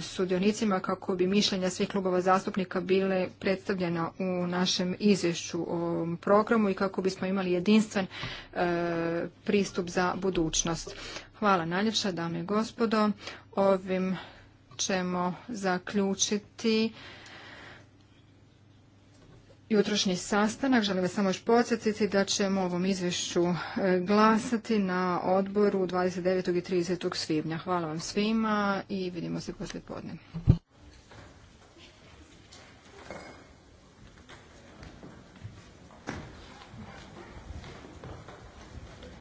sudionicima kako bi mišljenja svih klubova zastupnika bile predstavljena u našem izvješću o ovom programu i kako bismo imali jedinstven e, pristup za budućnost. Hvala najljepša, dame i gospodo. Ovim ćemo zaključiti jutrošnji sastanak. Želim vas samo još podsjetiti da ćemo ovom izvješću e, glasati na odboru 29. i 30. svibnja. Hvala vam svima i vidimo se poslije podne.